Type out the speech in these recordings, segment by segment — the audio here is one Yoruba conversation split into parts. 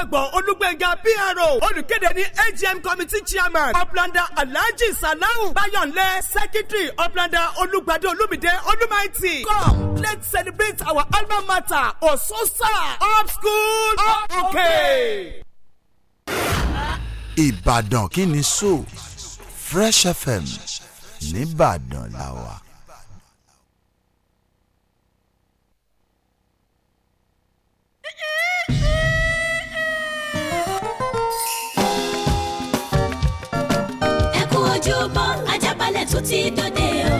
àgbọ̀n olúgbẹ̀ngà pro olùkéde ní agm committee chairman ọ̀planda alhaji salau bayonle secretary ọ̀planda olùgbàdé olùmìdé olùmáìtì come let's celebrate our alma mater ososa up school up okay. ìbàdàn kí ni so fresh fm nìbàdàn làwà. Yeah. ojúbọ ajábalẹ̀ tó ti dòde o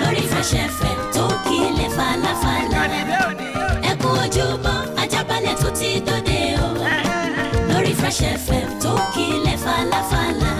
lórí fẹsẹ̀fẹ̀ tó kílẹ̀ falafala ẹ kú ojúbọ ajábalẹ̀ tó ti dòde o lórí fẹsẹ̀fẹ̀ tó kílẹ̀ falafala.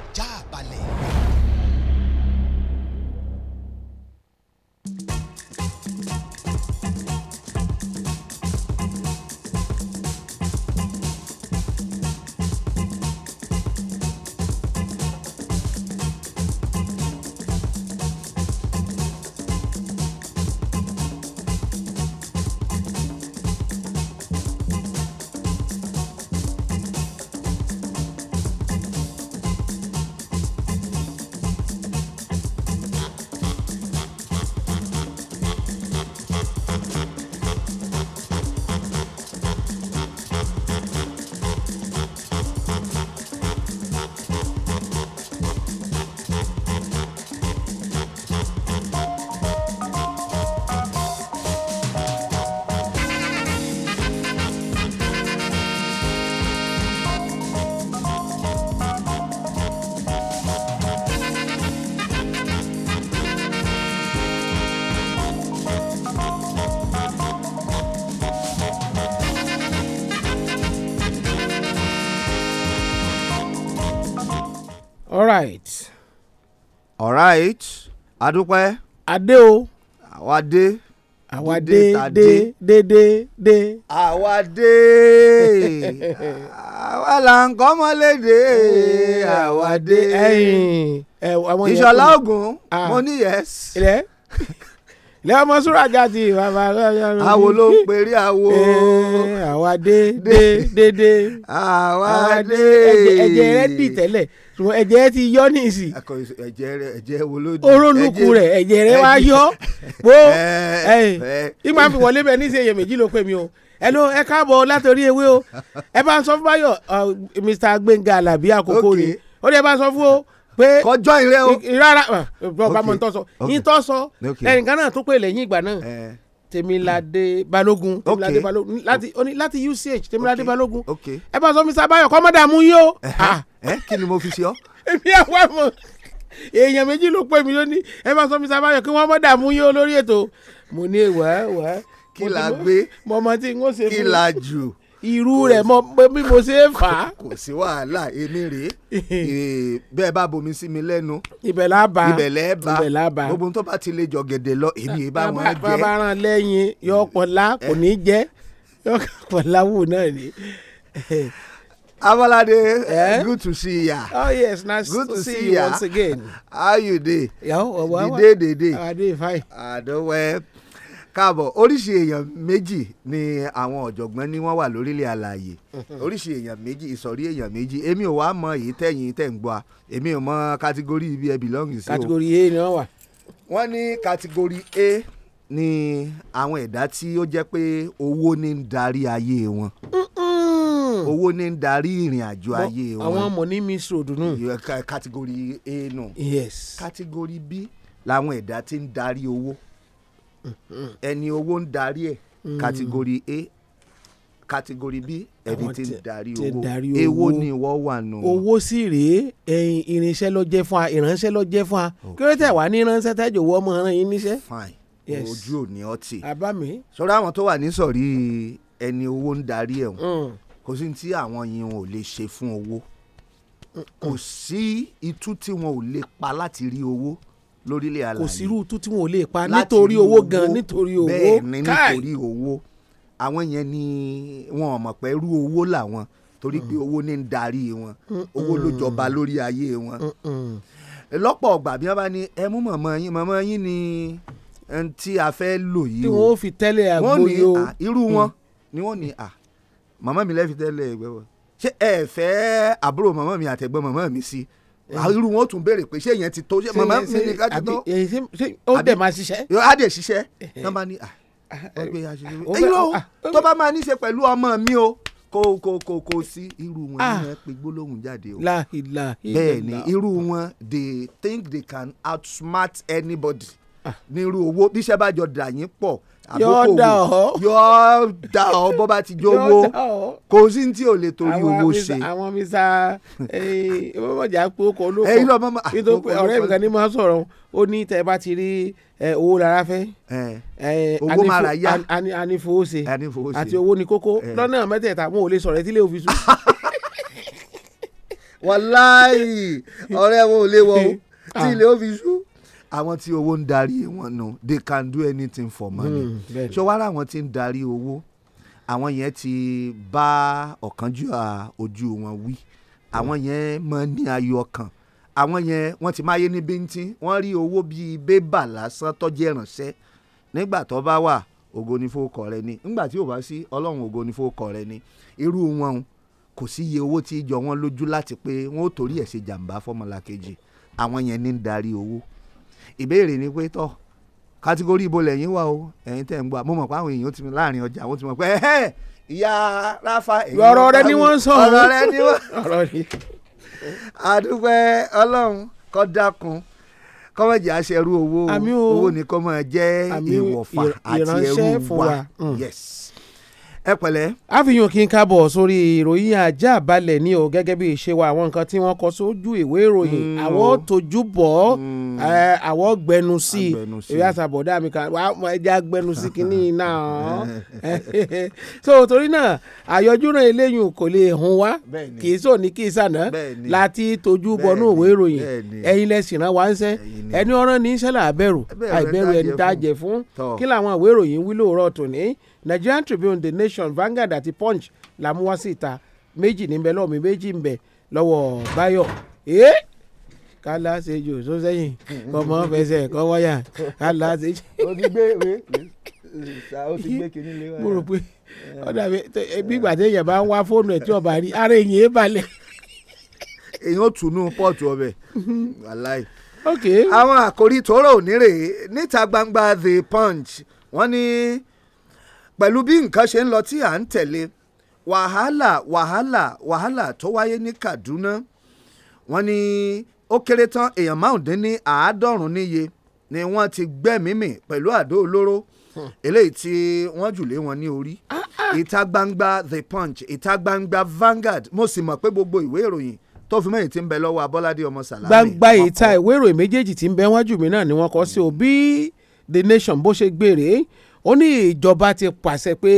right adúpẹ́. adé o. àwa dé. àwa dé dé dé dé dé. àwa dé àwa là ń kọ́ mọ́lédè àwa dé. ẹyin ìṣọ̀lá ògùn mo ní yes. ilẹ̀ ilẹ̀ ọmọ súrajà ti bàbá lọ́yọ̀rọ̀. awo. ló ń perí àwo. àwa dé dé dé dé. àwa dé. ẹ̀jẹ̀ rẹ̀ dì tẹ́lẹ̀ ṣùgbọ́n ẹ̀jẹ̀ ti yọ ní ẹ̀jẹ̀ rẹ ẹ̀jẹ̀ wo ló di. orólùkù rẹ ẹ̀jẹ̀ rẹ wá yọ bó ìgbà fi wọlé bẹ níṣẹ́ iye méjì ló pè mí o ẹnu ẹ káàbọ̀ látòrí ewé o ẹ bá sọ fún Báyọ̀ Mr. Gbẹ̀ngà Àlàbí àkókò ni ó ní bá sọ fún o pé kọjọ ìrẹ o rárá bàbá mọ̀ ń tọ́ sọ yín tọ́ sọ ẹnìkan náà tó pè lẹ́yìn ìgbà náà Temilade Balogun. Temilade Balógun láti ó ní láti UCH Temilade Balógun ẹ bá sọ Mr. Bayo kọ́mọ́dà mú yí o. ẹ ah. kí ni mo fi ṣe ọ. èmi àwọn ẹ̀mọ́ èèyàn méjì ló pè mí lónìí ẹ bá sọ Mr. Bayo kí wọ́n mọ́ dààmú yí o lórí ètò mo ní wàá wàá. kí la gbé kí la jù irú rẹ̀ mọ bí mo ṣe é fà á. kò sí wàhálà èmi rèé bẹ́ẹ̀ bá bomi sí mi lẹ́nu. ibẹ̀ la bá ibẹ̀ lẹ́ bá ibẹ̀ la bá gbogbo tó bá ti lè jọ gẹ̀dẹ̀ lọ èmi ìbá wọn jẹ́. bàbá rán lẹ́yìn yọpọ̀lá kò ní jẹ́ yọpọ̀lá wò náà ni. Abalade, eh? good to see ya. Oh yes, nice good to, see, you once again. How you dey? Yeah, well, the day, the day. I dey fine. I don well káàbọ̀ oríṣi èèyàn méjì ni àwọn ọ̀jọ̀gbọ́n ni wọ́n wà lórílẹ̀ àlàyé oríṣi èèyàn méjì ìsọ̀rí èèyàn méjì èmi ò wá mọ èyí tẹ̀yìn tẹ̀ ń gbọ́ èmi ò mọ kátígórì ibi ẹ bìlọ́ǹgì sí o kátígórì A ni wọ́n wà. wọ́n ní kátígórì A ni àwọn ẹ̀dá tí ó jẹ́ pé owó ní ń darí ayé wọn owó ní ń darí ìrìn àjò ayé wọn. àwọn mọ̀ ní miss road nù. kátígórì A nù. yes. kátígórì B làwọn ẹ̀dá tí ń darí owó. No ẹni owó ń darí ẹ̀ kàtìgòrì hmm. A kàtìgòrì B ẹni tí ń darí owó èwo ni ìwọ wà nù. owó sì rèé ẹyin irinṣẹ́ ló jẹ́ fún wa ìránṣẹ́ ló jẹ́ fún wa kí ló tẹ̀ wá ní ránṣẹ́ tẹ́jọ wọ́ ọmọ rán yín níṣẹ́. fine ojú ò ní ọtí. àbámi. sọ́dọ̀ àwọn tó wà ní sọ̀rí ẹni owó ń darí ẹ̀ hmm. kò sí tí àwọn yìí wọn ò lè ṣe fún owó hmm. kò sí itú tí wọn ò lè pa láti rí owó. Mm lórílẹ̀ àlàyé kò sírú tú tí wọn ò lè pa nítorí owó gan nítorí owó bẹ́ẹ̀ ni nítorí owó àwọn yẹn ni wọn ò mọ̀ pé irú owó làwọn torí pé owó ní ń darí wọn owó ló jọba lórí ayé wọn lọ́pọ̀ ọgbà bí wọ́n bá ní ẹ mú mọ̀mọ́ yín mọ̀mọ́ yín ni tí a fẹ́ lò yìí o tí wọn fi tẹ́lẹ̀ àgbo o irú mm. wọn ni wọ́n ní à màmá mi lẹ́ẹ̀fi tẹ́lẹ̀ ẹgbẹ́ wọn ṣé ẹ fẹ́ àbúrò màmá mi àtẹ̀gbọ́n màmá mi sí i Ah, irú wọn tún béèrè pé ṣé yẹn ti tó ṣé Mama, mi ni ká ti tó. ó dẹ̀ máa ṣiṣẹ́. á dẹ̀ ṣiṣẹ́ eh, náà bá ní ọgbẹ́ àṣìṣe. ẹyin o ah, ah, tó bá máa ní í ṣe pẹ̀lú ọmọ mi o kò kò kò kò sí irú wọn ni wọn pe gbólóhùn jáde o. bẹ́ẹ̀ ni irú wọn they think they can outsmart anybody. ní irú owó bí iṣẹ́ bá jọ dà yín pọ̀ àbókò wò yọ da ọ bó bá ti jówó kò sí tí o lè torí owó ṣe. àwọn misa eh, mọ̀mọ́jà pé ó kọ olóko nítorí ọ̀rẹ́ mi kan ní máa sọ̀rọ̀ ó ní tẹ́ bá ti rí owó lára fẹ́ owó máa ra yá anífowóṣe àti owó ní kókó lọ́nà mẹ́tẹ̀ẹ̀ta wọn ò lè sọ̀rọ̀ ẹtí lè òfin sùn. wàláì ọ̀rẹ́ wọn ò lè wọ ah. tí ilé òfin sùn àwọn tí owó ń darí wọn nù they can do anything for money hmm, ṣé wàá rà wọn tí ń darí owó àwọn yẹn ti bá ọ̀kánjúwà ojú wọn wí àwọn yẹn máa ní ayọ̀ ọkàn àwọn yẹn wọ́n ti máyé ní bíntín wọ́n rí owó bíi bébà lásán tọ́jú ìrànṣẹ́ nígbà tó bá wà ògo ni fowókọ rẹ ni nígbà tí ò bá sí ọlọ́run ògo ni fowókọ rẹ ni irú wọn kò sí iye owó tí jọ wọn lójú láti pé wọn ò torí ẹ̀ ṣe jàǹbá fọmọlàkejì àwọn yẹn ní ń darí owó ìbéèrè ni pé tọ́ kátígórì ibo lẹ́yìn wà o ẹ̀yin tẹ̀ ń gbà mo mọ̀ pé àwọn èèyàn ti láàrin ọjà wọ́n ti mọ̀ pé ẹ̀hẹ́ ìyá ráfà èyí ọ̀rọ̀ rẹ ni wọ́n sọ ọ̀rọ̀ rẹ ni wọ́n àdúpẹ́ ọlọ́run kó dákun kọ́mọ̀jì aṣẹ́rú owó owó ni kọ́mọ̀ jẹ́ ìwọ̀fà àti ẹrú wa mm. yes ẹ pẹ̀lẹ́. àfihàn kí n kábọ̀ sórí ìròyìn ajá balẹ̀ ni o gẹ́gẹ́ bí ìṣe wa àwọn nǹkan tí wọ́n kọ sójú ìwé ìròyìn hmm. àwọn tójú bọ̀ hmm. àwọn gbẹnu sí i èyí àtàbọ̀dá mi kan ẹja gbẹnu sí kínní náà so torí náà àyọjúràn eléyìí kò lè hun wá kì í sọ ní kí í sànà láti tójú bọnú ìwé ìròyìn ẹ̀yin lẹ́sìn náà wá ń sẹ́ ẹni ọ̀ràn ní sẹ́là àbẹ̀rù àìbẹ̀rù ẹni tá a jẹ fún kí làwọn nation Vanguard àti punch la mú wá sí ìta méjì níbẹ̀ lọ́wọ́ mi méjì ń bẹ lọ́wọ́ Báyọ̀ ee kálá ṣèjò tó sẹ́yìn kọ́mọ fẹsẹ̀ kọ́ wáyà kálá ṣèjò. o ti gbé ìwé o ti gbé kinní lé wáyà. mo rò pé ọ̀dà mi bí ìgbà téèyàn bá ń wá fóònù ẹ̀ tí ọba rí ara èyàn é balẹ̀. èyàn ò pọ́ọ̀tù ọbẹ̀ aláì. ok àwọn àkòrí tòró òní rèé níta gbangba the punch wọ́n ní. Ni pẹ̀lú bí nǹkan ṣe ń lọ tí à ń tẹ̀lé wàhálà wàhálà wàhálà tó wáyé ní Kaduna wọ́n ní ó kéré tán èèyàn márùndínní àádọ́rùn níye ni wọ́n ti gbẹ́mímì pẹ̀lú àdó olóró hmm. eléyìí tí wọ́n jù lé wọn ní orí ah, ah. ìta gbangba The Punch ìta gbangba Vanguard mo sì mọ̀ pé gbogbo ìwé ìròyìn tó fi mẹ́yìn tí ń bẹ lọ́wọ́ Abọ́ládé ọmọ Sàlámì. gbangba ìta ìwé ìròyìn méjèèjì tí ń bẹ wájú mi náà ni wọ́n kọ sí o bí The Nation bó ṣe gbére ó ní ìjọba ti pàṣẹ pé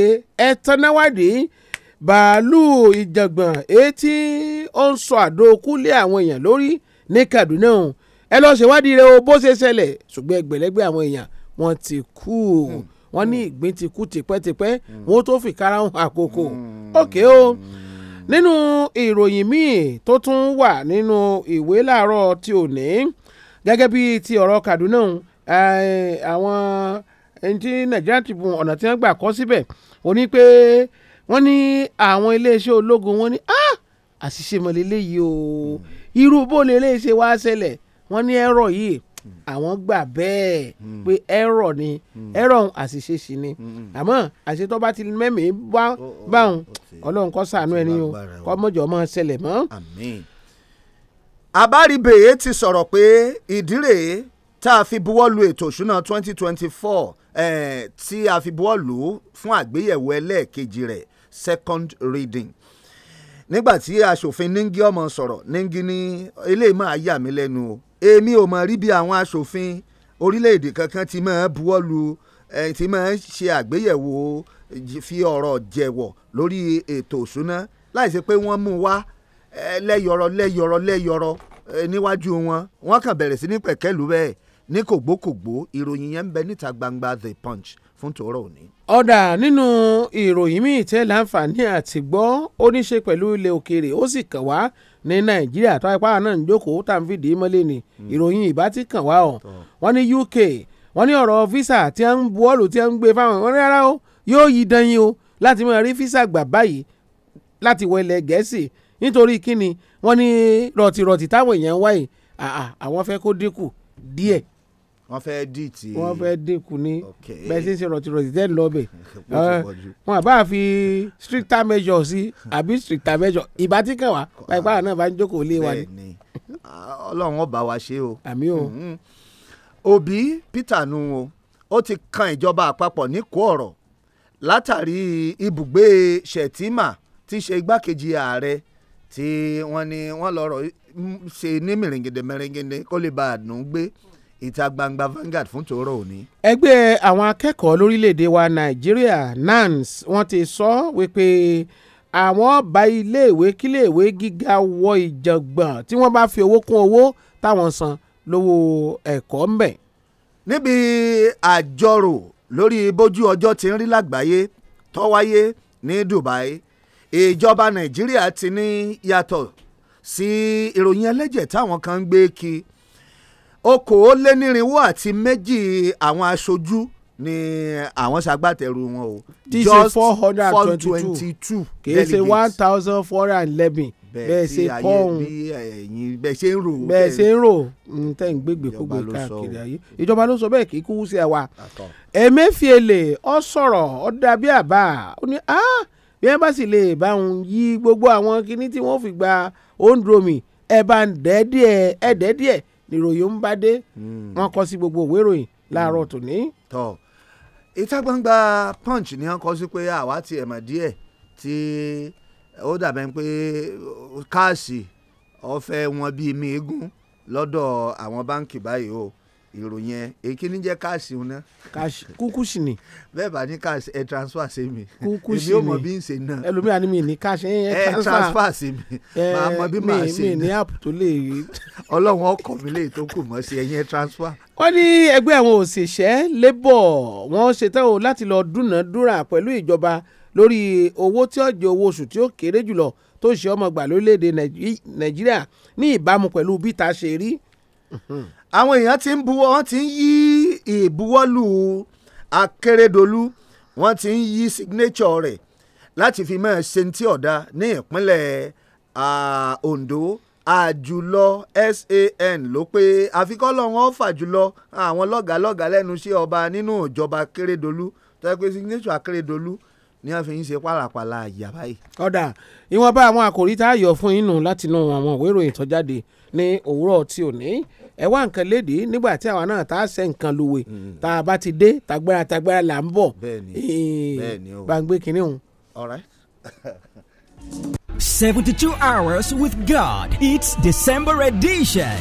ẹ tanná wádìí bàálù ìjàngbọ̀n etí ó ń sọ àdó kúlé àwọn èèyàn lórí ní Kaduna ẹ lọ́ọ́ ṣèwádìí rẹ o bó ṣe ṣẹlẹ̀ ṣùgbọ́n ẹgbẹ̀lẹ́gbẹ̀ àwọn èèyàn wọ́n ti kú hmm. wọ́n ní ìgbín ti kú tipẹ́tipẹ́ hmm. wọ́n tó fi kára hàn àkókò òkè hmm. o nínú ìròyìn míì tó tún wà nínú ìwé láàárọ̀ tí ò ní gẹ́gẹ́ bí ti ọ̀rọ̀ Kaduna àwọn. Uh, ẹni tí nàìjíríà Tribune ọ̀nà tí wọ́n gbà kọ́ síbẹ̀ ó ní pé wọ́n ní àwọn iléeṣẹ́ ológun wọ́n ní ah! àṣìṣe mọ̀lélẹ́ yìí o irú bó lè léṣe wá ṣẹlẹ̀ wọ́n ní ẹ̀rọ yìí àwọn gbà bẹ́ẹ̀ pé ẹ̀rọ ni ẹ̀rọ àṣìṣe sì ni àmọ́ àṣetọ́ bá ti mẹ́mìí bá báwọn ọlọ́run kó ṣàánú ẹni o kó mọ̀jọ́ mọ́ ṣẹlẹ̀ mọ́. àbáríbèyẹ ti sọ̀rọ̀ pé ìdírè tá a fi buwọ́ lu ètò ìṣúná 2024 eh, tí a fi buwọ́ fún àgbéyẹ̀wò ẹlẹ́ẹ̀kejì rẹ̀ second reading nígbà tí aṣòfin Ningi ọmọ sọ̀rọ̀ Ningi ní eléyìí máa yà mí lẹ́nu o èmi ò mọ̀ rí bí àwọn aṣòfin orílẹ̀-èdè kankan ti máa buwọ́ lu ti máa ṣe àgbéyẹ̀wò fi ọ̀rọ̀ jẹ̀wọ̀ lórí ètò ìṣúná láì ṣe pé wọ́n mú wá lẹ́yọ̀rọ̀ lẹ́yọ̀rọ̀ lẹ́yọ̀rọ̀ níwájú wọn wọ́n kàn bẹ̀rẹ̀ sí ní pẹ̀kẹ́lù bẹ́ẹ̀ ní kògbókògbó ìròyìn yẹn ń bẹ níta gbangba the punch fún tòórọ òní. ọ̀dà nínú ìròyìn míì tẹ́ láǹfààní àti gbọ́ ó ní ṣe pẹ̀lú ilẹ̀ òkèèrè ó sì kàn wá ní nàìjíríà tó ipá náà ń jókòó tá à ń fìdí mọ́lẹ̀ ni hmm. ìròyìn ìbá ti kàn wá ọ̀ wọ́n ní UK wọ́n ní ọ̀rọ̀ visa tí a ń buọ́lù tí a ń gbé fáwọn wọn rárá o yóò yí danyin o láti máa rí visa gbà báyìí láti wọ ilẹ̀ gẹ̀ẹ́sì nítorí kíni wọ́n ní rọ̀tìrọ̀tì táwọn èèyàn ń wáyé àwọn fẹ́ kó dínkù díẹ̀ wọ́n fẹ́ dì tí. wọ́n fẹ́ dínkù ní bẹ́ẹ̀ sì ń ṣe rọ̀tìrọ̀tì tẹ́ ń lọ bẹ̀. wọn àbá fi stricter measure sí àbí stricter measure ìbá tí kàn wá pàìpà náà bá ń jókòó lé wa ni. Ah, ọlọ́run ó bá wa ṣe o. àmì o. Mm-hmm. òbí peter nu o ó ti kan ìjọba àpapọ̀ ní kó ọ̀rọ̀ látàrí ibùgbé shettima tí í ṣe igbákejì ààrẹ tí wọ́n ní wọ́n lọ́rọ̀ mm, ṣe ní mìrìngìdè mìrìngìdè kó lè bá a dùn gbé. Mm -hmm ìta gbangba Vanguard fún tòórọ́ òní. ẹgbẹ́ àwọn akẹ́kọ̀ọ́ lórílẹ̀‐èdè wa Nàìjíríà NANS wọ́n ti sọ wípé àwọn bá iléèwé kíléèwé gíga wọ ìjàngbọ̀n tí wọ́n bá fi owó kún owó táwọn san lówó ẹ̀kọ́ ń bẹ̀. níbi àjọrò lórí bójú ọjọ́ ti ń rí lágbàáyé tó wáyé ní Dubai ìjọba Nàìjíríà ti ní yàtọ̀ sí ìròyìn ẹlẹ́jẹ̀ táwọn kan ń gbé kí okòólénírínwó àti méjì àwọn aṣojú ni àwọn ṣagbátẹrù wọn o. tí ṣe four hundred and twenty two kìí ṣe one thousand four hundred and eleven bẹ́ẹ̀ ṣe pọ́ùn bẹ́ẹ̀ ṣe ń rò bẹ́ẹ̀ ṣe ń rò tẹ̀ ń gbégbé kógbé káàkiri ayé ìjọba ló sọ bẹ́ẹ̀ kì í kú sí ẹwà. Emefiele ọ sọ̀rọ̀ ọ dàbí àbá ó ní bí wọ́n bá sì lè bá òun yí gbogbo àwọn kinní tí wọ́n fi gba òǹdromi ẹ̀ bá ń dẹ́ díẹ̀ ẹ̀ dẹ́ díẹ̀ níròyìn ń bá dé hmm. wọ́n kọ sí gbogbo òwe ìròyìn láàárọ̀ hmm. tòní. tọ́ ìta gbangba punch ni wọ́n kọ sí pé àwa ti ẹ̀mọ̀ díẹ̀ tí ó dàbẹ̀ pé káàsì ọ̀fẹ́ wọn bíi mi eégún lọ́dọ̀ àwọn báǹkì báyìí o ìròyìn ẹ èkí ní jẹ́ káàsì òun náà. káàsì kúkú sì ni. bẹ́ẹ̀ bá ní káàsì ẹ transfer sí mi. kúkú sì ni èmi ò mọ bí n ṣe náà. ẹlòmíràn ni mi ní káàsì ẹ transfer sí mi. màá mọ bí màá ṣe náà. mi ní app tó lè. ọlọ́run ọkọ̀ mi lè tó kù mọ́ sí ẹ̀yìn transfer. wọ́n ní ẹgbẹ́ àwọn òṣìṣẹ́ labour wọ́n ṣetán o láti lọ dúnàádúrà pẹ̀lú ìjọba lórí owó tí ó jẹ owó oṣù tí ó kéré jùlọ tó ṣe ọmọ gbà lórílẹ̀ àwọn èèyàn ti ń buwọ́ wọ́n ti ń yí ìbuwọ́lù Akérédolú wọ́n ti ń yí signature rẹ̀ láti fi máa ṣe ti ọ̀dà ní ìpínlẹ̀ Ondo àjùlọ SAN ló pé àfikọ́ lọ́wọ́ fàjùlọ àwọn lọ́gàálọ́gàá lẹ́nu iṣẹ́ ọba nínú ìjọba Akérédolú tó yẹ pé signature Akérédolú ni wọ́n fi ń ṣe pàlàpàlà àyà báyìí. ọ̀dà ìwọ̀nba àwọn àkòrí tá a yọ fún inú látinú àwọn òwe ìròyìn tó jáde ní òwúrọ̀ tí ò ní ẹ wá nǹkan léde nígbà tí àwa náà tá luwe hmm. tá a bá ti dé ta tagbára là ba bọ̀ gbàgbé kínní òun. kinni 72 hours with God. It's December edition.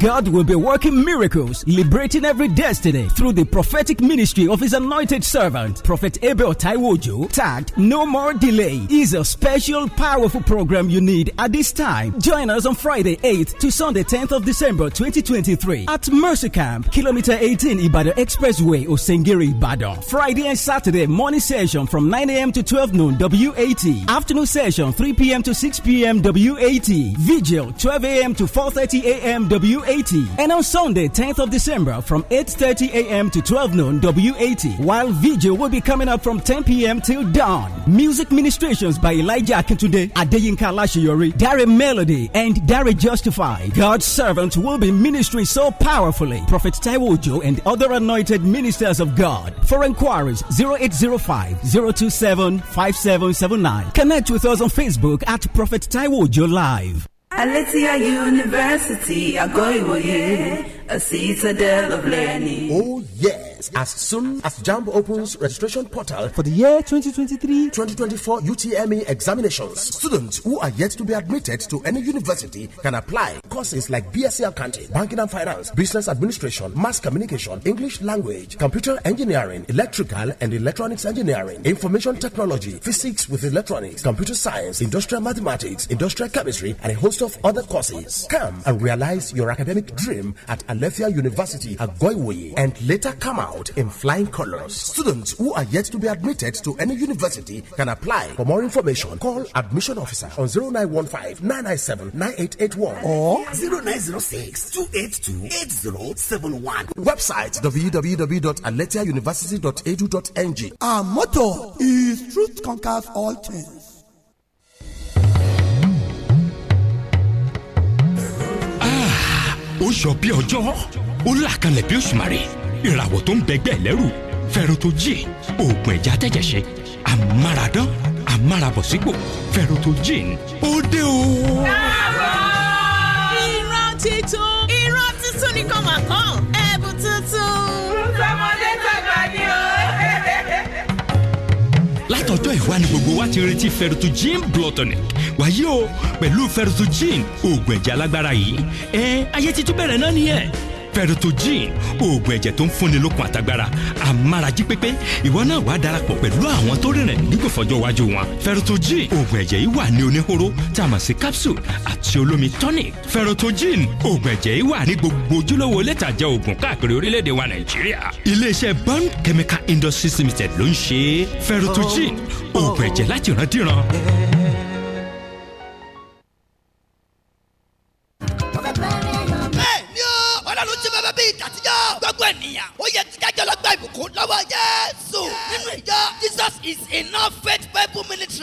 God will be working miracles, liberating every destiny through the prophetic ministry of His anointed servant, Prophet Abel Taiwojo, tagged No More Delay, is a special, powerful program you need at this time. Join us on Friday 8th to Sunday 10th of December 2023 at Mercy Camp, Kilometer 18 Ibadan Expressway, Osengiri, Ibadan. Friday and Saturday morning session from 9 a.m. to 12 noon WAT. Afternoon session 3 p.m. to 6 p.m. WAT. Vigil 12 a.m. to 4.30 a.m. WAT. W80. And on Sunday, 10th of December from 8.30 a.m. to 12 noon W80. While video will be coming up from 10 p.m. till dawn. Music ministrations by Elijah Akintude, Adeyinka Lashiyori, Dari Melody and Dari Justify. God's servants will be ministering so powerfully. Prophet Taiwojo and other anointed ministers of God. For inquiries 0805 027 5779. Connect with us on Facebook at Prophet Taiwojo Live. Alicia University, I go away a citadel of learning. Oh, yes. As soon as Jambo opens registration portal for the year 2023-2024 UTME examinations, students who are yet to be admitted to any university can apply courses like BSc Accounting, Banking and Finance, Business Administration, Mass Communication, English Language, Computer Engineering, Electrical and Electronics Engineering, Information Technology, Physics with Electronics, Computer Science, Industrial Mathematics, Industrial Chemistry, and a host of other courses. Come and realize your academic dream at Alethea University at Goiwe and later come out in flying colors. Students who are yet to be admitted to any university can apply. For more information, call admission officer on 0915 997 9881 or 0906 282 8071. Website www.aletiauniversity.edu.ng. Our motto is truth conquers all things. ó yọ bí ọjọ́ ó là kalẹ̀ bí òṣùmàrè ìràwọ̀ tó ń bẹgbẹ́ lẹ́rù fẹ́rọ̀tọ̀jì oògùn ẹ̀já tẹ̀jẹ̀ṣẹ̀ amáradán amárabọ̀sípò fẹ́rọ̀tọ̀jì ó dé o. ìran titun ìran titun nìkan mà kàn. tọjọ́ ìwá ni gbogbo wa ti retí ferritogen blood tonic wàyí o pẹ̀lú ferritogen oògùn ẹ̀jẹ̀ alágbára yìí ẹ ayé ti tún bẹ̀rẹ̀ náà nìyẹn ferritojin oògùn ẹ̀jẹ̀ tó ń fúnni lókun àtagbára amárají pépé ìwọ náà wàá darapọ̀ pẹ̀lú àwọn tó rìnrìn nígbò fọjọ́ iwájú wọn ferritojin oògùn ẹ̀jẹ̀ yìí wà ní oníhóró tá a mọ̀ sí capsule àti olómi tonic ferritojin oògùn ẹ̀jẹ̀ yìí wà ní gbogbo ojúlówó lẹ́tàjẹ́ oògùn káàkiri orílẹ̀-èdè wa nàìjíríà iléeṣẹ́ bond chemical industries limited ló ń ṣe ferritojin oògùn ẹ̀jẹ̀ láti ìrandíran.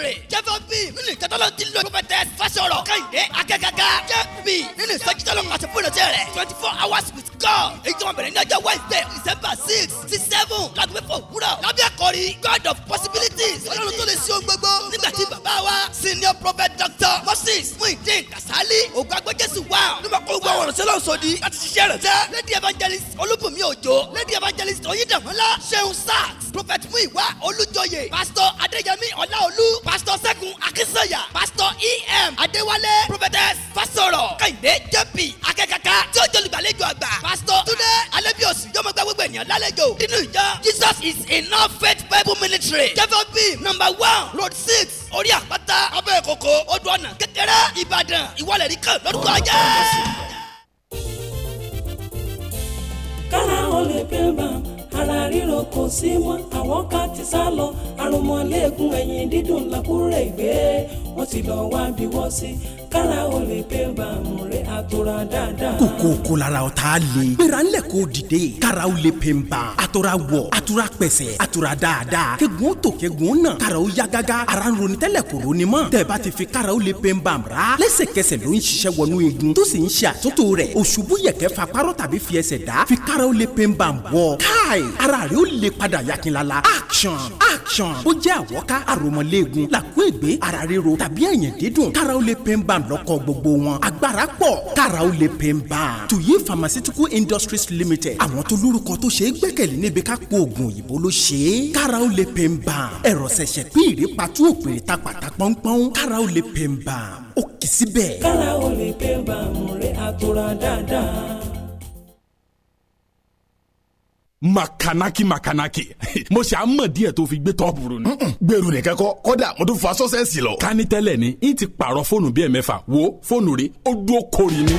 ministry. jẹ́fọ́bí nínú ìtọ́tọ́lọ́ ti lo prophetess fasọ̀rọ̀ kẹ́hìndé akẹ́kẹ́kẹ́. jẹ́fọ́bí nínú ìsọjítọ́lọ́ ń àṣepọ̀ ìrọ̀jẹ́ rẹ̀ twenty four hours with God. èyí tí wọ́n bẹ̀rẹ̀ ní ọjọ́ wednesday december six sí seven láti mẹ́fọ̀ òwúrọ̀ lábẹ́ àkọ́rí God of possibilities ọlọ́run tó lè ṣe ohun gbogbo nígbà tí bàbá wa senior prophet doctor Moses Muhyiddin Kasali ògbàgbọ́ Jésù wà nígbà kó gbọ́ ọ̀rọ̀ sẹ́lọ̀ sọ́di láti ṣiṣẹ́ rẹ̀ tẹ́ lady evangelist Olúbùnmi Òjó lady evangelist Oyindamola Seun Sachs prophet Muiwa Olújọyè pastor Adéyẹmí Ọláolú pastor Ṣẹ́gun Akínsànyà pastor E.M. Adéwálé prophetess Fasoro. Kẹ́hìndé JP akẹ́kẹ́ká tí ó jẹ́ olùgbàlejò àgbà pastor kábíyèsí yóò máa gba gbogbo ènìyàn lálejò nínú ìjọ Jesus is enough faith bible ministry jẹ́fẹ́ B. number one road six orí àpáta abẹ́ ìkòkò odò ọ̀nà kékeré ìbàdàn ìwọlẹ̀ rí kan lórúkọ ajá. kára ó lè pè máa ara ríro kò sí mọ́ àwọn ká ti sá lọ àròmọ́ léegun ẹ̀yìn dídùn làkúrẹ́ ìgbé ó ti lọ wá bí wọ́n sí kára o lè pé bàmù rẹ̀ àtòrà dáadáa. kòkó kò lára ọ̀tá le gbéra ńlẹ̀ kò dìde kára o lè pè ń bà àtòrà wọ̀ àtòrà pẹ̀sẹ̀ àtòrà dáadáa kẹ́gun tó kẹ́gun náà kára o yá gágá ara ń ronú tẹ́lẹ̀ kò ronú mọ́ tẹ̀bá ti fi kára o lè pè ń bà rà lẹ́sẹ̀kẹsẹ̀ ló ń ṣiṣẹ́ wọnú igun tó sì ń ṣe àtúntò rẹ̀ òṣùbù yẹ̀kẹ́ fa párọ̀ tàbí fi ẹsẹ̀ dá fi kára o lè pè ń bà wọ̀ káì ara rẹ̀ ó lè padà action action ó jẹ́ àwọ́ká àròmọ̀lẹ́gun làkú ègbé dàbí ẹ̀yìn dídùn karaw le pen ban lọ́kọ̀ gbogbo wọn agbára pọ̀ karaw le pen ban. tuyi pharmaceutical industries limited àwọn tó lórúkọ tó ṣe é gbẹ́kẹ̀lé níbi ká po oògùn òyìnbó ló ṣe é karaw le pen ban ẹ̀rọ ṣẹ̀ṣẹ̀ pín ìrèpàtú òpèrè ta pàtà pọ́npọ́n karaw le pen ban ó kì í síbẹ̀. karaw le pen ban mo rí àtúrà dáadáa makanaki makanaki mo ṣe àmọ díẹ̀ tó fi gbé tọpù rò ni. gbèrú nìkan kọ kódà mo tún fa sọsẹsì lọ. ká ni n ti pààrọ̀ fóònù bíi ẹ̀mẹ́fà wo fóònù rí ojú ó kórìí ni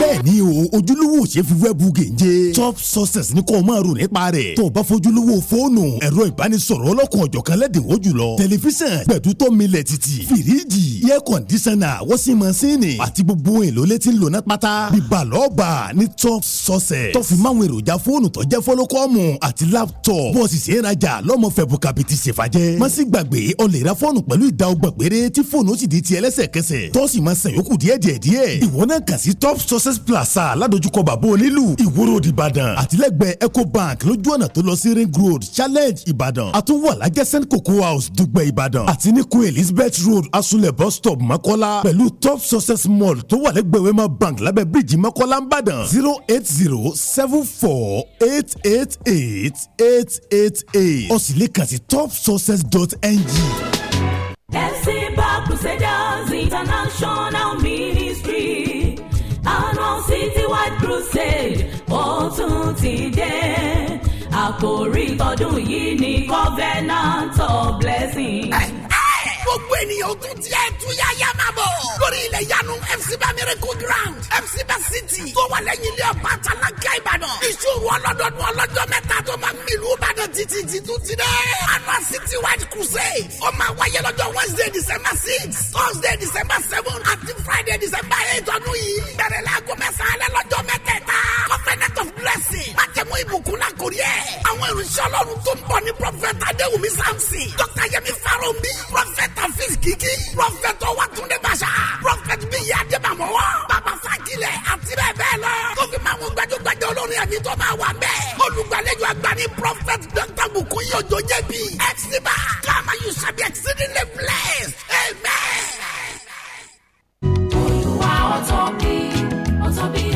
bẹ́ẹ̀ni o ojúlówó ṣe fi wẹ́ẹ̀bù gèje top success ní kò máa rò nípa rẹ̀ tó o bá fojúlówó fóònù ẹ̀rọ ìbánisọ̀rọ̀ ọlọ́kùn ọ̀jọ̀kan lẹ́dínwó jùlọ tẹlifíṣàn gbẹ̀dútọ́ milẹ̀ títì fìríjì air conditioner wọ́sí masínì àti gbogbo èlò létí lónà pátá bíbalọ́ọ̀bà ní top success tó fi máwọn èròjà fóònù tó jẹ́ fọ́lọ́kọ́ọ̀mù àti laptop bọ́ọ̀sì sí ìrajà lọ́mọ fẹ̀bù kàbìtì ṣèfàjẹ́ má sì gbàgbé ọ lè ra fóònù pẹ̀lú ìdá ọgbà péré tí fóònù ó sì di tiẹ̀ lẹ́sẹ̀kẹsẹ̀ tó sì máa sàn yòókù díẹ̀díẹ̀díẹ̀ ìwọ náà kàn sí top success access plaza aládojúkọ bàbá onílù ìwúrò ìbàdàn àtìlẹ́gbẹ̀ẹ́ ecobank lójú ọ̀nà tó lọ sí ring road challenge ìbàdàn àtúwọ̀ alájẹsẹ́n Coco house dùgbẹ̀ ìbàdàn àti ní queen elizabeth road asunlẹ̀ bus stop mọ́kọ́lá pẹ̀lú top success mall tó wà lẹ́gbẹ̀ẹ́ ma bank lábẹ́ bíríìjì Makola ń bàdàn zero eight zero seven four eight eight eight eight eight eight ó sì lè sí topsuccess.ng. fc bá kùsẹ̀ jẹ́ tọdún yìí ni covenant of blessing gbogbo ènìyàn tún tiẹ̀ túyáyá máa bọ̀. lórí ilẹ̀ yanu fc bá miracle ground fc bá city tó wà lẹ́yìn ilé ọba àtàlágà ìbàdàn. ìṣòro ọlọ́dọọdún ọlọ́jọ́ mẹ́ta tó máa ń bìlú ìbàdàn títí títú ti dẹ́. anua city wide crusade ó máa wáyé lọ́jọ́ wednesday december six thursday december seven àti friday december eight ọdún yìí. bẹ̀rẹ̀ láago mẹ́sàn-án alẹ́ lọ́jọ́ mẹ́tẹ̀ẹ̀ta. covenant of blessing májẹ̀mú ìbùkún lákòrí ẹ̀. àwọn ìrìnsẹ̀ ọlọ́run tó ń bọ̀ ní prọfẹ̀tà adéwùmí samson dr yemi faromi prọfẹ̀tà hafiz kiki prọfẹtọ watunde basa prọfẹtọ biyi adébámọwọ baba fakilẹ àti bẹ́ẹ̀ bẹ́ẹ̀ lọ tó fi máa ń gbajúgbajà olórin ẹ̀mí tó máa wà bẹ́ẹ̀ olùgbàlejò àgbà ní prọfẹtọ dr bukunyi ojo jẹbi ẹsiba kama you sabi exceedingly blessed amen. olùwà ọ̀tọ̀ bíi ọ̀tọ̀ bíi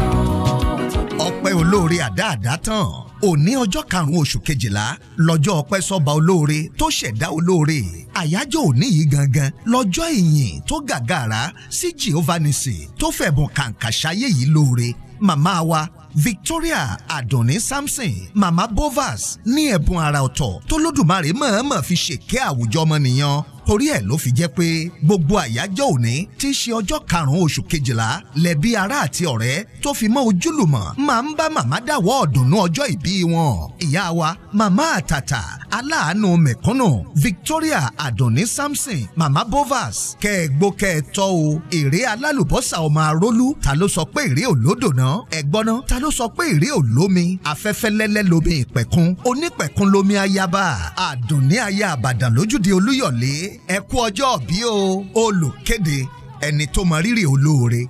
ọpẹ́ olóore àdáàdá tán òní ọjọ́ karùn-ún oṣù kejìlá lọ́jọ́ ọpẹ́ sọ́ba olóore tó ṣẹ̀dá olóore àyájọ́ òní yìí gangan lọ́jọ́ ìyìn tó gàgàrà sí Jehovah nisi tó fẹ̀bùn kàǹkà ṣayé yìí lóore màmá wa Victoria Adoni Samson màmá Bovas ní ẹ̀bùn àrà ọ̀tọ̀ tó lódùmarè mọ̀ọ́mọ̀ fi ṣèké àwùjọ ọmọnìyàn torí ẹ̀ ló fi jẹ́ pé gbogbo àyájọ́ òní tí í ṣe ọjọ́ karùn-ún oṣù kejìlá lẹ́bí ará àti ọ̀rẹ́ tó fi mọ́ ojúlùmọ̀ máa ń bá màmá dáwọ́ ọ̀dùnnú ọjọ́ ìbí wọn. ìyá wa màmá àtàtà aláàánú mẹ̀kúnnù Victoria Adoni Samson màmá Bovas kẹ́ẹ̀gbó kẹ́ẹ̀tọ́ o èrè alálùbọ́sà ọmọ arólú ta ló sọ pé èrè òlódò náà ẹ̀gbọ́n náà ta ló sọ pé èrè òlómi afẹ́fẹ́ lẹ́lẹ́ lomi ìpẹ̀kun onípẹ̀kun lomi ayaba àdùnní aya àbàdàn lójúde olúyọ̀lé ẹ kú ọjọ́ bí o olùkéde ẹni tó mọ rírì olóore.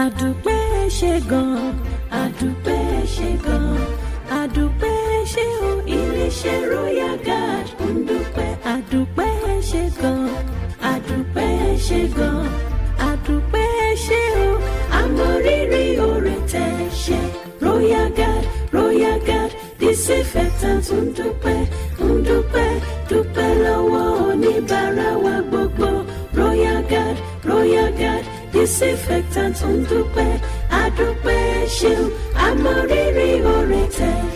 àdùpẹ́ ṣe gan-an àdùpẹ́ ṣe gan-an àdùpẹ́ ṣe o iléeṣẹ́ royal guard ń dúpẹ́ àdùpẹ́ ṣe gan-an àdùpẹ́ ṣe gan-an àdùpẹ́ ṣe o àmọ́ rírì oore tẹ̀ ṣe royal guard royal guard disinfectant ń dúpẹ́ ń dúpẹ́ dúpẹ́ ni oníbàárà wa gbogbo royal guard royal guard disinfectant ń dúpẹ́ àdúpẹ́ ṣeun àmọ́ rírì oore tẹ̀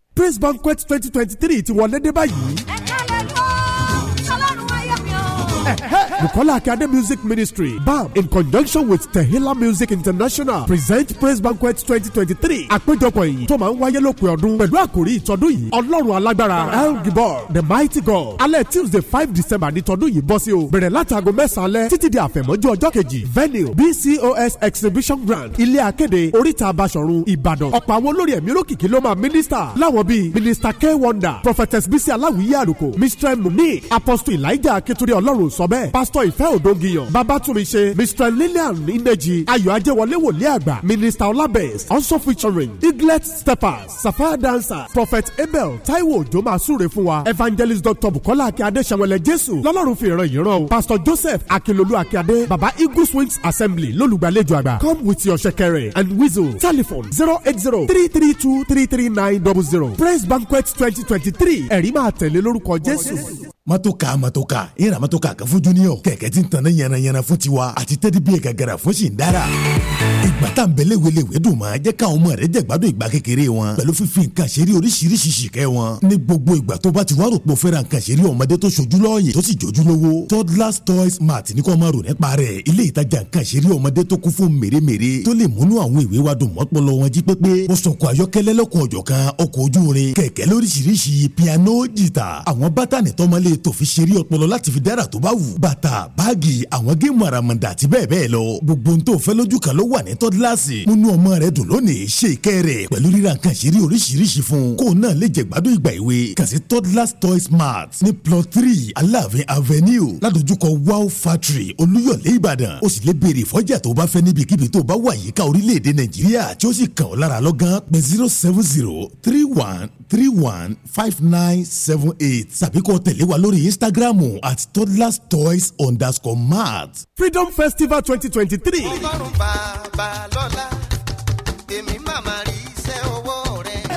Press Banquet twenty twenty three ti wọlé dé báyìí. Bukola Akade Music Ministry, BAM, in conjunction with Tehila Music International, present Praise Banquet 2023. Àpéjọpọ̀ èyí tó máa ń wáyé lópin ọdún pẹ̀lú àkòrí ìtọ́dún yìí. Ọlọ́run alágbára El Gibor the mighty God. Alẹ́ Tuesday five December ní tọdún yìí bọ́ sí o. Bẹ̀rẹ̀ látàgọ́ mẹ́sàn-án alẹ́ títí di àfẹ̀mọ́jú ọjọ́ kejì. Venue BCOS Exhibition Ground Ilé Akéde Oríta Abasọ̀run Ìbàdàn. Ọ̀pọ̀ àwọn olórí ẹ̀mí olókìkí ló máa mínísítà. Láwọn bíi Minister K. Wonder, Prophetess Bisi Aláwìyé Àlùkò, Mr. Mumi, Apostle Elijah Akitunde Ọlọ́run sọ Pastor pásítọ̀ ìfẹ́ òdògìyàn babatunmise mr lillian ineji ayọ̀ ajẹ́wọlé wòlé àgbà minister olabes also featuring eaglet steppers sapphire dancer prophet abel taiwo òjò máa fún wa evangelist dr bukola akíade sawẹlẹ jésù lọ́lọ́run fi ìran yìí rán o pastor joseph akilolu akíade baba eagle swings assembly lólùgbàlejò àgbà come with your ṣẹ̀kẹ̀rẹ̀ and whistle telephone zero eight zero three three two three three nine double zero praise banquet twenty twenty three ẹ̀rí máa tẹ̀lé lórúkọ jésù mọ́tòkà mọ́tòkà ìrà mọ́tòkà kan fún junior kẹ̀kẹ́ tí ń tanná yànnayànna fún tiwa àti tẹ́tí bíi gàgàrà fún sì ń dára. ìgbà tá n bẹ̀lẹ̀ wele ìwé dùn ma, jẹ́ káwọn ọmọ rẹ̀ jẹ̀gbádùn ìgbà kékeré wọn pẹ̀lú fífi nǹkan ṣeré oríṣiríṣi ṣìkẹ́ wọn. ní gbogbo ìgbà tó bá ti wá rò o fẹ́ra nǹkan ṣeré ọmọdé tó ṣojú lọ́ọ̀yìn tó sì jójú lówó toddlers toys mart ní kò máa rò nípa rẹ̀ ilé ìtajà nǹkan ṣeré ọmọdé tó kún fún mèremère tó lè múnú àwọn ìwé wa dùn mọ́pọlọ wọn jí pépé ó sọkọ ayọ́kẹ́lẹ́ lọ́kùn ọ̀jọ̀kan ọkọ̀ ojú irin lè tòfin ṣeré ọpọlọ láti fi dára tó bá wù. bàtà báàgì àwọn géèmù àràmàǹdà àti bẹ́ẹ̀ bẹ́ẹ̀ lọ. gbogbo ohun tó fẹ́ lójú kan ló wà ní tọ́dílàsì. múnú ọmọ rẹ dùn lónìí ṣe ìkẹ́ rẹ̀ pẹ̀lú ríra nǹkan ṣeré oríṣiríṣi fún. kó náà lè jẹ gbádùn ìgbà ìwé kàn sí tọ́dílàsì toy smart ní plot three aláàfin avenue ládojúkọ wow factory olúyọ̀lé ìbàdàn. ó sì lè béèrè ìfọ́jà tó bá fẹ́ níbikíbi tó bá wà yíká orílẹ̀-èdè nàìjíríà tí ó sì kàn lórí Instagram at toddlers toys underscore mart. Freedom Festival twenty twenty three.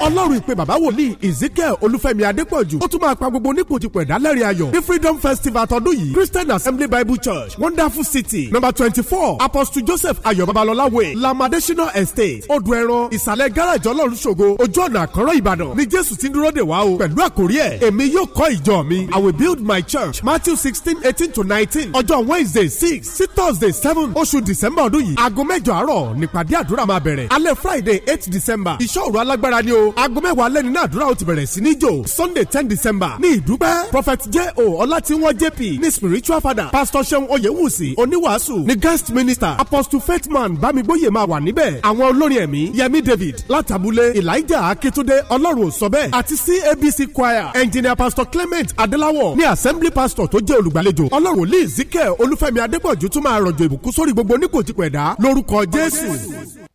ọlọ́run ìpè bàbá wòlíì ezekiel olúfẹ́mi adépọ̀jù ó tún máa pa gbogbo onípòjìpọ̀ ìdálẹ́rìn ayọ̀ ní freedom festival tọdún yìí christian assembly bible church wonderful city number twenty four apostle joseph ayọ̀ babalọ́lá way lamadesina estate odò ẹran ìsàlẹ̀ gáràjì ọlọ́run ṣògo ojú ọ̀nà àkọ́rọ́ ìbàdàn ni jésù ti ń dúró dè wá o pẹ̀lú àkórí ẹ̀ èmi yóò kọ́ ìjọ mi i will build my church matthew sixteen eighteen to nineteen ọjọ́ wednesday six sí thursday seven oṣù december ọdún yìí aago mẹ́jọ àárọ̀ nípàdé friday eight december ìṣọ́ òru alágbára ni o aago mẹ́wàá lẹ́ni náà àdúrà ó ti bẹ̀rẹ̀ sí ní jò sunday ten december ní ìdúpẹ́ prophet j o ọlátiwọn jp ní spiritual father pastor seun oyewusi oníwàásù ní guest minister apostle faithman bámigbóyè máa wà níbẹ̀ àwọn olórin ẹ̀mí yẹmi david látàbúlé elijah akitunde ọlọ́run sọ bẹ́ẹ̀ àti cabc choir engineer pastor clement adelawo ní assembly pastor tó jẹ́ olùgbàlejò ọlọ́run lee zikẹ́ olúfẹ́mi adépọ̀jù tún máa rọ̀jò ìbùkún sórí gbogbo oníkòtìpẹ̀dá lórúkọ jésù.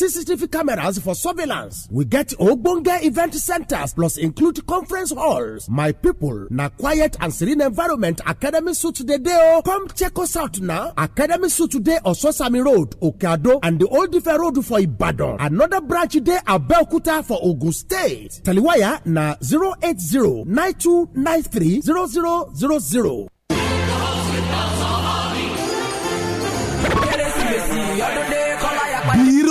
CCTV cameras for surveillance. We get Ogbonge event centers plus include conference halls. My people, na quiet and serene environment Academy Suit today Oh, Come check us out now. Academy Suit today Ososami Road, Okeado and the Old Ife Road for Ibadan. Another branch today Abeokuta for Ogun State. Taliwaya na 080 9293 0000.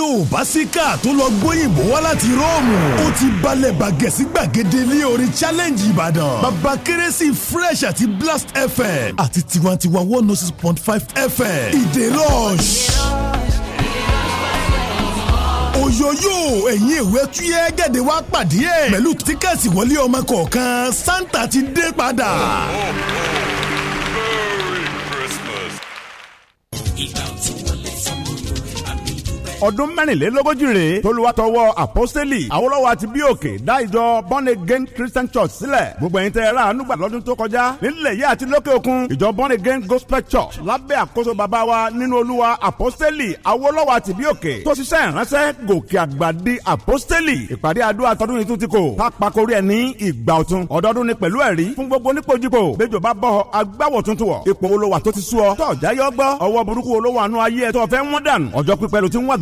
lóore ò bá sí ká tó lọ gbóyìnbó wá láti róòmù ó ti balẹ̀ bàgẹ́sí gbàgede ilé orin challenge ìbàdàn bàbá kérésì fresh àti blast fm àti tiwantiwa one oh six point five fm ìdè rush oyoyo ẹ̀yin ìwé túyẹ́ gẹ̀dẹ̀ wá pàdé ẹ̀ pẹ̀lú tíkẹ́ẹ̀tì wọlé ọmọ kọ̀ọ̀kan santa ti dé padà. Oh, oh, oh. ọdún mẹ́rìnlélógójì rèé tolúwatọwọ́ àpọ́sítélì Awólọ́wọ̀ àti bíòkè dá ìjọ born again christian church sílẹ̀ gbogbo ẹ̀yin tẹ́ ra àánú gbà lọ́dún tó kọjá nílẹ̀ yìí àti lókè òkun ìjọ born again gospel church lábẹ́ àkóso bàbá wa nínú olúwa àpọ́sítélì Awólọ́wọ̀ àti bíòkè tó ṣiṣẹ́ ìránṣẹ́ gòkè àgbà di àpọ́sítélì ìpàdé àdúrà tọdún ní tuntun ni pẹ̀lú ẹ̀rí fún gbogbo onípojúpo bẹ́jọ́ bá bọ̀ agbáwọ̀ tuntun wọ̀ ipò olówà tó ti sú ọ tọ́jà yọ gbọ́ ọwọ́ burúkú olówó àánú ayé ẹ̀ tó fẹ́ wọ́n dànù ọjọ́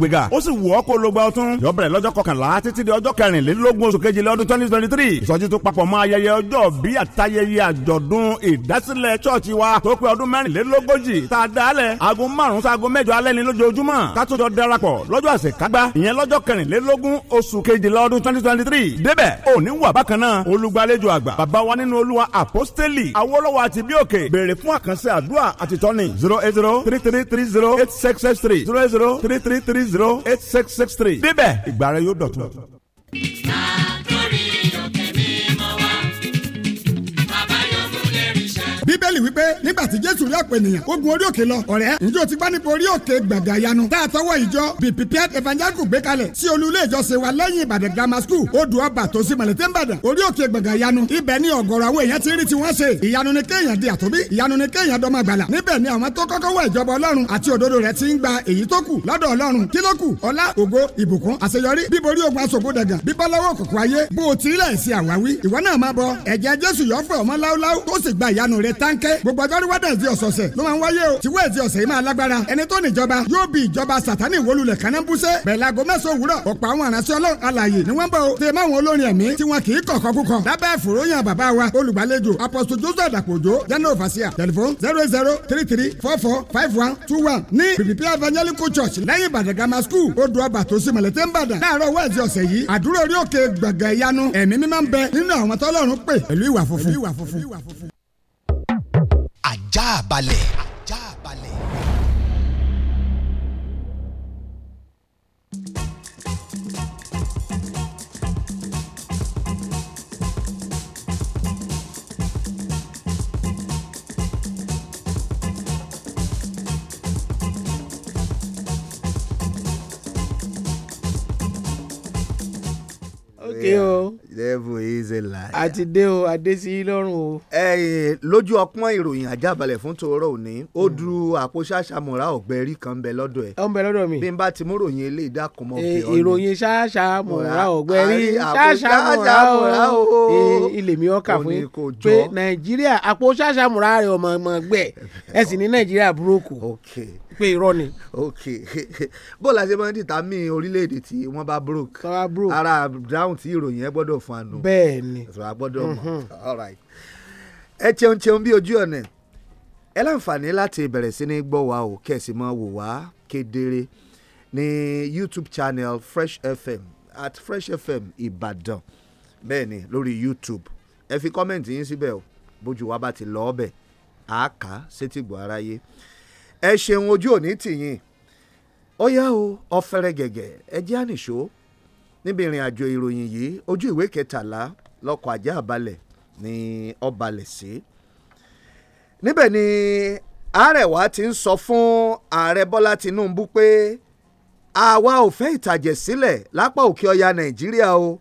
ìgbéga ó sì wù kó lo gba ọtún yọ bẹ̀rẹ̀ lọ́jọ́ kọkànlá títí di ọjọ́ kẹrìnlélógún oṣù kejìlá ọdún twenty twenty three ìsọjí tó papọ̀ mọ́ ayẹyẹ ọjọ́ bí àtayẹyẹ àjọ̀dún ìdásílẹ̀ chọ́ọ̀chì wa tó pé ọdún mẹ́rìnlélógójì tá a dá lẹ̀ aago márùn-ún sí aago mẹ́jọ alẹ́ ni lójoojúmọ́ ká tó jọ darapọ̀ lọ́jọ́ àṣekágbá ìyẹn lọ́jọ́ kẹrìnlélógún oṣù kejìlá ọdún twenty twenty three débẹ̀ òní wà bákan náà olùgbàlejò àgbà bàbá wa nínú olúwa àpọ́stélì awólọ́wọ̀ àti bí òkè béèrè fún àkànṣe àdúrà àti tọ́ni zero zero three three three zero eight six three zero zero three three three zero zero eight six six three. níbẹ̀ ìgbà rẹ yóò dọ̀tun. bíbélì wípé nígbà tí jésù rí ọ̀pọ̀ ènìyàn ó gun orí òkè lọ ọ̀rẹ́ ǹjẹ́ o ti gbá nípa orí òkè gbàgbà yanu tá a tọwọ́ ìjọ be prepared evangelical gbé kalẹ̀ sí olúlé ìjọsìn wa lẹ́yìn ìbàdàn grammar school odò ọba tó sí mọ̀lẹ́tẹ́ ń bàdàn orí òkè gbàgbà yanu ibẹ̀ ni ọ̀gọ̀rọ̀ àwọn èèyàn ti rí tiwọn ṣe ìyanu ni kéèyàn di àtòbí ìyanu ni kéèyàn dọ́mọ gbàlà níbẹ̀ ni àwọn tó kọ́kọ́ wọ ìjọba ọlọ́run àti òdodo rẹ̀ ti ń gba èyí tó kù lọ́dọ̀ ọlọ́run kí ló kù ọlá ògo ìbùkún àṣeyọrí bíborí ogun aṣògo dàgàn bíbọ́láwọ́ kòkó ayé bó o ti rí láìsí àwáwí ìwọ náà má bọ ẹ̀jẹ̀ jésù yọ fún ọmọ láúláú tó sì gba ìyanu rẹ táǹkẹ́ gbogbo ọjọ́rú wẹ́dẹ̀sì ọ̀sọ̀ọ̀sẹ̀ ló máa ń wáyé o tí wẹ́ẹ̀sì ọ̀sẹ̀ yìí máa lágbára ẹni tó níjọba yóò bí ìjọba sàtánì wólulẹ̀ kánábùsẹ̀ bẹ̀rẹ̀ aago mẹ́sàn-án òwúrọ̀ ọ̀pọ̀ àwọn àránṣẹ́ ọlọ́run alààyè ni wọ́n bọ̀ o tẹ̀ máwọn olórin ẹ̀mí tí wọn kì í kọ̀kọ́ kúkọ̀ lábẹ́ fòróyìn bàbá wa olùgbàlejò apostle joseph dàpọ̀jọ́ jẹ́nà òfàṣíà tẹlifon zero zero three three four four five one two one ní pìpìpì evangelical church lẹ́yìn ìbàdàn grammar school odò ọba tó sì mọ̀lẹ́tẹ̀ ń bàdàn láàárọ̀ wẹ́ẹ̀sì ọ̀sẹ̀ yìí àdúrà orí òkè gbọ̀ngàn ìyanu ẹ̀mí mímọ́ ń Ajabale. balẹ̀. okay o. Oh eleven easy line. àti dé o adé sí lọ́rùn o. ẹ lójú ọpọ́n ìròyìn àjábalẹ̀ fún tòórọ́ òní ó hmm. du àpò ṣàṣàmùrà ọ̀gbẹ́rí kan bẹ lọ́dọ̀ ẹ̀. ọ̀n bẹ lọ́dọ̀ mi. bí n bá ti mú ròyìn eléyìí dákun mọ́ pé eh, ọ̀nì. ìròyìn ṣàṣàmùrà ọ̀gbẹ́rí ṣàṣàmùrà o eh, ilé mi ọkà fún yín pé nàìjíríà àpò ṣàṣàmùrà rẹ̀ ọmọ ọmọ gbẹ ẹ sì ní nàìjíríà burúkú pé irọ́ ni. ok bó la ṣe máa ń dìtà mí orílẹ̀-èdè tí wọ́n bá broke ara dáhùn tí ìròyìn ẹ gbọ́dọ̀ lò fún anu. bẹ́ẹ̀ni ẹsọ agbọ́dọ̀ mọ mhm. all right. ẹ cheun cheun bí ojú ọ̀nà ẹ láǹfààní láti bẹ̀rẹ̀ sí ní gbọ́ wa o kẹ̀sì mọ́ wò wá kedere ní YouTube channel Fresh FM at Fresh FM Ìbàdàn bẹ́ẹ̀ni lórí YouTube ẹ fi kọ́mẹ̀ntì yín síbẹ̀ o bójú wa bá ti lọ ọbẹ̀ àáká sétìgbọ̀ aráyé ẹ ṣeun ojú òní tìyìn ó yá o ọ̀fẹ́rẹ́ gẹ̀gẹ̀ ẹ jẹ́ ànìṣó níbi ìrìn àjò ìròyìn yìí ojú ìwé kẹtàlá lọkọ̀ ajá àbalẹ̀ ni ó balẹ̀ sí. níbẹ̀ ni Arẹwà ti ń sọ fún ààrẹ Bọ́lá Tinubu pé àwa ò fẹ́ ìtàjẹ̀sílẹ̀ lápá òkè ọya Nàìjíríà o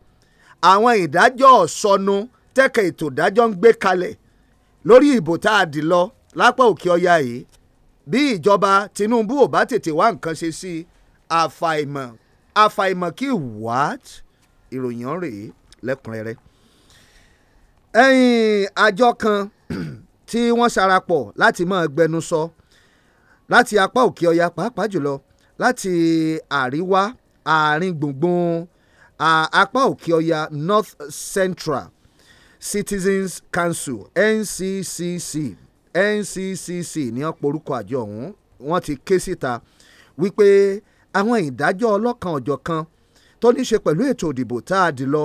àwọn ìdájọ́ ọ̀sọnu tẹ́kẹ̀ ètò ìdájọ́ ń gbé kalẹ̀ lórí ìbò tá a dì lọ lápá òkè ọya yìí bí ìjọba Tinubu ò bá tètè wá nǹkan ṣe sí àfàìmọ̀ àfàìmọ̀ kí what ìròyìn rèé lẹ́kùnrẹ́rẹ́ ẹ̀yìn àjọ kan tí wọ́n sarapọ̀ láti máa gbẹnusọ láti apá òkè ọya pàápàá jùlọ láti àríwá àárín gbùngbùn apá òkè ọya north central citizens council nccc nccc ní ọ̀pọ̀ orúkọ àjọ ọ̀hún wọ́n ti ké síta wípé àwọn ìdájọ́ ọlọ́kan kan tó ní ṣe pẹ̀lú ètò ìdìbò tá a di lọ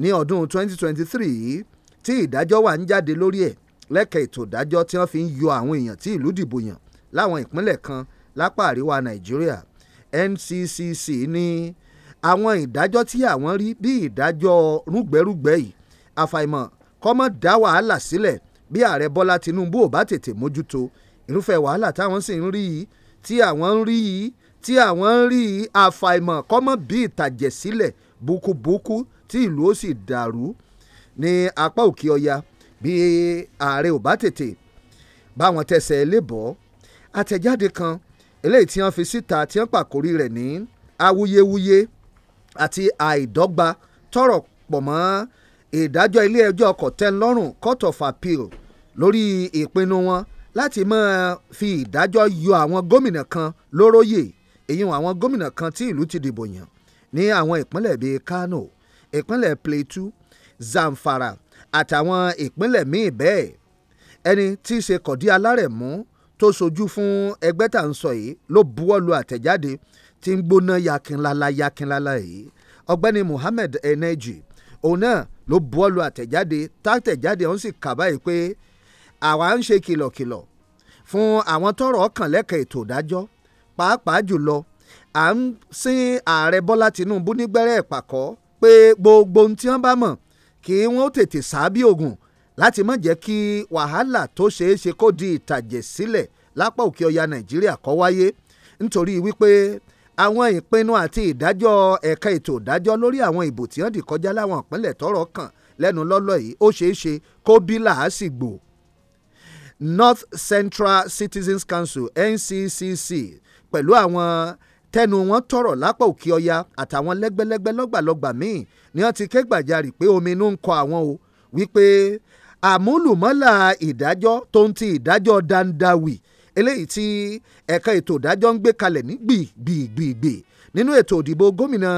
ní ọdún 2023 yìí tí ìdájọ́ wà ń jáde lórí ẹ̀ lẹ́ka ètò ìdájọ́ tí wọ́n fi ń yọ àwọn èèyàn tí ìlú dìbò yàn láwọn ìpínlẹ̀ kan lápá àríwá Nàìjíríà NCCC ní àwọn ìdájọ́ tí àwọn rí bí ìdájọ́ rúgbẹ́rúgbẹ́ yìí àfàìmọ̀ kọ́mọ́ dá wàhálà sílẹ̀ bí ààrẹ Bọ́lá Tinubu ò bá tètè mójútó irúfẹ́ wàhálà táwọn sì ń rí yìí tí àwọn ń rí yìí tí àwọn ń rí àfàìmọ̀ kọ́mọ́ bí ìtàjẹ̀ sílẹ̀ bukubuku tí ìlú ó sì dàrú ní apá òkè ọya bí ààrẹ ò bá tètè báwọn tẹsẹ̀ lè bọ́ àtẹ̀jáde kan eléyìí tí wọ́n fi síta tí wọ́n pàkórí rẹ̀ ní awuyewuye àti àìdọ́gba tọrọ pọ̀ mọ́ ìdájọ́ ilé ẹjọ́ kọ̀tẹ́nlọ́rùn court of appeal lórí ìpinnu wọn láti máa fi ìdájọ́ yọ àwọn gómìnà kan lóróyè èyí wọn àwọn gómìnà kan tí ìlú ti dìbò yàn ní àwọn ìpínlẹ̀ bíi Kano ìpínlẹ̀ Plateau Zamfara àtàwọn ìpínlẹ̀ míì bẹ́ẹ̀ ẹni tí í ṣe Kọ̀dí Alárẹ̀mú tó sojú fún ẹgbẹ́ tà ń sọ yìí ló buwọ́ lu àtẹ̀jáde tí ń gbóná yakinlala yakinlala yìí ọgbẹ́ni Muhammed Eneji òun náà ló buwọ́ lu àtẹ̀jáde tàtẹ̀jáde ọ̀hún sì kà báyìí pé àwa ń ṣe kìlọ̀kìlọ̀ fún àwọn tọ́rọ̀ ọkàn lẹ́ka ètò ìdájọ́ pàápàá jùlọ à ń sin ààrẹ bọ́lá tìǹbù nígbẹ́rẹ́ ìpàkọ́ pé gbogbo ohun tí wọ́n bá mọ̀ kí wọ́n tètè sábì ògùn láti má jẹ́ kí wàhálà tó ṣeé ṣe kó di ìtàjẹ̀ sílẹ̀ lápá òkè ọya nàìjíríà kó wáyé nítorí wípé àwọn ìpinnu àti ìdájọ́ ẹ̀ka ètò ìdájọ́ lórí àwọn ìbò tí wọ́n dì kọjá láwọn ìpínlẹ̀ tọ́rọ̀ kàn lẹ́nu lọ́lọ́ yìí ó ṣeé ṣe kó bí làásìgbò North Central Citizens Council NCCC pẹ̀lú àwọn tẹnu wọn tọrọ lápá òkè ọya àtàwọn lẹ́gbẹ́lẹ́gbẹ́ lọ́gbàlọ́gbà míì ni wọ́n ti ké gbàjarì pé omi inú ń kọ àwọn o wípé àmúlùmọ́là ìdájọ́ tó ń ti ìdájọ́ dandawi eléyìí tí ẹ̀ka ètò ìdájọ́ ń gbé kalẹ̀ ní gbìgbìgbì nínú ètò òdìbò gómìnà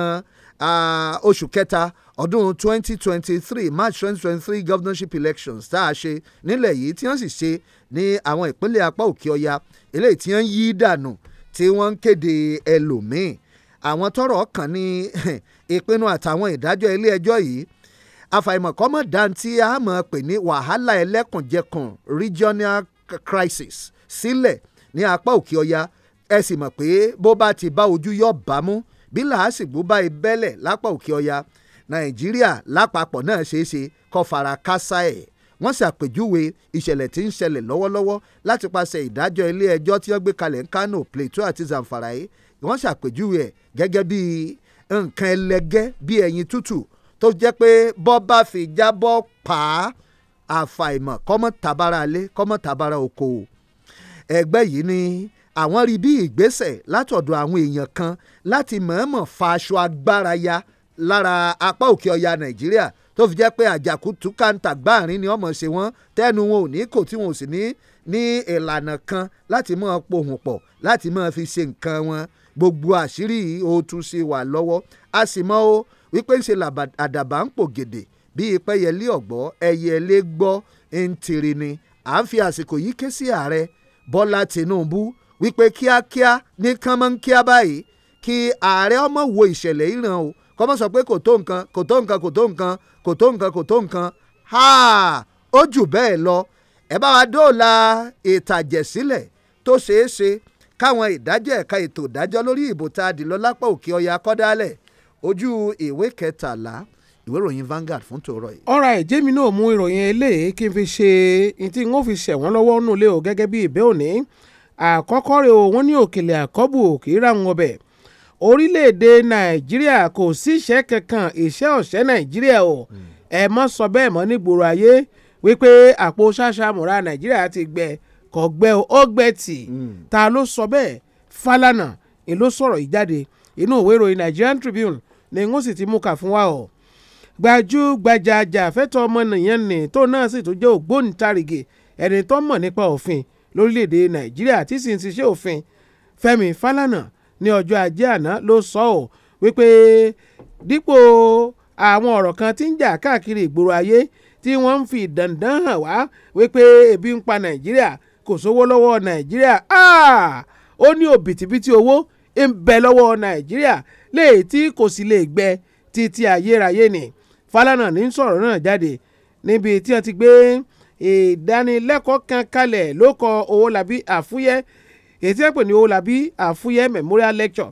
oṣù kẹta ọdún 2023 march 2023 governorship elections tá a ṣe nílẹ̀ yìí tí wọ́n sì ṣe ní àwọn ìpínlẹ̀ apá òkè ọya eléyìí tí wọ́n yí dànù tí wọ́n ń kéde ẹlòmíì àwọn tọ́rọ̀ kàn ní ìpinnu àtàwọn ìdájọ́ ilé ẹjọ́ yìí àfàìmọ̀kọ́mọ̀ dantí àmọ́ pè ní wàhálà ẹlẹ́kùnjẹkùn regional crisis sílẹ̀ ní apá òkè ọya ẹ sì mọ̀ pé bó bá ti bá ojú yọ̀ bámú bí làásìgbò bá ibẹ̀lẹ̀ lápá òkè ọya nàìjíríà lápapọ̀ náà ṣeéṣe kó fara kásá ẹ̀. E wọ́n ṣàpèjúwe ìṣẹ̀lẹ̀ tí ń ṣẹlẹ̀ lọ́wọ́lọ́wọ́ láti paṣẹ ìdájọ́ ilé ẹjọ́ tí wọ́n gbé kalẹ̀ ń Kano Plateau àti Zamfara yìí wọ́n ṣàpèjúwe ẹ̀ gẹ́gẹ́ bí nǹkan ẹlẹgẹ́ bí ẹyin tútù tó jẹ́ pé bọ́ bá fi jábọ́ pa á àfàìmọ̀ kọ́mọ́ tabara alé kọ́mọ́ tabara oko ẹgbẹ́ yìí ni àwọn rí bí ìgbésẹ̀ látọ̀dọ̀ àwọn èèyàn kan láti mọ̀ọ́mọ̀ fa aṣọ agbára ya lára apá òkè ọya Nàìjíríà tó fi jẹ́ pé àjàkú túkàǹtà gbáàrin ni ọmọ ṣe wọ́n tẹ́nu wọn ò ní kò tí wọn ò sì ní ní ìlànà kan láti máa pohùn pọ̀ láti máa fi ṣe nǹkan wọn gbogbo àṣírí òtún sí wà lọ́wọ́ a sì mọ̀ o wípé ṣe àdàbà ń pò gèdè bíi pẹ́yẹlé ọ̀gbọ́ ẹyẹlé gbọ́ ń tiri ni à ń fi àsìkò yìí ké sí ààrẹ Bọ́lá Tinubu wípé kíákíá ní kánmọ́nkíá báyìí kí ààrẹ ọmọ wo ìṣẹ̀lẹ̀ ìran o kọ́ mọ̀ sọ pé kò tó nǹkan kò tó nǹkan kò tó nǹkan kò tó nǹkan kò tó nǹkan ha ó jù bẹ́ẹ̀ lọ ẹ bá wa dóòlà ìtàjẹ̀sílẹ̀ tó ṣeé ṣe káwọn ìdájọ́ ẹ̀ka ètò ìdájọ́ lórí ìbò tá a dì lọ lápá òkè ọya kọ́dálẹ̀ ojú ìwé kẹtàlá ìwé ìròyìn Vanguard fún tòrọ yìí. ọ̀rọ̀ ẹ̀jẹ̀ mi náà mú ìròyìn eléyìí kí n fi ṣe ní tí fi ṣẹ̀wọ́n lọ́wọ́ nù lé o gẹ́gẹ́ bí ìbẹ́ òní àkọ́kọ́ rẹ̀ o ní òkèlè àkọ́bù òkè ìràwọ̀n ọbẹ̀ orílẹ̀-èdè nàìjíríà kò sí iṣẹ́ kankan iṣẹ́ ọ̀sẹ́ nàìjíríà o ẹ mọ́ sọ bẹ́ẹ̀ mọ́ nígboro ayé wípé àpò ṣàṣàmùrà nàìjíríà ti gbẹ kọ̀gbẹ́ ọgbẹ́ tì hmm. ta ló sọ bẹ́ẹ̀ Fálànà ni ló sọ̀rọ̀ yìí jáde inú ìwé ìròyìn Nigerian Tribune ni n ó sì ti mú kà fún wa o gbajúgbajà ajàfẹ́tọ̀ ọmọnìyàn ni tó náà sì tún jẹ́ ògbóǹtarìgì ẹni tó mọ̀ nípa òfin lórílẹ̀‐èdè Nàìjíríà tí sì ń ṣiṣẹ́ òfin Fẹ́mi Fálànà ní ọjọ́ ajé àná ló sọ ọ́ wípé dípò àwọn ọ̀rọ̀ kan tí ń jà káàkiri ìgboro ayé tí wọ́n ń fi dandan hàn wá wípé ebi ń pa nàìjíríà kò sówó lọ́wọ́ nàìjíríà ah! ó ní òbítíbitì owó ń bẹ lọ́wọ́ nàìjíríà léyìí tí kò sì lè gbẹ títí ayérayé ni Fálànà ní sọ̀rọ̀ náà jáde níbi tí wọ́n ti gbé ìdánilẹ́kọ̀ọ́ kan kalẹ̀ ló kọ Owólabí Àfúyẹ́ èyí tí wọ́n pè ní Olabi Afuye Memorial Lecture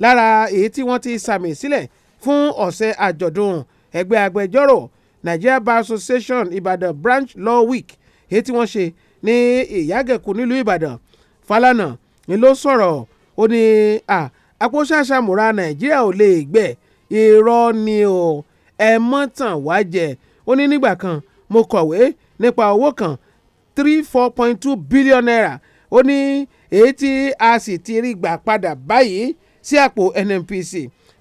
lára èyí tí wọ́n ti sàmì sílẹ̀ fún ọ̀sẹ̀ àjọ̀dún ẹgbẹ́ agbẹjọ́rò Nigeria Bar Association Ìbàdàn Branch Law Week èyí tí wọ́n ṣe ní Ìyágẹ̀kú nílùú Ìbàdàn Falana ni ló sọ̀rọ̀ ó ní àpòṣàṣàmùra Nàìjíríà ò lè gbẹ irọ́ ni o ẹ mọ́ tàn wá jẹ ó ní nígbà kan mo kọ̀wé nípa owó kan three four point two billion naira ó ní èyí tí a sì ti rí gbà padà báyìí sí àpò NNPC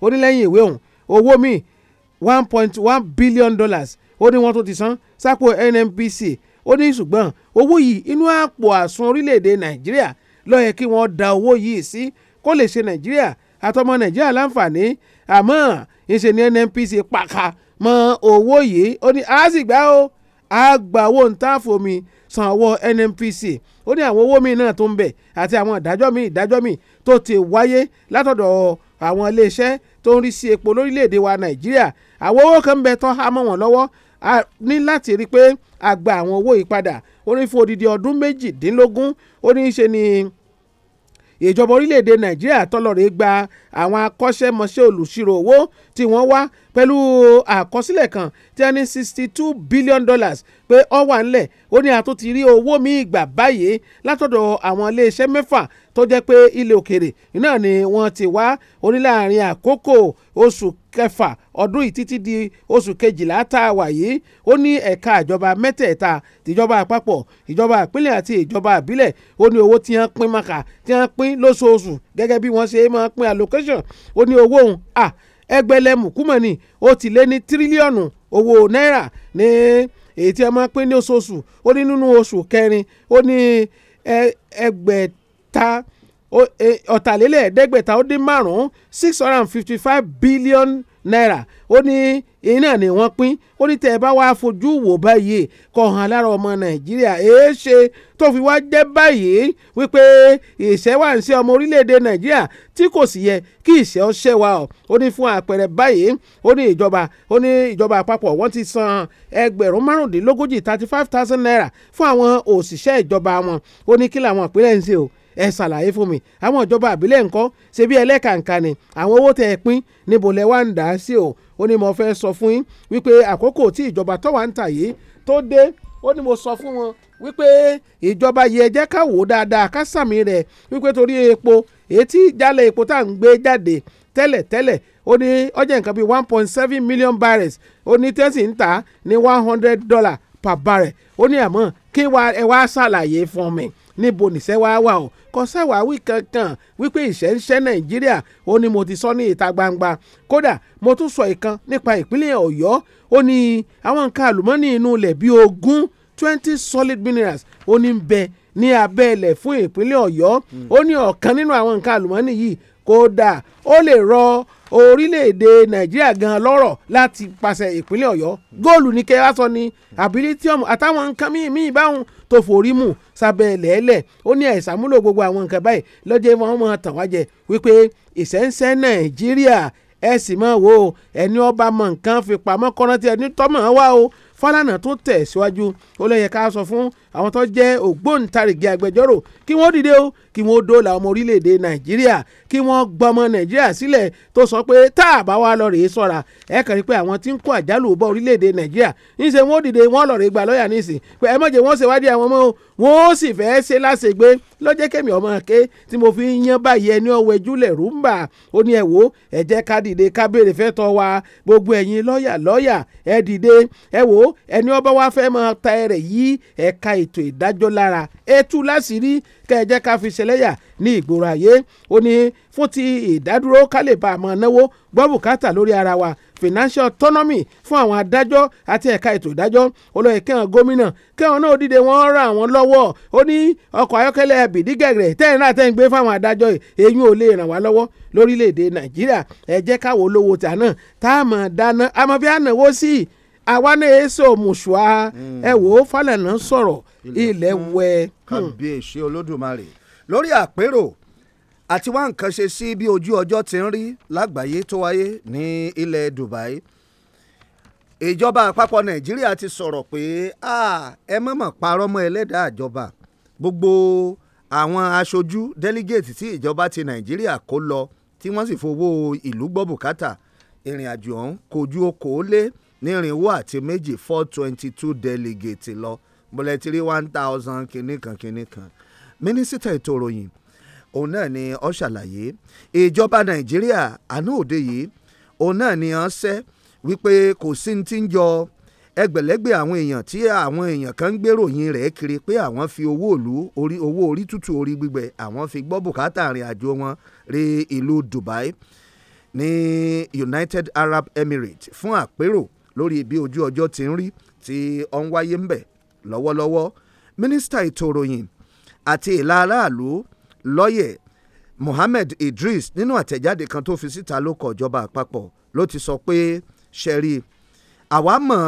ó ní lẹ́yìn ìwé òun owó míì one point one billion dollars ó ní wọ́n tó ti san sápò NNPC ó ní ṣùgbọ́n owó yìí inú àpò àsun orílẹ̀-èdè Nàìjíríà ló kí wọ́n da owó yìí sí kó lè ṣe Nàìjíríà àtọmọ Nàìjíríà láǹfààní àmọ́ ìṣe ni NNPC pàkà mọ owó yìí ó ní a sì gbà ó a owó ń tá fòmí san owó NNPC ó ní àwọn owó míì náà tó ń bẹ àti àwọn ìdájọ́ míì ìdájọ́ míì tó ti wáyé látọ̀dọ̀ àwọn iléeṣẹ́ tó ń rí sí epo lórílẹ̀‐èdè wa Nàìjíríà àwọn owó kan ń bẹ tán há mọ́ wọn lọ́wọ́ a ní láti rí i pé a gba àwọn owó yìí padà ó ní fún odidi ọdún méjìdínlógún ó ní í ṣe ni ìjọba orílẹ̀-èdè nàìjíríà tọ́lọ̀rẹ́ gba àwọn akọ́ṣẹ́mọṣẹ́ olùṣirò owó tí wọ́n wá pẹ̀lú àkọsílẹ̀ kan tí a ní sixty two billion dollars pé ó wà ńlẹ̀ ó ní a tún ti rí owó míì gbà báyìí látọ̀dọ̀ àwọn iléeṣẹ́ mẹ́fà tó jẹ́ pé ilẹ̀ òkèrè náà ni wọ́n ti wá oníláàrin àkókò oṣù kẹfà ọdún yìí títí di oṣù kejìlá tá a wà yìí ó ní ẹ̀ka ìjọba mẹ́tẹ̀ẹ̀ta tìjọba àpapọ̀ ìjọba ìpínlẹ̀ àti ìjọba àbílẹ̀ ó ní owó tí wọ́n pín maka tí wọ́n pín lóṣooṣù gẹ́gẹ́ bí wọ́n ṣe máa pín allocation ó ní owó òun à ẹgbẹ̀lẹ́mù kúmọ̀ ni ó ti lé ní tírílíọ̀nù owó náírà ní èyí tí wọ́n máa pín ní ó ní nínú oṣù kẹrin ó ní ẹgbẹ̀ta ẹ̀ẹ́dẹ́gbẹ̀ta ọ̀tàlélẹ̀ẹ́dẹ́gbẹ̀ta ó dín márùn-ún six hundred and fifty five billion naira ó ní iná ni wọ́n pín ó ní tẹ́ ẹ bá wàá fojú wò báyìí kọ̀ hàn lára ọmọ nàìjíríà èé ṣe tó fi wá jẹ́ báyìí wípé ìṣẹ́ wà ń ṣe ọmọ orílẹ̀-èdè nàìjíríà tí kò sì yẹ kí ìṣẹ́ ọ ṣẹ́ wa ọ̀ ó ní fún àpẹẹrẹ báyìí ó ní ìjọba ó ní ìjọba àpapọ̀ wọ́n ti san ẹgbẹ̀rún márùndínlógójì thirty five thousand naira fún àwọn òṣìṣẹ́ ìjọba wọn ó ní kí làwọn ìpínlẹ̀ ń ṣe o ẹ ṣàlàyé fún mi àwọn ìjọba àbílẹ̀ ńkọ́ ṣe bí ẹlẹ́kàǹkà ni àwọn owó tẹ ẹ pín níbo lẹ wá ń dà á sí o ó ní mo fẹ́ sọ fún yín wípé àkókò tí ìjọba tó wà ń tà yìí tó dé ó ní mo sọ fún wọn wípé ìjọba yìí ẹ jẹ́ ká wò ó dáadáa ká sàmì rẹ̀ wípé torí epo ètí jálẹ̀ epo tá à ń gbé jáde tẹ́lẹ̀ tẹ́lẹ̀ ó ní ọjà nǹkan bíi one point seven million barrels ó ní tẹ́sí ń tà ní one hundred dollar per barrel ó ní àmọ́ kí ẹ wá ṣàlàyé fún mi níbo nìṣẹ́ wá wà o kò ṣàwáwí kankan wípé ìṣẹ́ńṣẹ́ nàìjíríà ó ní mo ti sọ ní ìta gbangba kódà mo tún sọ ìkan nípa ìpínlẹ̀ ọ̀yọ́ ó ní àwọn nǹkan àlùmọ́nì inú ilẹ̀ bíi ogún twenty solid minerals ó ní ń bẹ ní abẹ́ ilẹ̀ fún ìpínlẹ̀ ọ̀yọ́ hmm. ó ní ọ̀kan nínú àwọn nǹkan àlùmọ́nì yìí kódà ó lè rọ orílẹ̀-èdè nàìjíríà gan lọ́rọ̀ láti pàṣẹ ìpínlẹ̀ ọ̀yọ́ góòlù ní kẹ́ ẹ sọ ni abilitium àtàwọn nǹkan míì míì báwọn tó forí mu sábẹ́ lẹ́ẹ̀lẹ̀ ó ní àìsàmúlò gbogbo àwọn nǹkan báyìí lọ́jọ́ wọn mọ̀ tàn wá jẹ wípé ìṣẹ̀ǹṣẹ̀ nàìjíríà ẹ sì mọ̀ ẹni ọba mọ̀ nǹkan fipamọ́ kọ́rántì ẹni tọ́mọ̀ wá o Fálànà tó tẹ̀ síwájú ó lẹ́yẹ ká sọ fún àwọn tó jẹ́ ògbóǹtarìgì agbẹjọ́rò kí wọ́n dìde o kí wọ́n dóòlà ọmọ orílẹ̀-èdè Nàìjíríà kí wọ́n gbọmọ Nàìjíríà sílẹ̀ tó sọ pé tá a bá wa lọ rèé sọ̀ra ẹ kàn rí pé àwọn tí ń kó àjálù bọ́ orílẹ̀-èdè Nàìjíríà níṣẹ́ wọ́n dìde wọ́n lọ rèé gba lọ́ọ̀yà nísìn pé ẹ mọ̀jẹ̀ wọ́n ṣèwádìí àwọn ọmọ wọn ó sì fẹ́ ṣe láṣegbé lọ́jẹ́ kẹ́mi ọmọ ké tí mo fi ń yan báyìí ẹni ọ̀wẹ́ júlẹ̀ rúmbà ó ní ẹ wò ẹ jẹ́ ká dìde ká béèrè fẹ́ tọ́ wa gbogbo ẹ̀yin lọ́ọ̀yà lọ́ọ̀yà ẹ dìde ẹ wò ẹni ọba wa fẹ́ máa ta ẹrẹ̀ yí ẹ̀ka ètò ìdájọ́ lára etu láṣìírí kẹjẹ ká fi ṣẹlẹ́yà ní ìgboro ayé ó ní fún ti ìdádúró ká lè bá a máa náwó gbọ́ bùkátà lórí ara wa financial autonomy fún àwọn adájọ́ àti ẹ̀ka ètò ìdájọ́ olóyè kẹ́hàn gómìnà kẹ́hàn náà dìde wọ́n ra àwọn lọ́wọ́ ó ní ọkọ̀ ayọ́kẹ́lẹ́ bìdígẹ̀gẹ̀ tẹ́yìn náà tẹ́yìn gbé fáwọn adájọ́ èyí ò lè ràn wá lọ́wọ́ lórílẹ̀‐èdè nàìjíríà ẹ jẹ́ káwọ́ olówó tà náà tá a mọ̀ dáná àmọ́ bí a náwó sí i àwa ní èsè òmùsùá ẹ wò ó Fálànà sọ̀rọ̀ ilẹ̀ wẹ̀. kábíyèsí olódùmarè lórí àpérò àti wá nǹkan ṣe sí bí ojú ọjọ́ ti ń rí lágbàáyé tó wáyé ní ilẹ̀ Dubai ìjọba àpapọ̀ Nàìjíríà ti sọ̀rọ̀ pé ẹ mọ̀mọ̀ parọ́ mọ́ ẹlẹ́dàá ìjọba gbogbo àwọn aṣojú délígéètì tí ìjọba ti Nàìjíríà kó lọ tí wọ́n sì fowó ìlú gbọ́ bùkátà ìrìn ọ̀hún kojú okòó lé nírínwó àti méjì four twenty two delegate lọ bọ́lẹ́tìrí one thousand kìnnìkan kìnnìkan mínísítà ètò ìròyìn òun náà ni ó ṣàlàyé ìjọba nàìjíríà àánú òde yìí òun náà ni ó ṣẹ́ wípé kò sí ní ti ń jọ ẹgbẹ̀lẹ́gbẹ̀ àwọn èèyàn tí àwọn èèyàn kan ń gbèròyìn rẹ̀ kiri pé àwọn fi owó òlu owó orí tútù orí gbígbẹ àwọn fi gbọ́ bùkátà àrìn àjò wọn re ìlú Dubai ní United Arab Emirates fún àpérò lórí bí ojú ọjọ́ ti ń rí tí ó ń wáyé ńbẹ̀ lọ́wọ́lọ́wọ́ mínísítà ètò ìròyìn àti ìlà aráàlú lọ́yẹ̀ Mohammed Idris nínú àtẹ̀jáde kan tó fi síta ló kọ ìjọba àpapọ̀ ló ti sọ pé ṣẹ̀rí àwa mọ̀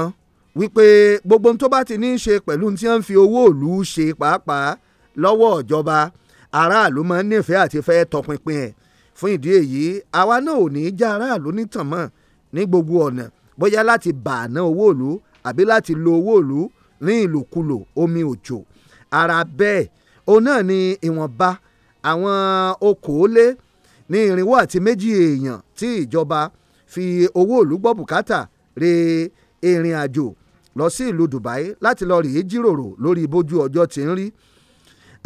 wípé gbogbo tó bá ti ní í ṣe pẹ̀lú tí wọ́n fi owó ìlú ṣe pàápàá lọ́wọ́ ìjọba aráàlú máa nífẹ̀ẹ́ àti fẹ́ tọpinpin ẹ̀ fún ìdí èyí àwa náà ò ní í já aráàlú nítàn mọ́ ní gbogbo ọ̀nà bóyá láti bàánà owó ìlú àbí láti lo owó ìlú ní ìlòkulò omi òjò ara bẹ́ẹ̀ òun náà ni ìwọ̀nba àwọn okòólé ní irinwó àti méjì èèyàn tí ìjọba fi owó ìlú gbọ́ bùkátà re ìrìn àjò lọ sí ìlú Dubai láti lọ rèé jíròrò lórí bójú ọjọ́ tí ń rí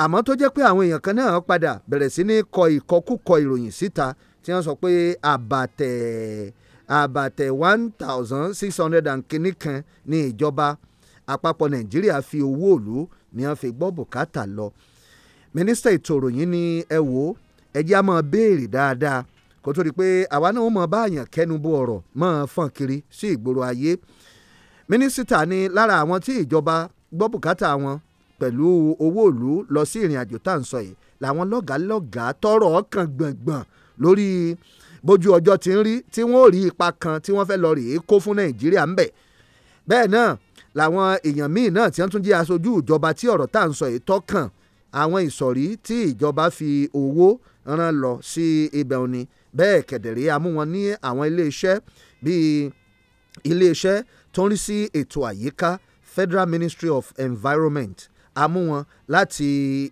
àmọ́ tó jẹ́ pé àwọn èèyàn kan náà padà bẹ̀rẹ̀ sí ní kọ ìkọkúkọ ìròyìn síta tí wọ́n sọ pé àbàtẹ̀ àbàtẹ̀ one thousand six hundred and kìíní kan ní ìjọba àpapọ̀ nàìjíríà fi owó òlu ni wọ́n fi gbọ́ bùkátà lọ mínísítà ètò òròyìn ni ẹ wò ó ẹjẹ́ á máa béèrè dáadáa kó tó di pé àwa náà mọ̀ bá àyàn kẹ́nu bó ọ̀rọ̀ máa fọ́n kiri sí ìgboro ayé mínísítà ni lára àwọn tí ìjọba gbọ́ bùkátà wọn pẹ̀lú owó ìlú lọ sí ìrìn àjò tá à ń sọ yìí làwọn lọ́gàálọ́gàá tọrọ ọkàn gbọ̀ngbọ̀n lórí bójú ọjọ́ ti ń rí tí wọ́n ò rí ipa kan tí wọ́n fẹ́ lọ rèé kó fún nàìjíríà ńbẹ̀ bẹ́ẹ̀ náà làwọn èèyàn míì náà tí wọ́n tún jẹ́ aṣojú ìjọba tí ọ̀rọ̀ tá à ń sọ yìí tọ́kàn àwọn ìsọ̀rí tí ìjọba fi owó rán lọ sí ibẹ̀ òní bẹ́ẹ̀ kẹ̀dẹ̀rẹ́ amú wọn ní àwọn iléeṣẹ́ bíi iléeṣẹ́ tó ń rí sí ètò àyíká Federal Ministry of Environment amú wọn láti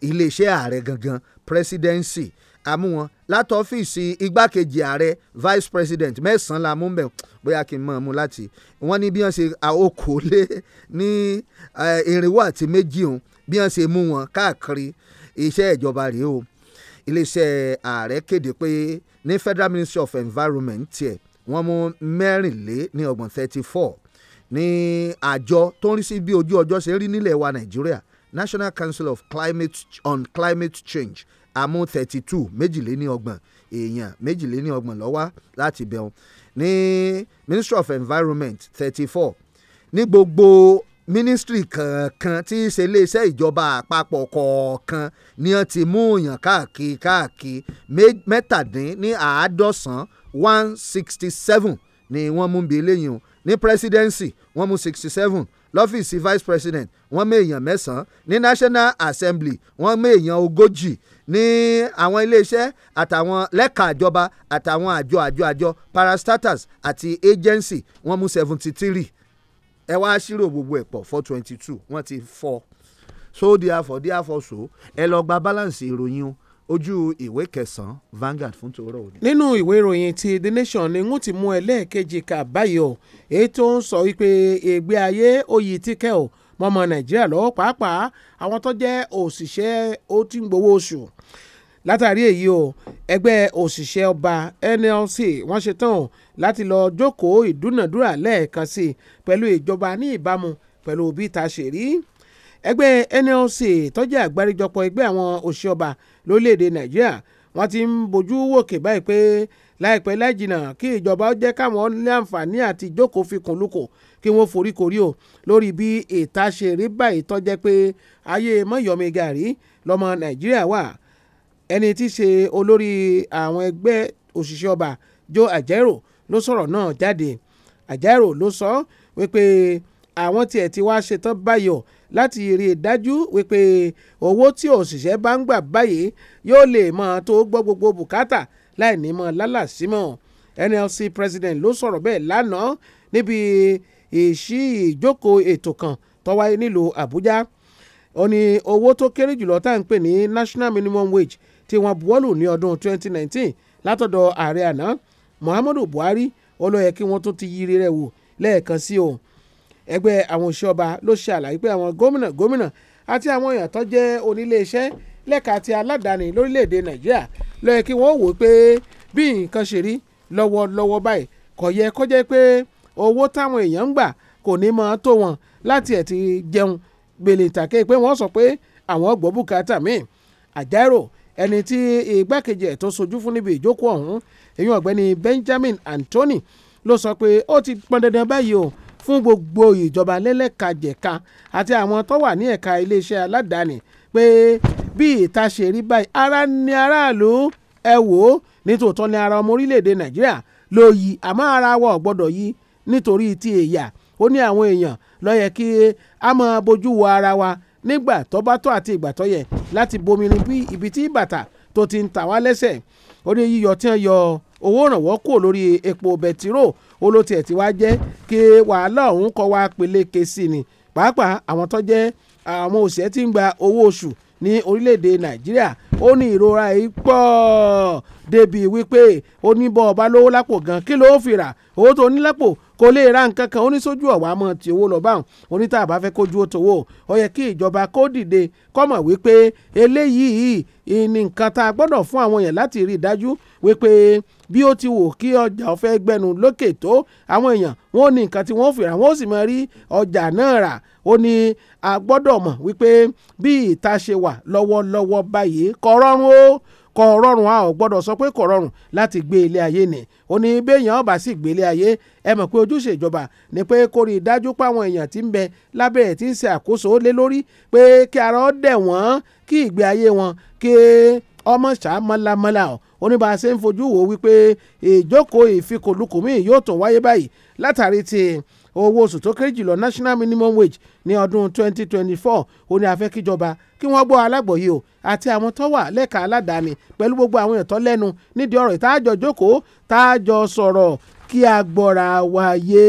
iléeṣẹ́ ààrẹ gangan presidency amú wọn láti ọ́fíìsì igbákejì ààrẹ vice president mẹ́sàn-án la mú mbẹ̀ bóyá kí n mọ̀ ọ́n mú láti wọ́n ní bí wọ́n ṣe àokòólé ní irinwó àti méjì òun bí wọ́n ṣe mú wọn káàkiri iṣẹ́ ìjọba rèé o iléeṣẹ́ ààrẹ kéde pé ní federal ministry of environment tiẹ̀ wọ́n mú mẹ́rìnlé ní ọgbọ̀n thirty four ní àjọ tó ń rí sí bí ojú ọjọ́ ṣe rí nílẹ̀ wa nàìjíríà national council of climate on climate change amú thirty two méjìléníọgbọ̀n èèyàn méjìléníọgbọ̀n lọ́wọ́ láti bẹ̀rùn ní ministry of environment thirty four ní gbogbo ministry kankan tí í ṣe iléeṣẹ́ ìjọba àpapọ̀ kọ̀ọ̀kan ni wọ́n ti mú èèyàn káàkiri káàkiri mẹ́tàdín ní àádọ́sán one sixty seven ni wọ́n mú bí eléyìí o ní presidency wọ́n mú sixty seven lọ́fíìsì vice president wọ́n mú èèyàn mẹ́sàn-án ní national assembly wọ́n mú èèyàn ogójì ní àwọn iléeṣẹ́ àtàwọn lẹ́ka àjọba àtàwọn àjọ àjọ àjọ parastatals àti agency wọ́n mú seventy three ẹ wá ṣírò gbogbo ẹ̀ pọ̀ four twenty two wọ́n ti fọ́ so therefore therefore so ẹ lọ gba balance ìròyìn o ojú ìwé kẹsàn-án Vanguard fún tòórọ́ òní. nínú ìwé ìròyìn ti The Nation ni wọ́n ti mú ẹlẹ́ẹ̀kejì kà báyìí o èyí tó ń sọ wípé ègbé ayé oyè tíkẹ́ o mọ́mọ́ Nàìjíríà lọ́wọ́ pàápàá àwọn tó jẹ́ òṣìṣẹ́ ó ti ń gbowó oṣù látàrí èyí o ẹgbẹ́ òṣìṣẹ́ ọba NLC wọ́n ṣe tán láti lọ jókòó ìdúnàdúrà lẹ́ẹ̀kan sí i pẹ̀lú ìjọba ní ìbámu pẹ̀lú bí ta ṣe rí ẹgbẹ́ NLC tó jẹ́ àgbáríjọpọ̀ ẹgbẹ́ àwọn òṣìṣẹ́ ọba lórílẹ̀‐èdè nàìjíríà wọ́n ti ń bójú wòkè báyìí pé láìpẹ́ láìjìnà kí ìjọba ó jẹ́ káwọn ní àǹfààní àti ìjókòó fikùn lukùn kí wọ́n forí korí o lórí bí ìta ṣe rí báyìí tó jẹ́ pé ayé mọ́yọ́mí gàrí lọ́mọ nàìjíríà wà ẹni tí í ṣe olórí àwọn ẹgbẹ́ òṣìṣẹ́ ọba Joe Ajaero ló sọ̀rọ̀ náà jáde Ajaero ló sọ wípé àwọn tiẹ̀ ti wá ṣetán báyọ̀ láti rí i dájú wípé owó tí òṣìṣẹ́ bá ń gbà báyìí yóò lè mọ tó gbọ́ gbogbo bùkátà láì ní mọ lálàsímọ̀ NLC president ló sọ̀rọ̀ bẹ́ẹ̀ lánàá níbi ìṣí ìjókòó ètò kan tó wáyé nílùú Àbújá ó ní owó tó kéré jùlọ tá à ń pè ní national minimum wage tí wọ́n buwọ́lù ní ọdún 2019 látọ̀dọ̀ ààrẹ àná Muhammadu Buhari ó ló yẹ kí wọ́n tún ti yiri rẹ̀ wò lẹ́ẹ̀kan sí òun ẹgbẹ́ àwọn òṣìṣẹ́ ọba ló ṣe àlàyé pé àwọn gómìnà gómìnà àti àwọn èèyàn tó jẹ́ oníléeṣẹ́ lẹ́ka àti aládàáni lórílẹ̀‐èdè nàìjíríà ló yẹ kí wọ́n wò ó pé bí nǹkan ṣe rí lọ́wọ́lọ́wọ́ báyìí kò yẹ kó jẹ́ pé owó táwọn èèyàn ń gbà kò ní máa tó wọn láti ẹ̀ ti jẹun gbèlè ìtàkẹ́ pé wọ́n sọ pé àwọn gbọ́ bùkátà míì àjárò ẹni tí igbákejì ẹ̀ tó sojú fún níbi ìjókòó ọ̀hún èyí ọ̀gbẹ́ni Benjamin Anthony ló sọ pé ó ti pọn dandan báyìí o fún gbogbo ìjọba lẹ́lẹ́kajẹ̀ka àti àwọn tó wà ní ẹ̀ka iléeṣẹ́ aládàáni pé bí ìta ṣe rí báyìí ara ni aráàlú ẹ wò ó nítòótọ́ ni ara ọmọ orílẹ̀-èdè nàìjíríà ló yí àmọ́ ara wa ò gbọ́dọ̀ yí nítorí ti èyà ó ní àwọn èèyàn ló yẹ kí a máa bójú wo ara wa nígbà tó bá tọ́ àti ìgbà tó yẹ láti bomirin bí ibi tí bàtà tó ti ń tà wá lẹ́sẹ̀ ó ní yíyọ tí wọ́n yọ owó ìrànwọ́ kúrò lórí epo bẹtiró ó ló tiẹ̀ ti wá jẹ́ kí wàhálà ọ̀hún kọ́ wa peléke sí ni pàápàá àwọn tó jẹ́ àwọn òṣìṣẹ́ tí ń gba owó oṣù ní orílẹ̀-èdè nàìjíríà ó ní ìrora yìí pọ̀ débi wípé ó ọba lówó lápò gan kí ló fi rà owó tó ní lápò kò lè ra nǹkan kan ó ní sójú ọ̀wá mọ́ ti owó lọ́ọ́ báwọn oníta àbá fẹ́ kójú ó towó ó yẹ kí ìjọba kó dìde kọ́mọ̀ wípé eléyìí ní nǹkan tá a gbọ́dọ̀ fún àwọn èèyàn láti rí i dájú wípé bí ó ti wò kí ọjà ọ̀fẹ́ gbẹnu lókè tó àwọn èèyàn wọn ò ní nǹkan tí wọ́n fi rà wọ́n sì máa rí ọjà náà rà ó ní a gbọ́dọ̀ mọ̀ wípé bí ìta ṣe wà lọ́wọ́lọ́wọ́ báyìí kò rọrùn o kò rọrùn a ò gbọ́dọ̀ sọ pé kò rọrùn láti gbé ilé ayé ni ó ní béèyàn ọba sì gbé ilé ayé ẹ mọ̀ pé ojúṣe ìjọba ni pé kó rí i dájú páwọn èèyàn ti ń bẹ lábẹ́ ẹ̀ ti ń ṣe àkóso lé lórí pé kí ara ó dẹ̀ wọ́n kí ìgbé ayé wọn kí ọmọ ṣá mọ́lámọ́lá ọ̀ oníbàá ṣe ń fojú wò wípé ìjókòó ìfikùnlukùn míì yóò tún wáyé báyìí látàrí ti owó oṣù tó kéré jùlọ national minimum wage ní ọdún 2024 ó ní afẹ́ kíjọba kí wọ́n gbọ́ alágbòye o àti àwọn tó wà lẹ́ka aládàáni pẹ̀lú gbogbo àwọn èèyàn tó lẹ́nu nídìí ọ̀rọ̀ ìtajọ jókòó tájọ sọ̀rọ̀ kí a gbọ́ra wa yé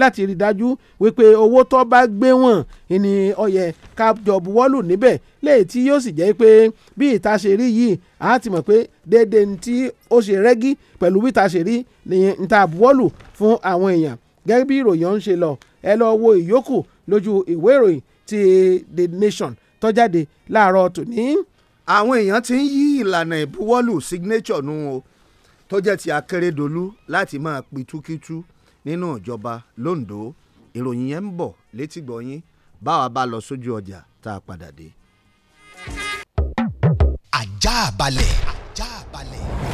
láti rí dájú wípé owó tó bá gbé wọ̀n ni ọyẹ ká jọ buwọ́lù níbẹ̀ léyìí tí yóò sì jẹ́ pé bí ìta ṣe rí yìí a ti mọ̀ pé déédéé ní tí ó ṣe rẹ́gí pẹ̀lú bí ìta ṣe rí ní ìta buwọ́lù fún àwọn èèyàn gẹ́gẹ́ bí ìròyìn ọ̀hún ṣe lọ ẹ lọ wo ìyókù lójú ìwé ìròyìn ti The Nation tó jáde láàárọ̀ tòní. àwọn èèyàn ti ń yí ìlànà ìbuwọ́lù signature nu o tó jẹ́ ti Akérédolú láti máa pitúkítú nínú ìjọba londo ìròyìn yẹn ń bọ̀ létí gbọ̀nyìn báwa bá lọ sójú ọjà tá a padà dé. àjà balẹ̀. àjà balẹ̀.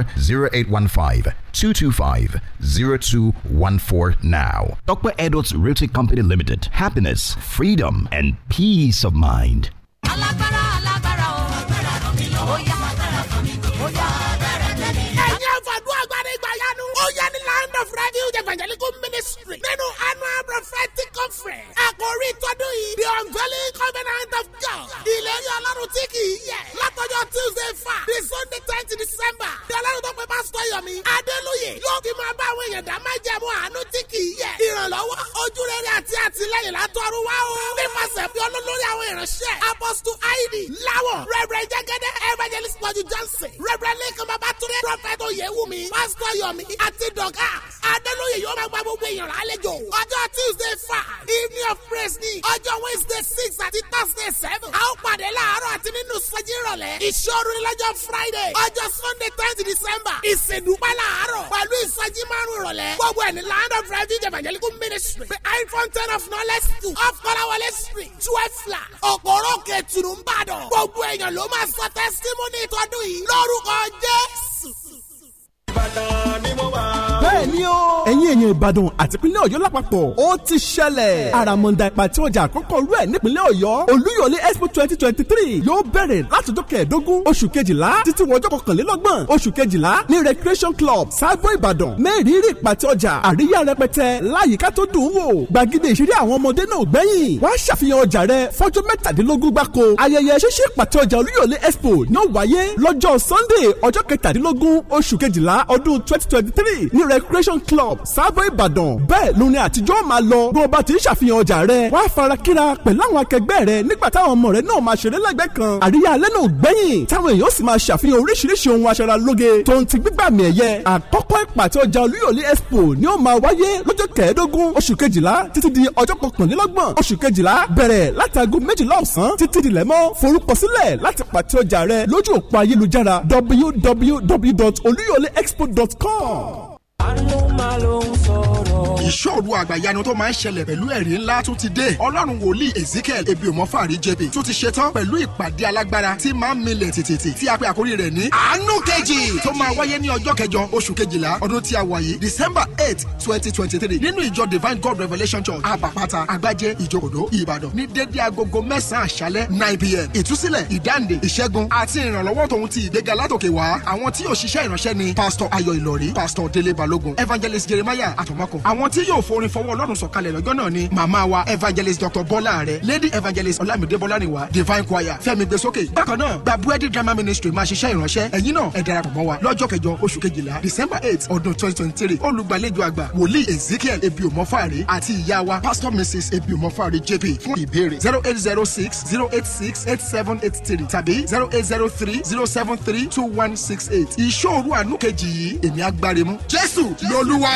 0815 225 0214 now. Dr. Edwards Realty Company Limited. Happiness, freedom, and peace of mind. Oh, ministry nínú prophetic conference. àkòrí tọdún yìí the unveiling covenant of God. ìlérí ọlọ́run tí kì í yẹ. látọjọ́ tuesday fa the sunday twenty december. di ọlọ́run tó pe pásítọ̀ yọ̀mí. adélóye yóò fi máa bá àwọn èèyàn dá májẹ̀mú àánú tí kì í yẹ. ìrànlọ́wọ́ ojúrere àti àtìlẹ́yìn látọrú wá o. nípasẹ̀ fi olólórí àwọn ìránṣẹ́. apostle aidi lawọ. reverend jẹgẹdẹ evangelist pọju johnson. reverend lẹkàn babatunde. prophet oyewumi. pásítọ̀ yọ̀mí àti dọ̀gá. adélóye yóò máa gba gbogbo èèyàn lálejò. ọjọ́ tuesday fa ní of praise ní ọjọ́ wednesday six àti thursday seven. a ó pàdé láàárọ̀ àti nínú sọjí ìrọ̀lẹ́. ìṣòro lọ́jọ́ friday ọjọ́ sunday tenth december ìsèdúpẹ́ láàárọ̀ pẹ̀lú ìsọjí márùn ìrọ̀lẹ́. gbogbo ẹ̀ ní land of refuge evangelical ministry the high fountain of knowledge school of kọ́láwọlé street twelve flat ọ̀pọ̀rọ̀ kẹtùrú ń bàdàn. gbogbo èèyàn ló máa sọ testimony tọdún yìí lórúkọ jésù. ìbàdàn ni mo wà. bẹ́ẹ̀ ni o. ẹ̀yin èèyàn ìbàdàn àtìpínlẹ̀ ọ̀yọ́ lápapọ̀ ó ti ṣẹlẹ̀. àràmọ̀ǹdà ìpàtí ọjà àkọ́kọ́ rú ẹ̀ nípínlẹ̀ ọ̀yọ́ olúyọ̀lé expo twenty twenty three yóò bẹ̀rẹ̀ látọjọ́ kẹẹ̀ẹ́dógún oṣù kejìlá títí wọjọ́ kọkànlélọ́gbọ̀n oṣù kejìlá ní recreation club sábò ìbàdàn mẹ́rìírí ìpàtí ọjà àríyá rẹpẹtẹ láyìíká tó dùn wò gbàgede ìṣeré àwọn ọmọdé náà gbẹ̀yìn wá ṣàfihàn ọjà rẹ fọ́jọ́ mẹ́tàdínlógún gbáko ayẹyẹ ṣíṣe ìpàtí ọjà olúyọ̀lé expo náà wáyé lọ́jọ́ sunday ọjọ́ kẹtàdínlógún oṣù kejìlá ọdún twenty twenty three ní recreation club sábò ìbàdàn bẹ́ẹ̀ lóni àtijọ́ máa lọ bí o bá ti ń ṣàfihàn ọjà rẹ wàá fara kíra pẹ̀lú àwọn akẹgbẹ́ rẹ nígbà táwọn ọmọ rẹ náà máa ṣeré lẹ́gbẹ̀ẹ́ kan àríyá alẹ́ náà gbẹ̀yìn táwọn èèyàn sì máa ṣàfihàn oríṣiríṣi ohun aṣara lóge tó ń ti gbígbàmì ẹ̀yẹ àkọ́kọ́ ìpàtẹ ọjà olúyọ̀lé expo ni ó máa wáyé lọ́jọ́ kẹẹ̀ẹ́dógún oṣù kejìlá títí di ọjọ́ kọkànlélọ́gbọ̀n oṣù kejìlá bẹ̀rẹ̀ látago méjìlá ọ̀sán títí dilẹ̀ mọ́ forúkọsílẹ̀ I know my long soul. iṣẹ́ òru àgbàyanu tó máa ń ṣẹlẹ̀ pẹ̀lú ẹ̀rí ńlá tún ti dé ọlọ́run wòlíì ezekiel ebiomofari jebe tún ti ṣetán pẹ̀lú ìpàdé alágbára tí máa ń milẹ̀ tìtìtì tí a pè àkórí rẹ̀ ní àánú kejì tó máa wáyé ní ọjọ́ kẹjọ oṣù kejìlá ọdún tí a wà yìí december eight twenty twenty three nínú ìjọ divine god revelation church àbàpàtà àgbájé ìjòkòdó ìbàdàn ní dédé agogo mẹ́sàn-án àṣálẹ́ nine pm ìtúsílẹ̀ ìdáǹdè ìṣẹ́gun àti ìrànlọ́wọ́ tòun ti ìgbéga látòkè wá àwọn tí òṣìṣẹ́ ìránṣẹ́ pastor ayọ̀ ìlọrí pastor délé evangelist jeremiah àtọ̀mọ́kùn àwọn tí tí yóò forin fọwọ́ ọlọ́run sọ̀kalẹ̀ lọ́jọ́ náà ni màmá wa evangelist dr bọ́lá rẹ̀ lady evangelist ọlámídé wa divine choir fẹ́mi gbèsókè bákan náà gbabuẹ́dì drama ministry máa ṣiṣẹ́ ìránṣẹ́ ẹ̀yin náà ẹ darapọ̀ mọ́ wa lọ́jọ́ kẹjọ oṣù kejìlá december eight ọdún twenty twenty three olùgbàlejò àgbà wòlíì ezekiel ebiomofari àti ìyá wa pastor mrs ebiomofari jp fún ìbéèrè zero eight zero six zero eight six eight seven eight three tàbí zero eight zero three zero seven three two one six eight ìṣòro àánú kejì yìí èmi agbárimú jésù lolúwa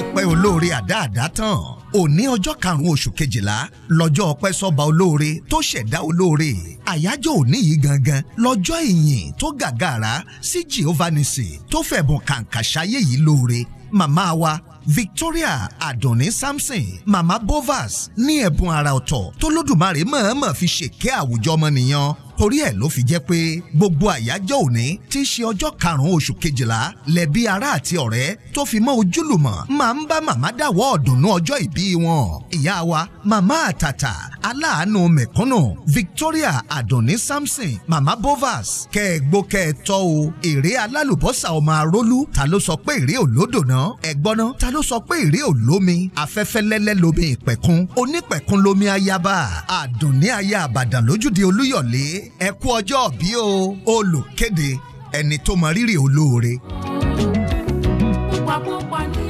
ọpẹ́ olóore àdáàdá tán òní ọjọ́ karùn-ún oṣù kejìlá lọ́jọ́ ọpẹ́ sọ́ba olóore tó ṣẹ̀dá olóore àyájọ́ òní yìí gangan lọ́jọ́ ìyìn tó gàgàrà sí Jehovah nisi tó fẹ̀bùn kàǹkà ṣayé yìí lóore màmá wa Victoria Adoni Samson Mama Bovas ní ẹ̀bùn àrà ọ̀tọ̀ tó lódùmarè mọ̀ọ́mọ̀ fi ṣèkẹ́ àwùjọ ọmọnìyàn torí ẹ̀ ló fi jẹ́ pé gbogbo àyájọ́ òní tí í ṣe ọjọ́ karùn-ún oṣù kejìlá lẹ́bí ará àti ọ̀rẹ́ tó fi mọ́ ojúlùmọ̀ máa ń bá màmá dáwọ́ ọ̀dùnnú ọjọ́ ìbí wọn. ìyá wa màmá àtàtà aláàánú mẹ̀kúnnù Victoria Adoni Samson màmá Bovas kẹ́ẹ̀gbó kẹ́ẹ̀tọ́ o èrè alálùbọ́sà ọmọ arólú ta ló sọ pé èrè olódò náà ẹ̀gbọ́n ta ló sọ pé ìré ò lómi afẹ́fẹ́ lẹ́lẹ́ lomi ìpẹ̀kun onípẹ̀kun lomi ayaba àdùnní aya àbàdàn lójúde olúyọ̀lé ẹ kú ọjọ́ bí o olùkéde ẹni tó mọ rírì olóore. pupa pupa ní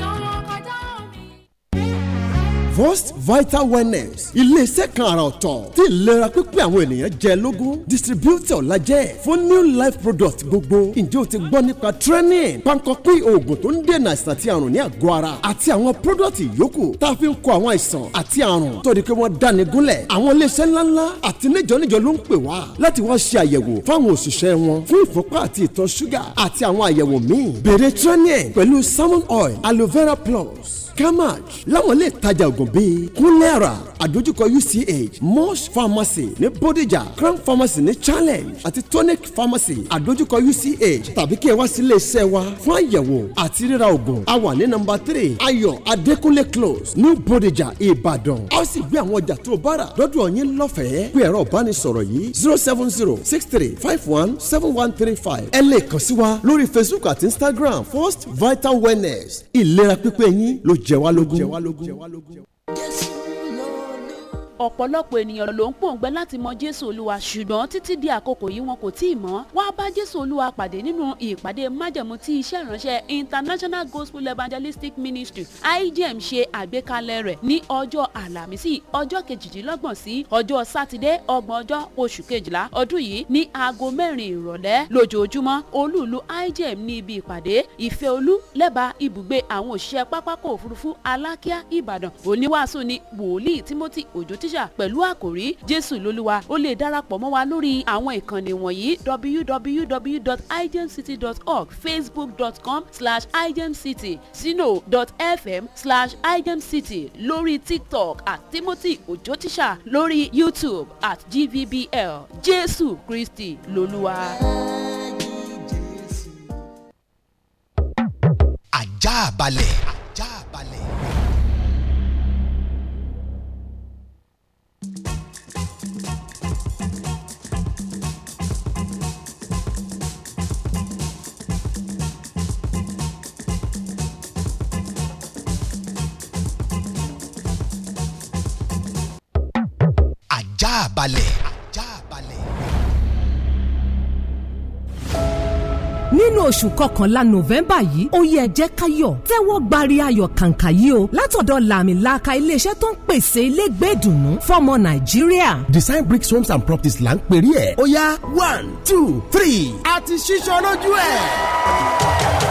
vost vital wellness iléeṣẹ́ kan àrà ọ̀tọ̀ tí ìlera pípé àwọn ènìyàn jẹ lógún distributor lajẹ fún new life product gbogbo ǹjẹ́ o ti gbọ́ nípa trenin pankọ́pín oògùn tó ń dènà àìsàn àti àrùn ní àgọ́ ara àti àwọn product yòókù tá a fi ń kọ àwọn àìsàn àti àrùn tó di pé wọ́n dáni gúnlẹ̀ àwọn iléeṣẹ́ ńláńlá àti níjọ́níjọ́ ló ń pè wá láti wá ṣe àyẹ̀wò fáwọn òṣìṣẹ́ wọn fún ìfúnpá àti ìtọ̀ ṣúgà àti àwọn àyẹ̀wò míì bèrè trenin pẹ̀lú salmon oil aloe vera plus. Kamash láwọn ilé ìtajà ògùn bíi Kúnlẹ́ra àdójúkọ UCH Mosh Pharmacy ní Bódìjà Crown Pharmacy ní Challenge àti Tonic Pharmacy àdójúkọ UCH tàbí kí ẹ wá sí ilé iṣẹ́ wa fún àyẹ̀wò àti ríra ògùn a wà ní nọ́mbà three Ayọ̀ Adékúnlé close ní Bódìjà Ìbàdàn a ó sì gbé àwọn ọjà tó o bá rà lọ́fẹ̀ẹ́ pé ẹ̀rọ ìbánisọ̀rọ̀ yìí zero seven zero six three five one seven one three five ẹ lè kàn sí wa lórí Facebook àti Instagram First Vital Wellness ìlera pípé yín ló jẹ́ jẹ wá lógún ọ̀pọ̀lọpọ̀ ènìyàn ló ń pòǹgbẹ láti mọ jésù olúwa ṣùgbọ́n títí di àkókò yìí wọn kò tí ì mọ̀ wá bá jésù olúwa pàdé nínú ìpàdé májẹ̀mú tí iṣẹ́ ìránṣẹ́ international gospel evangelistic ministry igm ṣe àgbékalẹ̀ rẹ̀ ní ọjọ́ àlàmísì ọjọ́ kejìdínlọ́gbọ̀n sí ọjọ́ sátidé ọgbọ̀n ọjọ́ oṣù kejìlá ọdún yìí ní aago mẹ́rin ìrọ̀lẹ́ lójoojúmọ́ olúùlú igm ní ibi ìpàdé ìfẹ́ olú lẹ́bàá ibùgbé àwọn òṣìṣẹ́ pápákọ̀ òfurufú alákíá ìbàdàn oníwàásù ni wòlíì timothy ojú Hallelujah pẹ̀lú àkòrí Jésù lólúwa o lè darapọ̀ mọ́ wa lórí àwọn ìkànnì wọ̀nyí www.igemcity.org facebook.com slash igemcity sino.fm slash igemcity lórí tiktok at timothy ojotisha lórí youtube at gvbl jésù kristi lolúwa. ajá balẹ̀. ajá balẹ̀. nínú oṣù kọkànlá november yìí ó yẹ jẹ́ káyọ̀ tẹ́wọ́ gbari ayọ̀ kàǹkà yìí o látọ̀dọ̀ làmìlaka iléeṣẹ́ tó ń pèsè ilégbé fọmọ nàìjíríà. design bricks homes and properties là ń pèrè ẹ̀ ó yá one two three àti ṣíṣọ́ lójú ẹ̀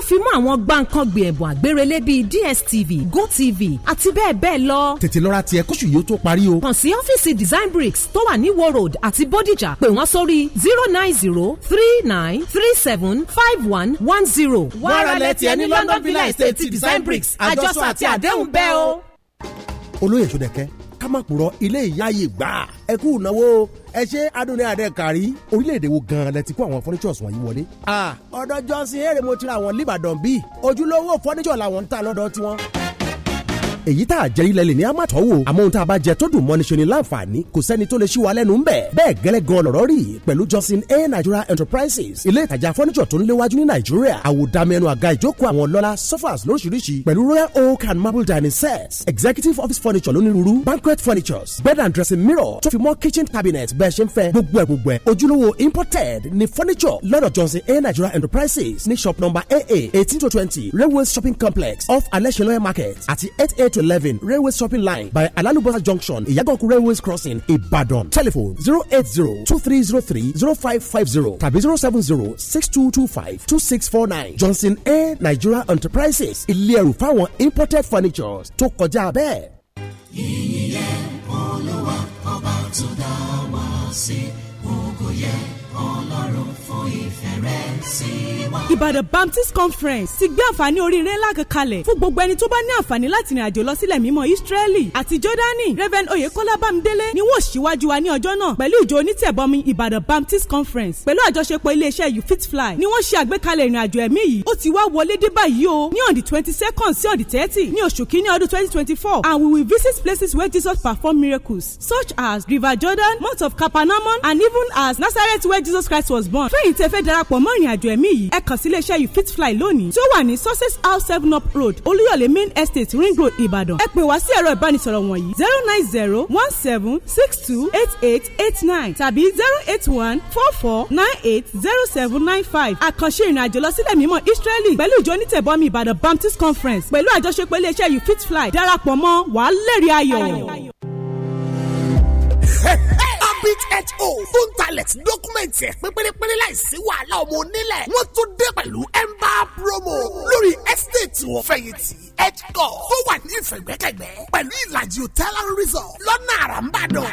tó fi mọ́ àwọn gbàǹkangbè ẹ̀bùn àgbérelé bíi DSTV GoTV àti bẹ́ẹ̀ bẹ́ẹ̀ lọ. tètè lọ ra tiẹ̀ kóṣù yìí ó tó parí o. kàn sí ọ́fíìsì Design Bricks tó wà ní Iwo Road àti Bódìjà pè wọ́n sórí zero nine zero three nine three seven five one one zero. wàrálẹ̀ tiẹ̀ ní London Villa Estate Design Bricks àjọṣọ àti àdéhùn bẹ́ẹ̀ o. olóyè sódẹ̀kẹ́ kámápùrọ̀ ilé ìyáyè gbà ẹ kú ìnáwó ẹ ṣe adúlé adé kárí orílẹ̀-èdè wo gan-an lẹ ti kó àwọn fọ́nísọ̀s wọ̀nyí wọlé. ọ̀dọ̀ Johnson eré mo ti ra àwọn l'Íbàdàn bíi ojúlówó fọ́nísọ̀ làwọn ń ta lọ́dọ̀ tiwọn èyí tá a jẹ ilẹ̀ lè ní àmàtọ́ wò àmọ́ ohun tá a bá jẹ tó dùn mọ́ni ṣe ni láǹfààní kò sẹ́ni tó lè ṣí lẹ́nu ń bẹ̀ bẹ́ẹ̀ gẹ́lẹ́ lọ̀rọ̀ rí pẹ̀lú Johnson A Nigeria Enterprises ilé ìtajà fọ́nísọ̀ tó ń léwájú ní Nàìjíríà àwòdàmẹ́nu àga ìjókòó àwọn lọ́lá sofas lóríṣiríṣi pẹ̀lú royal oak and marble dining sets executive office furniture lónírúurú banquet furnitures bed and dressing mirror tó fi mọ́ kitchen cabinet bẹ́ẹ̀ ṣe ń fẹ́ gbogbo ẹ̀ gbogbo ẹ̀ ojúlówó imported ni furniture lọ́dọ̀ Johnson A Nigeria Enterprises ní shop number AA eighteen to twenty railway shopping complex off alẹ́ṣẹ̀lọ́yẹ̀ market àti eight eight to 11 railway shopping line by Alalubosa junction Iyagoku railways crossing Ibadan telephone zero zero zero zero eight two three three five five 080-2303-0550 tàbí 070-6225-2649 Johnson A Nigeria Enterprises ilé ẹrù fáwọn imported furnitures tó kọjá bẹ́ẹ̀. yìnyín yẹn olúwa ọba tó dá wa sí. Ìbàdàn Baptist Conference ti gbé àǹfààní oríire ńlá kan kalẹ̀ fún gbogbo ẹni tó bá ní àǹfààní láti rìn àjò lọ sílẹ̀ mímọ́ Ísírẹ́lì àti Jọ́dánì Reverend Oyekola Bámidélé ni wọ́n ṣíwájú wa ní ọjọ́ náà pẹ̀lú ìjọ onítẹ̀bọmi Ìbàdàn Baptist Conference pẹ̀lú àjọṣepọ̀ iléeṣẹ́ You Fit Fly ni wọ́n ṣe àgbékalẹ̀ ìrìn àjò ẹ̀mí yìí ó ti wá wọlé dé báyìí o ní on twenty second sí on thirty ní oṣù kínní twenty twenty four and we will visit places where Jesus performed miracles such as River Jordan Mount of Capernaum and even as Nazareth where Jesus Christ was born fẹ́yìntì ẹ fẹ́ darapọ̀ mọ́ sí iléeṣẹ́ yìí fitfly lónìí tí ó wà ní success house seven up road olúyọ̀lé main estate ring road ìbàdàn ẹ pè wá sí ẹ̀rọ ìbánisọ̀rọ̀ wọ̀nyí zero nine zero one seven six two eight eight eight nine tàbí zero eight one four four nine eight zero seven nine five àkànṣe ìrìnàjò lọ sílẹ̀ mímọ́ israeli pẹ̀lú ìjọ onítẹ̀bọmi ìbàdàn baptist conference pẹ̀lú àjọṣepọ̀ iléeṣẹ́ yìí fitfly darapọ̀ mọ́ wàá lẹ́rìí ayọ̀. BHO fún talent dọ́kúmẹ̀ntì ẹ̀ pínpínlẹ́pínlẹ́ láìsí wàhálà ọmọ onílẹ̀ wọ́n tún dé pẹ̀lú emba promo lórí estate wọ́n fẹ̀yìntì edco tó wà ní ìfẹ̀gbẹ́kẹ̀gbẹ́ pẹ̀lú ìlàjì hotel and resort lọ́nà àràmbàdàn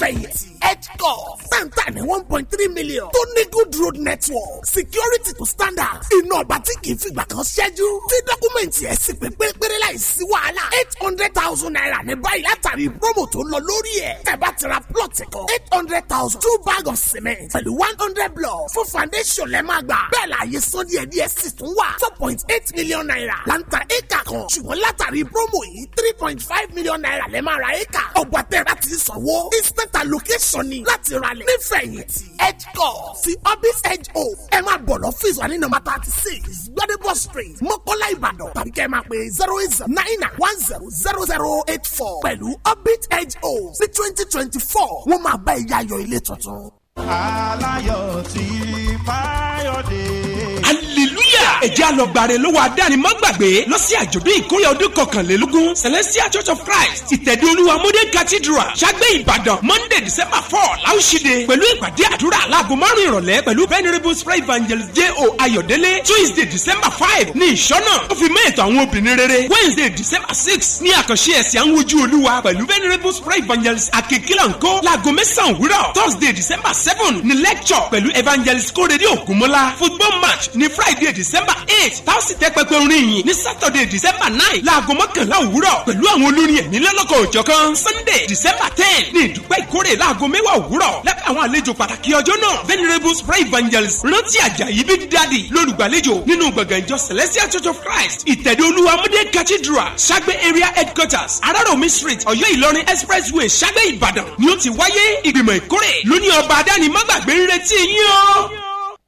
fẹ̀yìntì edgecore santa ní one point three million tó ní good road network security to standard iná ọba tí kì í fìgbà kan ṣẹ́jú tí dọ́kúmẹ̀ntì ẹ̀ sì pé pérépéré láì wàhálà eight hundred thousand naira ní báyìí látàrí promo tó ń lọ lórí ẹ̀ tẹ̀bá ti ra plot kan eight hundred thousand two bag of cement pẹ̀lú one hundred block fún foundation lẹ́ máa gbà bẹ́ẹ̀ la àyè sọ díẹ̀ díẹ̀ sì tún wà four point eight million naira láǹtà éka kan ṣùgbọ́n látàrí promo yìí three point five million naira lẹ́ máa ra éka ọ̀gbọ̀n tẹ̀ra ti sanwó instant location tẹ̀sán ni láti ralẹ̀ nífẹ̀yìntì edgecore sí orbis edge home ẹ máa bọ̀ lọ́fíìsì wa ní nọ́mbà thirty six gbadebo street mọ́kọ́lá ìbàdàn tàbí kẹ́ ẹ máa pè zero eight zero nine nine one zero zero zero eight four pẹ̀lú orbit edge home sí twenty twenty four wọ́n máa bá ẹ̀yà ayọ̀ ilé tuntun. aláyọ̀ tí fáyọ̀dé hallelujah. ẹ jẹ́ àlọ́gbàre ló wà dánimọ̀gbàgbé lọ sí àjọ̀dún ìkórè ọdún kọkànlélógún celestial church of christ ìtẹ̀dé olúwa modern cathedral ṣàgbé ìbàdàn monday december four láwùsídẹ̀ẹ́ pẹ̀lú ìpàdé àdúrà aláàgọ́ márùn ìrọ̀lẹ́ pẹ̀lú venerable spray evangelist J.O. ayọ̀délé tuesday december five ní ìṣọ́nà ó fi mẹ́ẹ̀tọ́ àwọn obìnrin rere wednesday december six ní àkànṣe ẹ̀sìn àwọn ojú olúwa pẹ̀lú venerable spray evangelist akínkílànkó láago mẹ́sàn-án òwúrọ̀ thursday december seven ní lecture pẹ̀lú evangelist kórèdé ògúnmọ́lá football match ní friday december eight tá a sì tẹ́ pẹpẹ orin yìí ní saturday december nine láago mọ́kànlá òwúrọ̀ pẹ̀lú àwọn olórin ẹ̀mí lọ́lọ́kọ̀ òjọ̀kan sunday december ten ní ìdúpẹ́ ìkórè láago mẹ́wàá òwúrọ̀ lábẹ́ àwọn àlejò pàtàkì ọjọ́ náà venerable spray evangelist rántí àjàyí big daddy lólùgbàlejò nínú gbọ̀ngàn ìjọ celestial church of christ ìtẹ̀dó olúwa múdé cathedral sagbe area headquarters araromi street ọ̀yọ́ ìlọrin expressway sagbe ìbàdàn ni ó ti wáyé ìgbìmọ̀ ìkórè lóní ọba adánimọ́gbàgbé ń retí yín o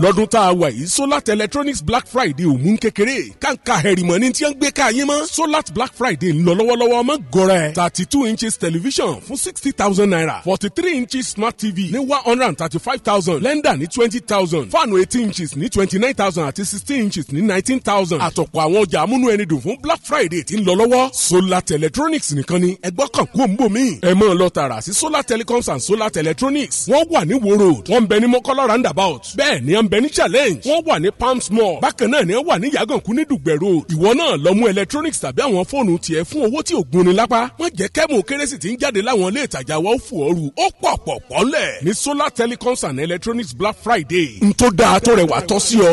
lọ́dún tá a wà yìí solar electronics black friday ò mú kékeré kàǹkà hẹ̀rìmọ̀ ni tí wọ́n gbé ká mọ́ solar black friday ń lọ lọ́wọ́lọ́wọ́ ọmọ gọ̀rẹ́ thirty two inches television fún sixty thousand naira forty three inches smart tv ní one hundred and thirty five thousand blender ní twenty thousand fáànù eighteen inches ní twenty nine thousand àti sixteen inches ní nineteen thousand àtọ̀pọ̀ àwọn ọjà amúnú ẹni dùn fún black friday tí ń lọ lọ́wọ́ solar electronics nìkan ni ẹgbọ́ kan kú òǹbò mi ẹ mọ̀ lọ tààrà sí solar telecoms and solar electronics wọ́n wà ní wo road wọ́n ń bẹ ní mọ́kọ́lá roundabout bẹ́ẹ̀ ni à ń bẹ ní challenge wọ́n wà ní palms mall bákan náà ni wọ́n wà ní yàgànkú ní dùgbẹ̀ road ìwọ náà lọ mú electronics tàbí àwọn fóònù tiẹ̀ fún owó tí ò gúnni lápá wọ́n jẹ́ kẹ́mù kérésì tí ń jáde láwọn ilé ìtajà wa ó fò ooru ó pọ̀ pọ̀ pọ́lẹ̀ ní solar telecoms and electronics black friday n tó dáa tó rẹwà tọ́ sí ọ.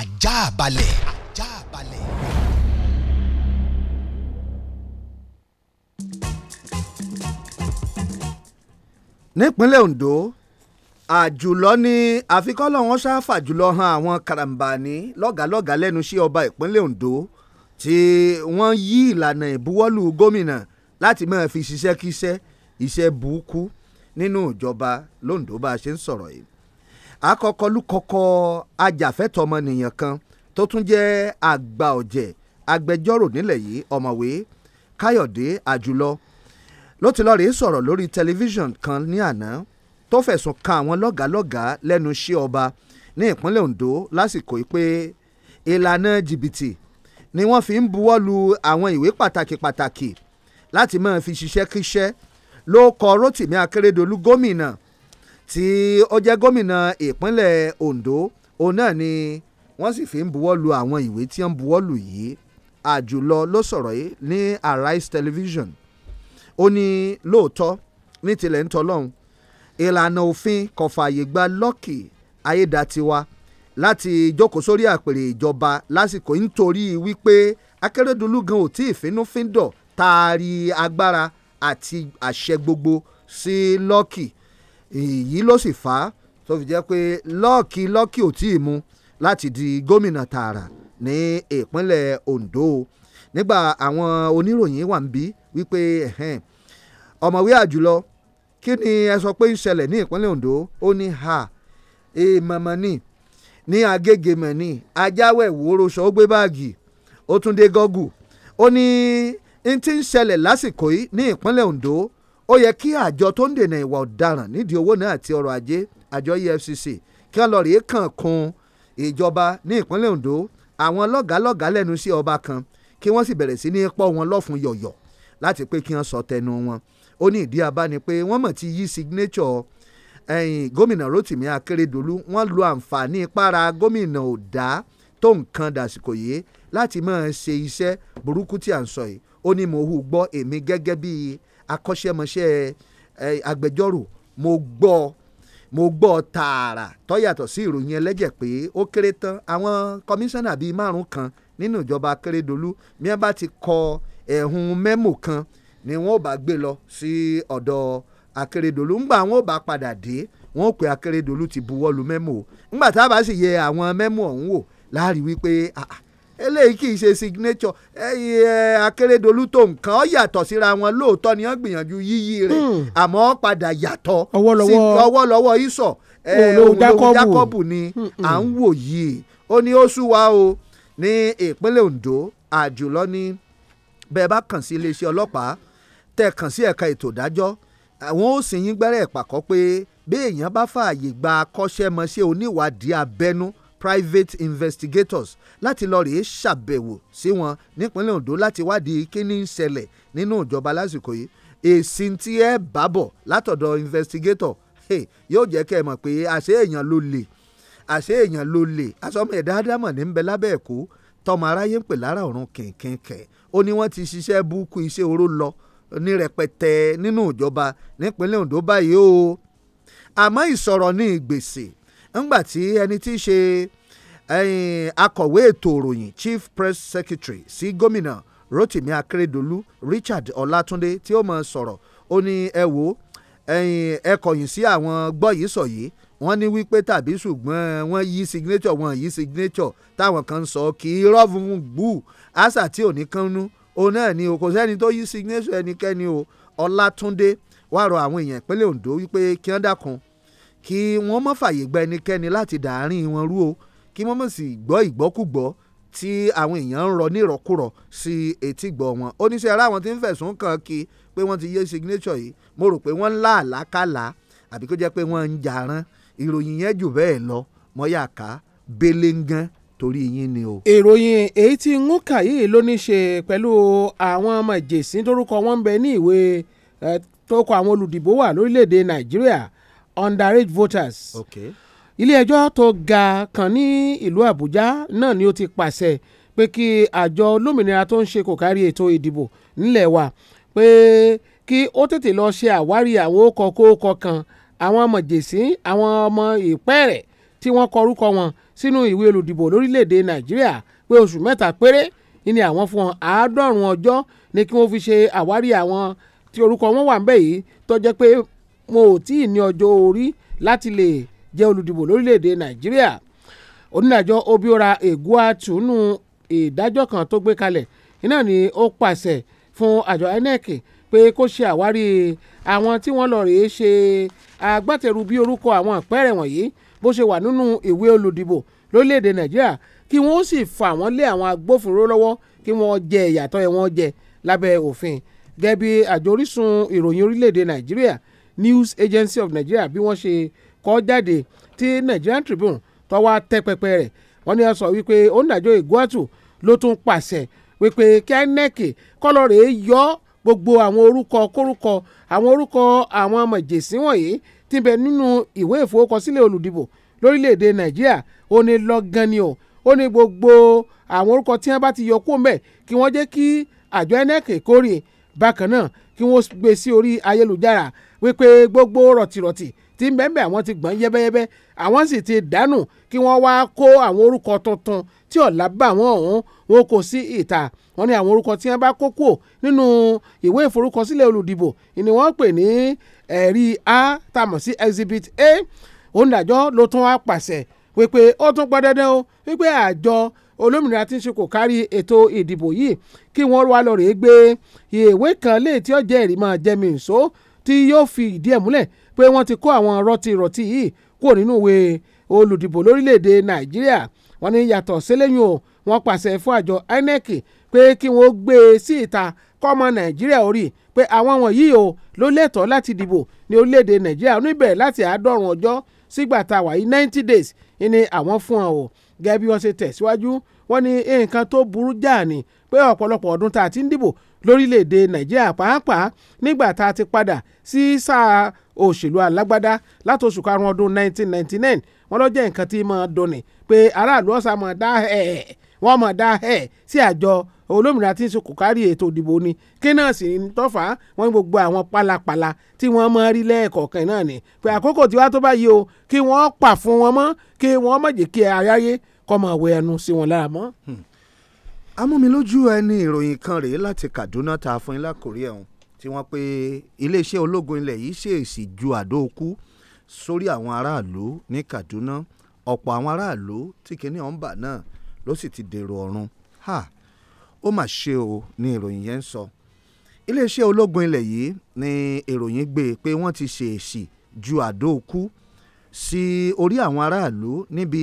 ajá balẹ̀. ajá balẹ̀. nípínlẹ̀ ondo àjùlọ ni àfikọ́lọ̀ wọn ṣáfà jùlọ han àwọn karambani lọ́gàálọ́gàá lẹ́nu sí ọba ìpínlẹ̀ Ondo tí wọ́n yí ìlànà ìbuwọ́lù gómìnà láti máa fi ṣiṣẹ́ kíṣẹ́ iṣẹ́ burúkú nínú ìjọba londo bá a ṣe ń sọ̀rọ̀ yìí akọkọlùkọkọ ajàfẹ́tọ̀ọmọnìyàn kan tó tún jẹ́ àgbà ọ̀jẹ̀ agbẹjọ́rò nílẹ̀ yìí ọ̀mọ̀wé Káyọ̀dé Àjùlọ ló ti lọ́ọ́ rèé sọ̀rọ̀ lórí tẹlifíṣàn kan ní àná tó fẹ̀sùn kan àwọn lọ́gàálọ́gàá lẹ́nu iṣẹ́ ọba ní ìpínlẹ̀ Ondo lásìkò yìí pé ìlànà jìbìtì ni wọ́n fi ń buwọ́ lu àwọn ìwé pàtàkì pàtàkì láti máa fi ṣiṣẹ́ kíṣẹ́ ló kọ Rotimi Akeredolu gómìnà tí ó jẹ́ gómìnà ìpínlẹ̀ Ondo òun náà ni wọ́n sì fi ń buwọ́ lu àwọn ìwé tí wọ́n ń buwọ́ lù yìí àjùlọ ló sọ̀rọ̀ yìí ní Arise Television ó ní lóòótọ́ ní tilẹ̀ ń tọ́lọ́hún ìlànà òfin kò fààyè gba Lucky Ayédàtiwa láti jókòó sórí àpèrè ìjọba lásìkò nítorí wípé Akérèdọ́lù gan ò tí ì fínúfíndọ̀ taari agbára àti àṣẹ gbogbo sí Lucky èyí ló sì fà á tó fi jẹ́ pé Lucky Lucky ò tí ì mú láti di gómìnà tààrà ní ìpínlẹ̀ Ondo nígbà àwọn oníròyìn wà ń bí wípé ọ̀mọ̀wé àjùlọ kí ni ẹ sọ pé ń ṣẹlẹ̀ ní ìpínlẹ̀ Ondo ó ní ha èèmọ̀mọ̀ ni ní agége mọ̀ ni ajáwẹ̀ wòrò sọ ó gbé báàgì ó tún dé gọ́gù ó ní n ti ń ṣẹlẹ̀ lásìkò yìí ní ìpínlẹ̀ Ondo ó yẹ kí àjọ tó ń dènà ìwà ọ̀daràn nídìí owó náà àti ọrọ̀ ajé àjọ EFCC kí wọ́n lọ rèé kàn kún ìjọba ní ìpínlẹ̀ Ondo àwọn lọ́gàálọ́gàá lẹ́nu sí ọba kan kí wọ́n sì bẹ̀rẹ̀ sí ní pọ́ wọn lọ́fun yọ̀yọ̀ láti pé kí wọ́n sọ tẹnu wọn ó ní ìdí abá ni pé wọ́n mọ̀ ti yí signature ẹ̀yìn gómìnà Rotimi Akeredolu wọ́n lo àǹfààní para gómìnà ọ̀dà tó nǹkan dàsìkò yìí láti máa ṣe iṣẹ́ burúkú tí à ń sọ yìí ó ní mo hù gbọ́ èmi gẹ́gẹ́ bí akọ́ṣẹ́mọṣẹ́ agbẹjọ́rò mo gbọ́ mo gbọ́ tààrà tó yàtọ̀ sí ìròyìn ẹlẹ́jẹ̀ pé ó kéré tán àwọn kọmíṣánná bíi márùn-ún kan nínú ìjọba Akérédolú mi bá ti kọ ẹ̀hún mẹ́mò kan ni wọ́n ò bá gbé lọ sí ọ̀dọ̀ Akérédolú ńgbà wọn ò bá padà dé wọn ò pé Akérédolú ti buwọ́lu mẹ́mò ńgbà tá a bá sì yẹ àwọn mẹ́mò ọ̀hún wò láàrí wípé eléyìí kì í ṣe signature ẹyẹ Akérédolú tó nǹkan ọ yàtọ̀ síra wọn lóòótọ́ ni wọ́n gbìyànjú yíyí rẹ̀ hmm. àmọ́ padà yàtọ̀ ọwọ́lọ́wọ́ ìsọ̀ olùdákọ́bù ni hmm, hmm. à ń wò yìí ó ní ó súwa o ní ìpínlẹ̀ Ondo àjùlọ ní bẹ́ẹ̀ bá kàn sí iléeṣẹ́ ọlọ́pàá tẹ́ kàn sí ẹ̀ka ètò ìdájọ́ àwọn ó sì yín gbẹ́rẹ́ ìpàkọ́ pé bí èèyàn bá fààyè gba akọ́ṣẹ́mọṣẹ́ oníwádìí abẹ́nú private investigators láti lọ rèé ṣàbẹ̀wò sí wọn nípínlẹ̀ Ondo láti wádìí kí ní ń ṣẹlẹ̀ nínú ìjọba lásìkò yìí èsì tí ẹ bá bọ̀ látọ̀dọ̀ investigator hey, yóò jẹ́ kẹ́ ẹ mọ̀ pé àṣé èèyàn ló lè àṣé èèyàn ló lè asọ́mọ ẹ̀dá ádámọ̀ ní ń bẹ lábẹ́ ẹ̀kọ́ tọmọ aráyé ń pè lára ọ̀run kìnkìnkìn ó ní wọ́n ti ṣiṣẹ́ búkú iṣẹ́ oró lọ ní rẹpẹtẹ nínú ìjọba nípínlẹ̀ Ondo báyìí o àmọ́ ìsọ̀rọ̀ ní ìgbèsè ńgbà tí ẹni tí í ṣe akọ̀wé ètò ìròyìn chief press secretary sí si gómìnà Rotimi Akeredolu Richard Ọlátúndé tí ó mọ̀ sọ̀rọ̀ ó ní ẹ wò ẹ kọ̀yìn sí àwọn gbọ́ yìí wọ́n ní wípé tàbí ṣùgbọ́n wọ́n yí signature wọ́n yí signature táwọn kan sọ kì í rọ́ọ̀fù gbù àṣà tí ò ní kánú òun náà ni o kò sẹ́ni tó yí signature ẹnikẹ́ni o Ọlátúndé wàá rọ àwọn èèyàn ìpínlẹ̀ Ondo wípé kí wọ́n dákun kí wọ́n má fàyè gba ẹnikẹ́ni láti dàárín wọn rú o kí wọ́n má sì gbọ́ ìgbọ́kúgbọ́ tí àwọn èèyàn ń rọ ní ìrọ́kúrọ̀ sí etígbọ̀ wọn oníṣẹ́ ara wọn ti ń fẹ̀sùn kàn kí pé wọ́n ti yé signature yìí mo rò pé wọ́n ń lá àlákàlà àbí kó jẹ́ pé wọ́n ń jarán ìròyìn yẹn jù bẹ́ẹ̀ lọ mọ́yàká belengan torí yín ni o. ìròyìn èyí tí ń kà yìí ló ní ṣe pẹ̀lú àwọn ọmọ ìjèṣin tórúkọ wọn ń bẹ ní ìwé tó kọ àwọn olùdìbò wà lórílẹ̀‐èdè nàìjíríà underage voters. Okay. ilé ẹjọ́ tó ga kan ní ìlú àbújá náà ni ó ti pàṣẹ pé kí àjọ olómìnira tó ń ṣe kò kárí ètò ìdìbò nílẹ̀ wa pé kí ó tètè lọ ṣe àwárí àwọn òkọ̀ kóòkọ̀ kan àwọn ọmọ ìjèṣin àwọn ọmọ ìpẹ́ẹ̀rẹ̀ tí wọ́n kọ orúkọ wọn sínú ìwé olùdìbò lórílẹ̀‐èdè nàìjíríà pé oṣù mẹ́ta péré ni àwọn fún àádọ́rùn-ún ọjọ́ ni kí wọ́n fi ṣe àwárí àwọn tí orúkọ wọn wà ńbẹ̀ yìí tó jẹ́ pé wọn ò tí ì ní ọjọ́ orí láti lè jẹ́ olùdìbò lórílẹ̀‐èdè nàìjíríà onídàájọ́ obiora eguatunu ìdájọ́ kan tó gbé kalẹ̀ iná ni ó pàṣẹ fún àjọ INEC pé kó ṣe àwárí àwọn tí wọ́n lọ rèé ṣe agbátẹrù bí orúkọ àwọn àpẹẹrẹ wọ̀nyí bó ṣe wà nínú ìwé olùdìbò lórílẹ̀‐èdè nàìjíríà kí wọ́n sì fà wọ́n lé àwọn agbófinró lọ́wọ́ kí wọ́n jẹ ìyàtọ̀ ẹ̀ wọ́n jẹ lábẹ́ òfin gẹ́gẹ́ bí àjọ orísun ìròyìn orílẹ̀‐èdè nàìjíríà news agency of nigeria bí wọ́n ṣe kọ́ jáde tí nigerian tribune tọ́wọ́ tẹ́ pẹpẹ rẹ̀ wọ́n ní wọ́n sọ wípé onídàájọ́ ìgbóàtù ló tún pàṣẹ wípé kí inec kọ́lọ́rẹ̀ẹ́ yọ gbogbo àwọn orúkọ kórúkọ àwọn orúkọ àwọn mọ̀jẹ̀sí wọ̀nyí ti bẹ nínú ìwé ìforúkọsílẹ̀ olùdìbò lórílẹ̀‐èdè nàìjíríà ó ní lọ́gán ni o ó ní gbogbo àwọn orúkọ tí wọ́n bá ti yọ kó mbẹ̀ kí wọ́n jẹ́ kí àjọ INEC kórè bákan náà kí wọ́n gbé sí orí ayélujára wípé gbogbo rọ̀tìrọ̀tì tí mbẹ́mbẹ́ àwọn ti gbọ́n yẹ́bẹ́yẹ́bẹ́ àwọn sì ti dànù kí wọ́n wá kó àwọn orúkọ tuntun tí ọ̀la bá wọn ọ̀hún wọn kò sí ìta wọn ni àwọn orúkọ tí wọ́n bá kó kúò nínú ìwé ìforúkọsílẹ̀ olùdìbò ni wọ́n pè ní ẹ̀rí a tá a mọ̀ sí exhibit a onídàájọ́ ló tún wá pàṣẹ wípé ó tún pọn dandan o wípé àjọ olómìnira tí ń ṣe kò kárí ètò ìdìbò yìí kí wọ́n wá lọ rèé gbé ìwé kan lè tí ó jẹ́ ẹ̀rí máa ìṣó tí yóò fi ìdí ẹ̀ múlẹ̀ pé wọ́n ti kó àwọn rọ́tìrọ́tì yìí kúrò nínú ìwé olùdìbò lórílẹ̀‐èdè nàìjíríà wọ́n ní yàtọ̀ sílẹ̀yìn o wọ́n pàṣẹ fún àjọ INEC pé kí wọ́n gbé e sí ìta kọ́mọ nàìjíríà orí pé àwọn wọ̀nyí o ló lẹ́tọ̀ọ́ láti dìbò ní orílẹ̀-èdè nàìjíríà oníbẹ̀rẹ̀ láti àádọ́rùn ọjọ́ sígbà tá a wà yìí ninety days ni àwọn fún ọ gẹ́gẹ́ bí wọ́n ṣe tẹ̀síwájú wọ́n ní nǹkan tó burú jáà ni pé ọ̀pọ̀lọpọ̀ ọdún tá a ti ń dìbò lórílẹ̀‐èdè nàìjíríà pàápàá nígbà tá a ti padà sí sáà òṣèlú alágbádá látòṣù karùn-ún ọdún 1999 wọ́n lọ jẹ́ nǹkan tí mo dùnni pé aráàlú ọ̀sà mọ̀ dá ẹ̀ẹ́ wọ́n mọ̀ dá ẹ̀ sí àjọ olómìnira tí ń sokò kárí ètò ìdìbò ni kí náà sì ń tọ́fà wọn gbogbo àwọn pálapàla tí wọ́n mọ rí lẹ́ẹ̀kọ̀ọ̀kan náà ni pé àkókò tí wàá tó báyìí o kí wọ́n pa fún wọn mọ́ kí wọ́n má jẹ́ kí aráyé kọ́ mọ̀ wẹ ẹnu sí wọn lára mọ́. Hmm. amúmilójú ẹni ìròyìn kan rèé láti Kaduna ta fún ilá kòríà ọ̀hún tí wọ́n pe iléeṣẹ́ ológun ilẹ̀ yìí ṣèèṣì ju àdó okú sórí àwọn aráàlú ní Kaduna ọ̀pọ̀ àwọn aráàlú tí kinní ọ̀hún bà náà ló sì ti dèrò ọ̀run ha ó mà ṣe o ni ìròyìn yẹn ń sọ iléeṣẹ́ ológun ilẹ̀ yìí ni ìròyìn gbé pé wọ́n ti ṣèèṣì ju àdó òkú sí orí àwọn aráàlú níbi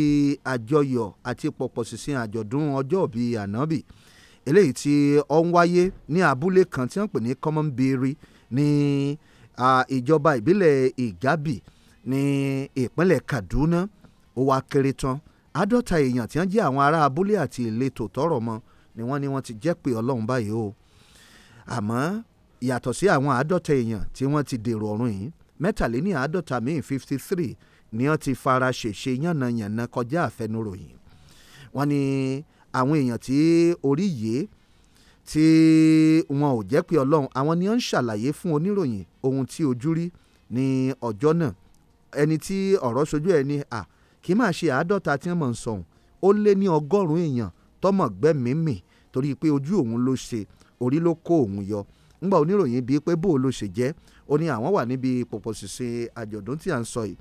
àjọyọ̀ àti pọ̀pọ̀ṣìnṣìn àjọ̀dún ọjọ́ bíi ànábì eléyìí tí ó ń wáyé ní abúlé kan tí wọ́n pè ní common berry ní ìjọba ìbílẹ̀ ìgábì ní ìpínlẹ̀ Kaduna ó wá kéré tán àádọ́ta èèyàn tí wọ́n jẹ́ àwọn ará abúlé àti ìletò tọrọ mọ́ ni wọ́n ní wọ́n ti jẹ́ pé ọlọ́run báyìí o àmọ́ yàtọ̀ sí àwọn àádọ́ta èèyàn tí wọ́n ti dèrò ọ̀run yìí mẹ́tàléní àádọ́ta míì fifty three ni wọ́n ti fara ṣèṣe yànnàyànnà kọjá àfẹnuròyìn wọ́n ní àwọn èèyàn tí orí yìí tí wọn ò jẹ́ pé ọlọ́run àwọn ni wọ́n ń ṣàlàyé fún oníròyìn ohun tí ojú rí ní ọjọ́ náà ẹni tí ọ̀rọ̀ sojú ẹ ní à ah, kì í máa ṣe àádọ́ta tí wọ́n mọ̀ ń sọ̀hún ó lé ní ọgọ́rùn-ún èèyàn tọ́mọ̀ gbẹ́mìímì torí pé ojú òun ló ṣe orí ló kó òun yọ ńgbà oníròyìn bíi pé bó ló ṣe jẹ́ ó ní àwọn wà níbi pọ̀pọ̀ ṣìṣe àjọ̀dún tí à ń sọ yìí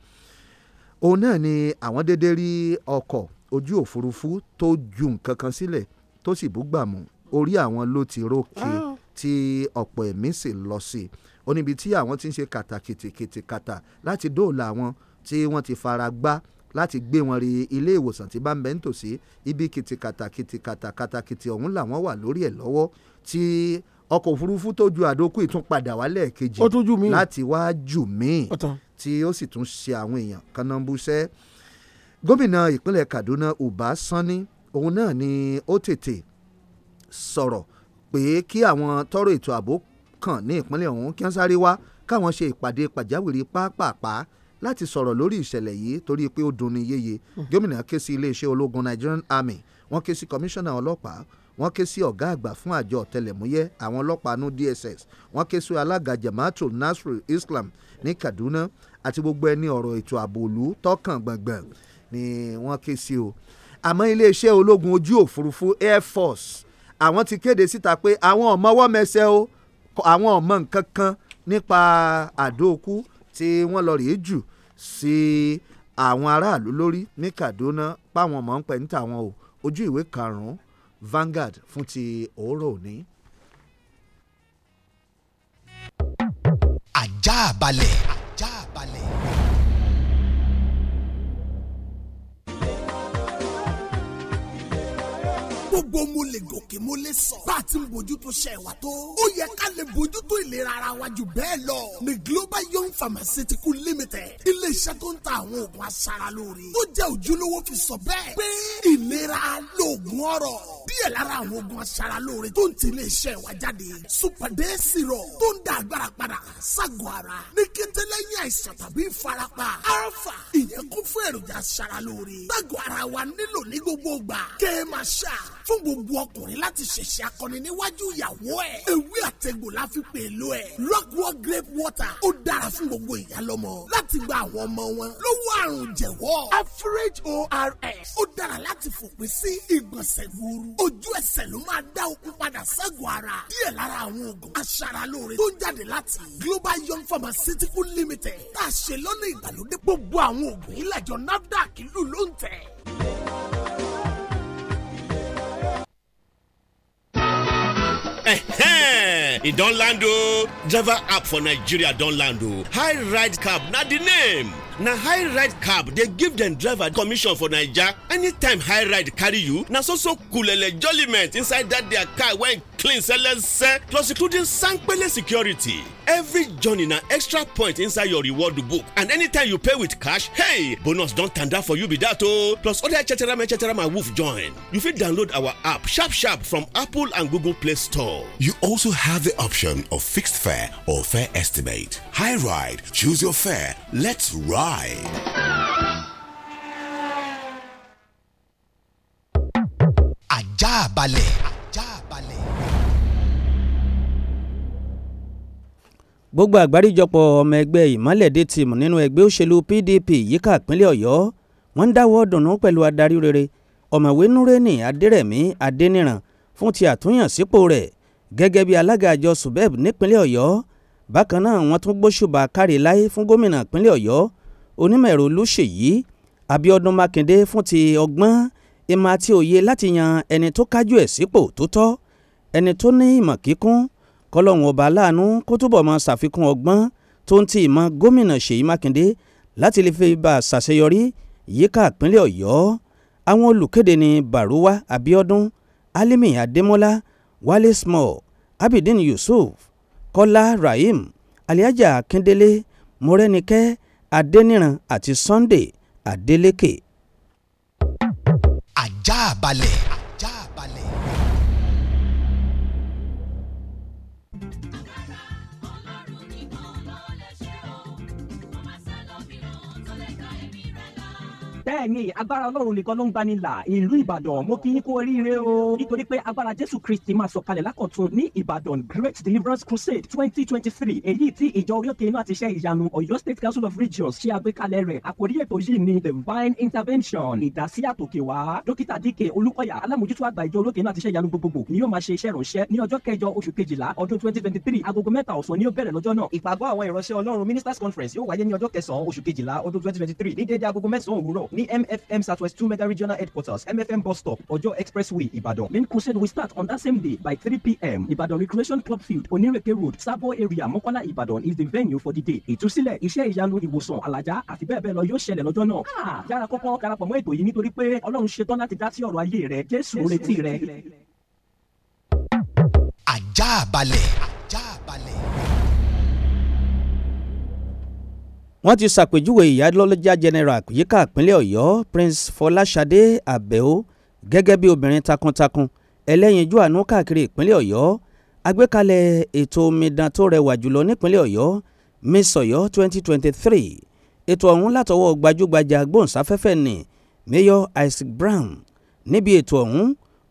òun náà ni àwọn dédé rí ọkọ̀ ojú òfurufú tó ju nǹkan kan sílẹ̀ tó sì búgbà mú orí àwọn ló ti rókè tí ọ̀pọ̀ ẹ̀mí sì lọ sí ó níbi tí àwọn ti ń ṣe kàtàkìtìkìtìkàtà láti dóòlà àwọn tí wọ́n ti fara gbá láti gbé wọn rí ilé ìwòsàn tí bá ń bẹ nítòsí ibi kìtìkàtà kìtìkàtà kàtàkìtì ọ̀hún làwọn wà lórí ẹ̀ lọ́wọ́ tí ọkọ̀ òfurufú tó ju àdókù ìtúnpadà wálẹ̀ kejì láti wá jù míì tí ó sì tún ṣe àwọn èèyàn kanambusẹ́ gómìnà ìpínlẹ̀ Kaduna Uba Sani òun náà ni ó tètè sọ̀rọ̀ pé kí àwọn tọrọ ètò ààbò kàn ní ìpínlẹ̀ ọ̀hún kí wọ́n sáré wá káwọn ṣe ìpàdé pàjáwìrì pápápá láti sọ̀rọ̀ lórí ìṣẹ̀lẹ̀ yìí torí pé ó dunni yéye hmm. gómìnà ké sí iléeṣẹ́ ológun Nigerian Army wọ́n ké sí kọmíṣánná ọlọ́pàá wọ́n ké sí ọ̀gá àgbà fún àjọ ọ̀tẹlẹ̀múyẹ́ àwọn ọlọ́pàá nú DSS wọ́n ké sí alága Jamaatul Nasrul Islam ní Kaduna àti gbogbo ẹni ọ̀rọ̀ ètò ààbò òlu tọkàn gbọ̀ngbọ̀n ni wọ́n ké sí o àmọ́ iléeṣẹ́ ológun ojú òfurufú Air Force àwọn ti kéde síta pé àwọn ọ̀mọ́wọ́ mẹsẹ̀ o àwọn ọ̀mọ́ nǹkan kan nípa àdóòkú tí wọ́n lọ rèé jù sí àwọn aráàlú lórí ní Kaduna páwọn mọ̀ ń pẹ́ níta wọn o ojú ìwé karùn-ún Vanguard fún ti òórọ̀ òní. ajá balẹ̀. ajá balẹ̀. gbogbo mo lè gòkè mo lè sọ. bá a ti ń bójútó ṣe wa tó. ó yẹ ká lè bójútó ìlera ara wa jù bẹ́ẹ̀ lọ. ní global young pharmaceutical limited iléeṣẹ́ tó ń ta àwọn oògùn aṣaralóore. tó jẹ́ òjúlówó fi sọ bẹ́ẹ̀ pé ìlera lóògùn ọrọ̀ díẹ̀ lára àwọn oògùn aṣaralóore tó ń ti ilé iṣẹ́ wa jáde supade sirọ tó ń da agbára padà ságọ́ ara ní kété lẹ́yìn àìsàn tàbí ìfarapa alfa ìyẹn kún fún èròjà aṣaralóore ságọ́ ara wa nílò ní gbogbo gbà kẹ́ ẹ máa ṣá fún gbogbo ọkùnrin láti ṣẹ̀ṣẹ̀ akọni níwájú ìyàwó ẹ̀ ewé àtẹ̀gbò la fi pè ló ẹ̀ rockwell grape water ó dára fún gbogbo ìyálọ́mọ láti gba àwọn ọmọ wọn lọ́wọ́ àrùn jẹ̀wọ́ average ors ó dára láti fòpin sí ìgbọ̀nsẹ̀ gbuuru ojú ẹsẹ̀ ló máa dá okun padà ságọ́ ara díẹ̀ lára àwọn oògùn aṣaralóore tó ń jáde láti global young pharmaceutical limited tá a ṣe lọ́nà ìgbàlódé gbogbo àwọn oògùn ìlàjọ nafdac lù ló ń tẹ̀. e don land o java app for nigeria don land o high ride cab Not the name na high ride cab dey give dem driver commission for naija anytime high ride carry you na so so kulele jollyment inside dat their car wey clean selese plus including sanpele security every journey na extra point inside your reward book and anytime you pay with cash hey bonus don tanda for you be dat o oh. plus other echeterama echeterama woof join you fit download our app sharp sharp from apple and google play store. you also have the option of fixed fare or fare estimate high ride choose your fare let's ride live. Ajá balẹ̀. Ajá balẹ̀. gbogbo àgbáríjọpọ̀ ọmọ ẹgbẹ́ ìmọ́lẹ̀dé tìmù nínú ẹgbẹ́ òṣèlú PDP yíká ìpínlẹ̀ Ọ̀yọ́ wọ́n ń dáwọ́ dùnú pẹ̀lú adarí rere ọ̀mọ̀wé Núrẹ́nì Adérẹ̀mí Adéníran fún ti àtúnyànsípò rẹ̀ gẹ́gẹ́ bí alága àjọ subeb nípínlẹ̀ Ọ̀yọ́ bákan náà wọ́n tún gbóṣùbà kárí láyé fún gómìnà ìpínlẹ̀ Ọ̀yọ́ onímọ̀ ẹ̀rọ olúṣèyí Abíọ́dún Mákindé fún ti ọgbọ́n ìmọ̀ àti òye láti yan ẹni tó kájú ẹ̀ sípò tó tọ́ ẹni tó ní ìmọ̀ kíkún kọlọ́hún ọba aláàánú kó túbọ̀ mọ ṣàfikún ọgbọ́n tó ń ti ìmọ̀ gómìnà Ṣèyí Mákindé láti lè fi bá a ṣàṣeyọrí yíká ìpínlẹ̀ Ọ̀yọ́ àwọn olùkéde ní Baruwa Abíọ́dún Alimi Adémọ́lá Wale Small Abidin Yusuf Kọ́lá Rahim Aliaja Akíndélé Mọ́rẹ́nikẹ́ adẹniran àti sunday adeleke. ajá balẹ̀. bẹ́ẹ̀ ni agbára ọlọ́run nìkan ló ń gbani là ìlú ìbàdàn mo kí yín kú oríire o nítorí pé agbára jésù kristi máa sọ̀kalẹ̀ lákọ̀tun ní ìbàdàn great deliverance crusade twenty twenty three èyí tí ìjọ orí òkè inú àti iṣẹ́ ìyanu ọ̀yọ́ state council of regions ṣe àgbékalẹ̀ rẹ̀ àkórí ètò yìí ni divine intervention ìdásí àtòkè wá dókítà díkè olúkọ̀yà alámòjútó àgbà ìjọ orí òkè inú àti iṣẹ́ ìyanu gbogbogbò ni yóò máa ṣe iṣẹ́ ìránṣẹ́ ní ọjọ́ kẹjọ oṣù kejìlá ọdún twenty twenty three agogo mẹ́ta ọ̀sán ni ó bẹ̀rẹ̀ lọ́jọ́ náà ìpàgọ́ àwọn ìránṣẹ́ ọlọ́run ministers conference yóò wáyé ní ọjọ́ kẹsàn-án oṣù kejìlá ọdún twenty twenty three ní déédéé agogo mẹ́sàn-án òwúrọ̀ ní MFM Southwest two Mega Regional Headquarters, MFM Bus Stop, Ojo Expressway, Ibadan. Main crusade will start on that same day by 3 p.m. Ibadan Recreation Club Field, Onireke Road, Sabo Area, Mokola, Ibadan is the venue for the day. Ìtúsílẹ̀, iṣẹ́ ìyanu, ìwòsàn, Alaja àti bẹ́ẹ̀ bẹ́ẹ̀ lọ yóò ṣẹlẹ̀ lọ́jọ́ náà. Yára kọ́kọ́ darapọ̀ mọ́ ètò yìí nítorí pé Ọlọ́run ṣetán láti dá sí ọ̀rọ̀ ayé rẹ̀, Jésù retí rẹ̀. Àjààbalẹ̀. Àjààbalẹ̀. wọ́n ti ṣàpèjúwe ìyálọ́jà general yíká ìpínlẹ̀ ọ̀yọ́ prince fọláṣadé àbẹ̀ó gẹ́gẹ́ bí obìnrin takuntakun ẹlẹ́yinjú àánú káàkiri ìpínlẹ̀ ọ̀yọ́ agbékalẹ̀ ètò omidan tó rẹwà jùlọ nípínlẹ̀ ọ̀yọ́ miss ọ̀yọ́ 2023 ètò ọ̀hún látọwọ́ gbajúgbajà gbóhùnsáfẹ́fẹ́ ni mayor isaac brown níbi ètò ọ̀hún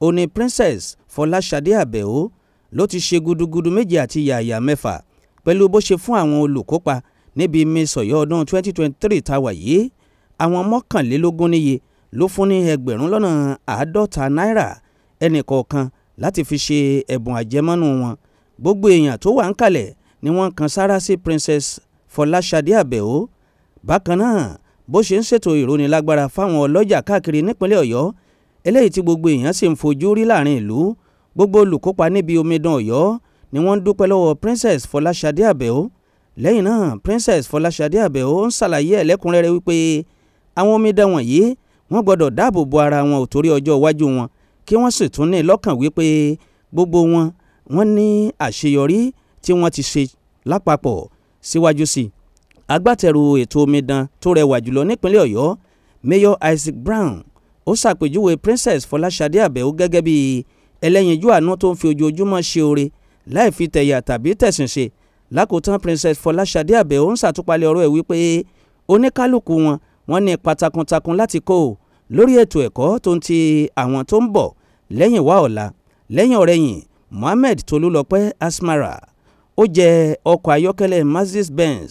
òní princess fọláṣadé àbẹ̀ó ló ti ṣe gudugudu méje àti yàyà mẹ́fà pẹ̀lú bó ṣe fún àwọn olùkópa níbi mẹ́sọ̀yọ́ ọdún 2023 tá a wà yìí àwọn mọ́kànlélógún níye ló fún ní ẹgbẹ̀rún lọ́nà àádọ́ta náírà ẹnì kọ̀ọ̀kan láti fi ṣe ẹ̀bùn àjẹmọ́nú wọn gbogbo èèyàn tó wà ń kalẹ̀ ni wọ́n kan sára sí Princess Fọláṣadé Àbẹ̀ó bákan náà bó ṣe ń ṣètò ìrónilágbára fáwọn ọlọ́jà káàkiri nípínlẹ̀ Ọ̀yọ́ eléyìí tí gbogbo èèyàn sì ń fojú rí láàrin ìlú gbogbo olùkópa níbi omidan Ọ̀yọ́ ni wọ́n ń dúpẹ́ lọ́wọ́ Princess Fọláṣadé Àbẹ̀ó lẹ́yìn náà princess fọláṣadé àbẹ̀wò ń ṣàlàyé ẹ̀lẹ́kùnrẹ́rẹ́ wípé àwọn omidan wọ̀nyí wọ́n gbọ́dọ̀ dáàbò bo ara wọn ò torí ọjọ́ iwájú wọn kí wọ́n sì tún ní lọ́kàn wípé gbogbo wọn wọ́n ní àṣeyọrí tí wọ́n ti ṣe lápapọ̀ síwájú sí i agbátẹrù ètò omidan tó rẹwà jùlọ nípínlẹ̀ ọ̀yọ́ mayor isaac brown ó ṣàpèjúwe princess fọláṣadé àbẹ̀wò gẹ́gẹ́ bí ẹlẹ́yinjú àánú tó ń fi ojoojúmọ́ ṣe oore láì fi tẹ̀yà tàbí tẹ̀sìn ṣe lákòótán princess fọláṣadé àbẹ̀wò ń ṣàtúpalẹ̀ ọ̀rọ̀ ẹ̀ wípé oníkálukú wọn wọn ní ipa takuntakun láti kó lórí ètò ẹ̀kọ́ tó ń ti àwọn tó ń bọ̀ lẹ́yìn wá ọ̀la lẹ́yìn ọ̀rẹ́yìn mohammed tolúlọpẹ́ asmara ó jẹ ọkọ̀ ayọ́kẹ́lẹ́ mercedes benz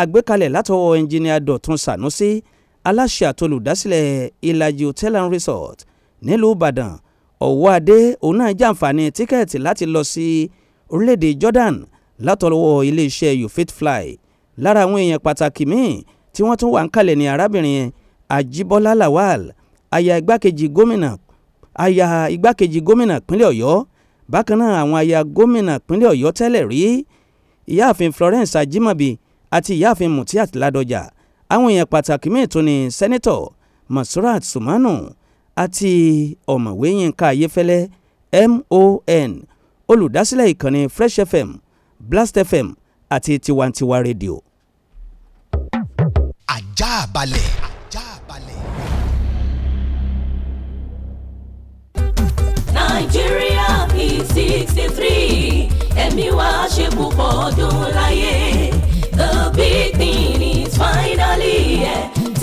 àgbékalẹ̀ látọwọ́ ẹnjìnìà dọ̀tun sanusi aláṣẹ àtolùdásílẹ̀ ìlàjì hotel and resort nílùú ìbàdàn ọ̀wọ́ adé òun náà jàǹfààní tíkẹ́ẹ̀tì láti lọ sí orílẹ̀-èdè jordan látọwọ́ iléeṣẹ́ YouFitFly lára àwọn èèyàn pàtàkì míì tí wọ́n tún wà ń kalẹ̀ ní arábìnrin yẹn Ajibola Lawal aya igbákejì gómìnà aya igbákejì gómìnà pínlẹ̀ Ọ̀yọ́ bákan náà àwọn aya gómìnà pínlẹ̀ Ọ̀yọ́ tẹ́lẹ̀ rí ìyáàfin Florence Ajimobi àti ìyáàfin Mutiat Ladoja àwọn èèyàn pàtàkì míì tún ni sẹ́nẹ́tọ̀ Masrat Sumanu àti ọ̀mọ̀wé Yínká Ayéfẹ́lẹ́ MON olùdásílẹ̀ ìkànnì Fresh FM Blast FM àti Tiwantiwa rédíò. ajá balẹ̀. nàìjíríà p three. ẹ̀mí wa ṣe púpọ̀ ọdún láyé the big thing is finally. Yeah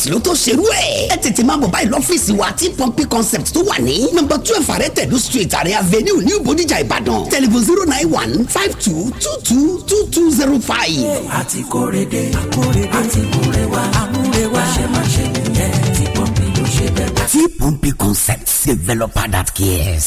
concept ló tó ṣerú ẹ̀. ẹ tètè máa bọ̀ báyìí lọ́fíìsì wa tí pọ́ńpì concept tó wà ní. nọ́mbà twelve àrẹ tẹ̀lú street àrẹ avenue new Bodija Ìbàdàn Telephone zero nine one five two two two two two zero five. a ti kórè dé a kórè dé a ti múre wá a múre wá ṣe máa ṣe nìyẹn tí pọ́ńpì ló ṣe bẹ́ẹ̀. tí pọ́ńpì concept developer that cares.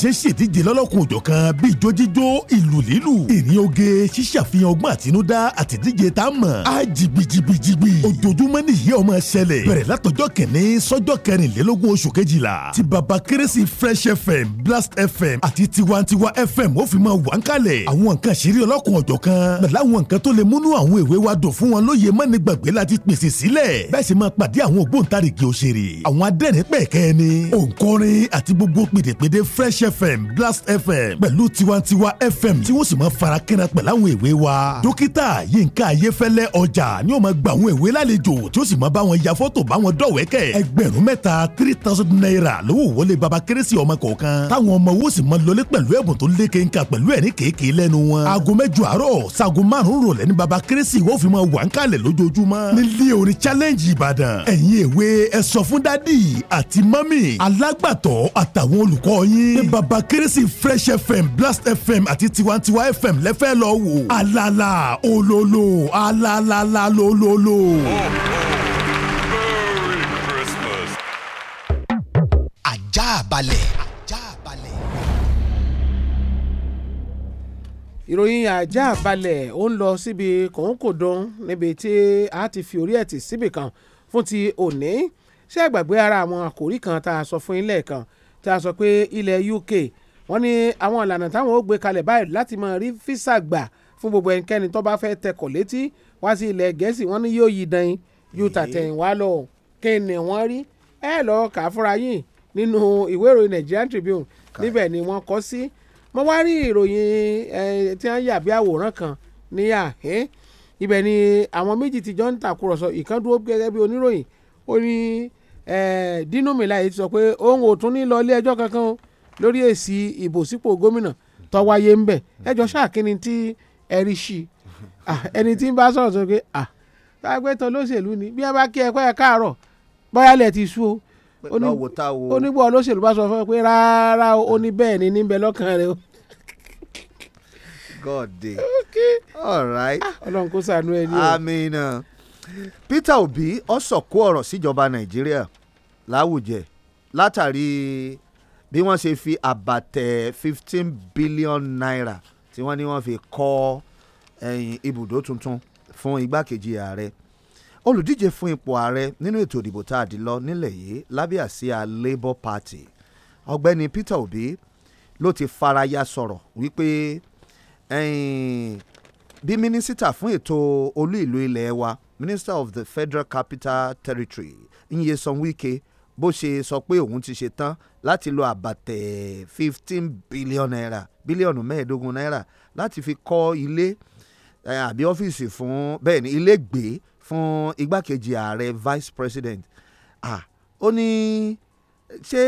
ṣe ń ṣèdíje lọ́lọ́kùn òjọ̀ kan bíi ijó ìlú lílù ìrìn oge ṣíṣàfihàn ọgbọ́n àtinúdá àtìdíje tá a mọ̀ á jìgbìjìgbìjìgbì ojoojúmọ́ nìyí ọmọ ṣẹlẹ̀ bẹ̀rẹ̀ látọjọ́ kẹ̀ní sọ́jọ́ kẹrìnlélógún oṣù kejìlá ti baba kérésì fresh fm blast fm àti tiwantiwa fm ó fi máa wà ń kalẹ̀ àwọn nǹkan ṣeré ọlọ́kùn ọ̀jọ̀ kan pẹ̀lú nǹkan tó lè múnú àwọn èwe wa dùn fún wọn lóye mọ́ni gbàgbé láti pèsè sílẹ̀ bẹ́ẹ̀ sì máa pàdé àwọn ògbóǹtarìgì òṣèré àwọn adẹ́rìn pẹ̀kẹ́ ni òǹkọrin àti gbogbo pèdèpèdè fresh fm blast fm pẹ̀lú tiwantiwa fm tí wọ́n sì máa fara kẹ́ra pẹ̀lú àwọn èwe wa. dókítà yínká ayéfẹ́lẹ́ ọjà ni ó máa gba àwọn èwe lálejò tí ó sì máa bá wọn ya fọ́tò bá wọn dọ̀wẹ́kẹ̀. ẹgbẹ̀rún mẹ́ta three thousand naira lówó wọlé baba kérésì ọmọ kọ̀ọ̀kan táwọn ọmọ owó sì máa lọlé pẹ̀lú ẹ̀bùn tó lé kéńkà pẹ̀lú ẹ̀ kéèké lẹ́nu wọn. aago mẹ́jọ àárọ̀ sago márùn-ún rọ̀lẹ́ ní baba kérésì wọ́n fi máa wà ń kalẹ̀ challenge ìbàdàn ẹ̀yin èwe ẹ sọ fún dádì àti mọ́mì alágbàtọ́ bàbá kérésì fresh fm blast fm àti tiwantiwa fm lẹ́fẹ́ lọ wò alala ololo, alalala lololo. merry christmas. ajá balẹ̀. ìròyìn ajá balẹ̀ ó ń lọ síbi kòńkòdún níbi tí a ti fi orí ẹ̀ tì síbì kan fún ti òní ṣé gbàgbé ara àwọn àkòrí kan tá a sọ fún yín lẹ́ẹ̀kan tí a sọ pé ilẹ̀ UK wọ́n ní àwọn ìlànà táwọn ó gbé kalẹ̀ báyìí láti máa rí físà gbà fún gbogbo ẹnikẹ́ni tó bá fẹ́ tẹkọ̀ létí wá sí ilẹ̀ gẹ̀ẹ́sì wọ́n ní yóò yí dan yóò tàtẹ̀yìn wá lọ kí ni wọ́n rí ẹ lọ́ọ́ kà á fúnra yín nínú ìwé ìròyìn Nigerian Tribune níbẹ̀ ni wọ́n kọ sí mo wá rí ìròyìn tí wọ́n yà bí àwòrán kan níyà ibẹ̀ ni àwọn méjì tí jọ ń tàkùrọ̀sọ ìkan dúró gẹ́gẹ́ bí oníròyìn ó ní. Oni, Dino Melaye ti sọ pé òun ò tún ní lọ ilé ẹjọ́ kankan lórí èsì ìbò sípò gómìnà tó ń bẹ̀ ẹjọ́ ṣáà tí ẹ rí sí ẹni tí ń bá sọ̀rọ̀ sọ pé tágbé tán lóṣèlú ni bí wọ́n bá kí ẹ pẹ́ káàárọ̀ bóyá ti sú o onígbọ̀ olóṣèlú bá sọ fún ẹ pé rárá o ní bẹ́ẹ̀ ni níbẹ̀ lọ́kàn rẹ o. God dey. Okay. All right. Ah, Ọlọ́run kó ṣàánú ẹ ní o. Amina. Peter Obi ọ sọ̀kò ọ̀rọ̀ síjọba Nàìjíríà láwùjẹ látàrí bí wọ́n ṣe fi àbàtẹ̀ fifteen billion naira tí wọ́n ní wọ́n fi kọ́ ẹ̀yìn ibùdó tuntun fún igbákejì ààrẹ olùdíje fún ipò ààrẹ nínú ètò ìdìbò tá a dì lọ nílẹ̀ yìí lábẹ́ àsíá Labour Party ọ̀gbẹ́ni Peter Obi ló ti faraya sọ̀rọ̀ wípé bí mínísítà fún ètò olú ìlú ilẹ̀ wa minister of the federal capital territory nyesom wike bó ṣe sọ pé òun ti ṣe tán láti lo àbàtẹ̀ fifteen billion naira bílíọ̀nù mẹ́ẹ̀ẹ́dógún náírà láti fi kọ́ ilé àbí ọ́fíìsì fún bẹ́ẹ̀ ni ilé gbé fún igbákejì ààrẹ vice president ah ó ní ṣé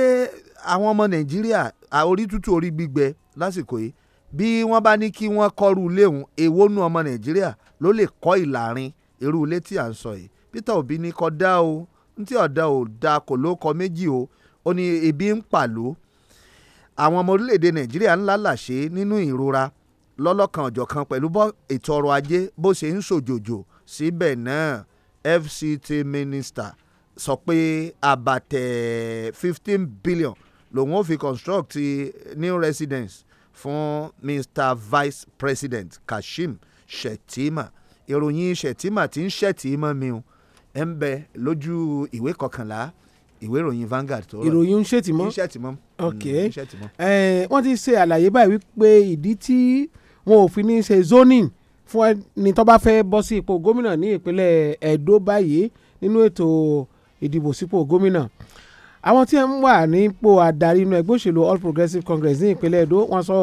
àwọn ọmọ nàìjíríà orí tútù orí gbígbẹ lásìkò yìí bí wọ́n bá ní kí wọ́n kọ́rù léhùn èwo nu ọmọ nàìjíríà ló lè kọ́ ìlàrin irú ilé tí à ń sọ yìí Peter Obi ní kọ́ dá o ntí ọ̀dà ò da kò ló kọ méjì o ó ní ebi ń pàló àwọn ọmọ orílẹ̀-èdè Nàìjíríà ńlá làṣẹ nínú ìrora lọ́lọ́kan ọ̀jọ̀kan pẹ̀lú bọ́ ètò ọrọ̀ ajé bó ṣe ń ṣòjòjò síbẹ̀ náà FCT minister sọ pé àbàtẹ̀ fifteen billion lòun ó fi construct new residence fún Mr Vice President Kashim Shettima ìròyìn ṣètìmà tí ń ṣẹ̀tì mọ́ mi o ẹ̀ ń bẹ lójú ìwé kọkànlá ìwé ìròyìn Vanguard tó rọ ìròyìn ń ṣètìmọ́ ń ṣètìmọ́ ok mm, wọ́n ti ṣe àlàyé báyìí wípé ìdí tí wọn ò fi ní ṣe zoning fún ẹni tó bá fẹ́ bọ́ sí ipò gómìnà ní ìpínlẹ̀ Ẹ̀dó báyìí nínú ètò ìdìbò sípò gómìnà àwọn tí ń wà nípò àdarí inú ẹgbẹ́ òṣèlú All Progressives Congress ní ìpínlẹ̀ Ẹ̀dó wọ́n sọ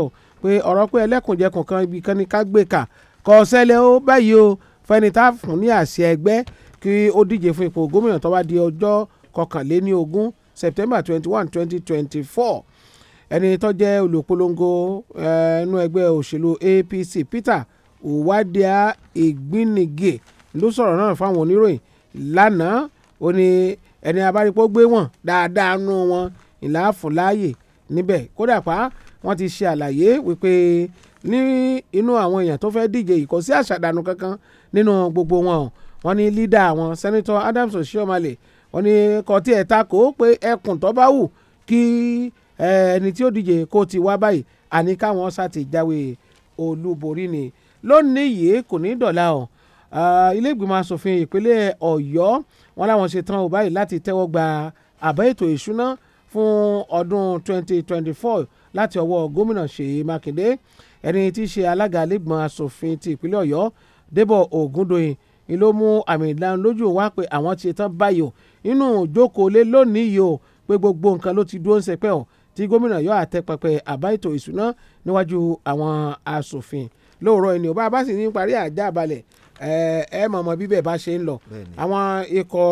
pé ọ̀rọ̀ pé ẹlẹ́kùnjẹkùn kan ibi kan ní ká gbé kà kò ṣẹlẹ̀ ó báyìí o fẹ́ni tá a fún ní àṣẹ ẹgbẹ́ kí ó díje fún ipò gómìnà tó bá di ọjọ́ kọkànléní ogún september twenty one twenty twenty four ẹni tó jẹ́ olùpolongo ẹnu eh, ẹgbẹ́ òṣèlú apc peter òwádìá ìgbínigè ló sọ̀rọ̀ náà fáwọn oníròyìn lánàá ó ní ẹni abárípò gbé wọn dáadáa nú wọn ìlàáfùn láàyè níbẹ̀ kódà pa wọ́n ti ṣe àlàyé wípé ní inú àwọn èèyàn tó fẹ́ díje yìí kò sí àṣàdànù kankan nínú gbogbo wọn wọ́n ní lídà àwọn sẹ́nitọ́ Adams Oshiomhole wọ́n ní kò tiẹ̀ takò pé ẹkùn tó bá wù kí ẹni tí ó díje kó ti wá báyìí àní káwọn sá ti jáwé olúborí ni lónìí yìí kò ní dọ̀la ọ̀ ilé ìgbìmọ̀ asòfin ìpínlẹ̀ Ọ̀yọ́ wọn làwọn ṣe tán ò báyìí láti tẹ́wọ́ gba àbá ètò ìṣúná fún ọdún 2024 láti ọwọ́ gómìnà Ṣèyí Mákindé ẹni tí í ṣe alága lẹ́gbọ̀n asòfin ti ìpínlẹ̀ ọ̀yọ́ débọ̀ ògúndòyìn ni ló mú àmì ìdánilójú wá pé àwọn ti tán báyò nínú ìjókòó lé lónìí yìí o pé gbogbo nǹkan ló ti dúró ń sẹpẹ́ o tí gómìnà yọ àtẹpẹpẹ àbá ètò ìṣúná níwájú àwọn asòfin lóòrọ̀ ẹni ò bá bá sì ní parí àjà balẹ̀ ẹ mọ̀mọ́ bíbẹ̀ bá ṣe ń lọ àwọn ikọ̀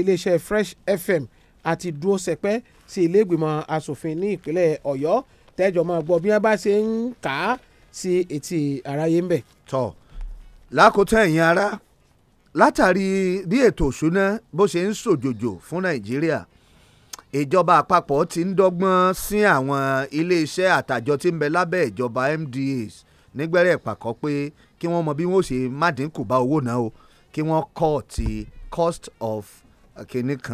iléeṣẹ́ Fresh FM àti dúró sẹpẹ́ sí ilé ìgbìmọ̀ asòfin ní ìpínlẹ̀ Ọ̀yọ́ tẹ́jọ́ máa gbọ́ bí wọ́n bá ṣe ń kà á sí etí aráyé ń bẹ̀. tọ́ lákòótán ẹ̀yin ará látàrí bí ètò òṣùná bó ṣe ń ṣòjòjò fún nàìjíríà ìjọba àpapọ̀ ti ń dọ́gbọ́n sí àwọn iléeṣẹ́ àtàjọ tí ń bẹ lábẹ́ ìjọba MDAs nígbẹ̀rẹ̀ ìpàkọ́ pé kí wọ́n mọ bí wọ́n ṣe má dínkù bá owó náà o kí wọ́n kọ́ ti cost of kìnnì kan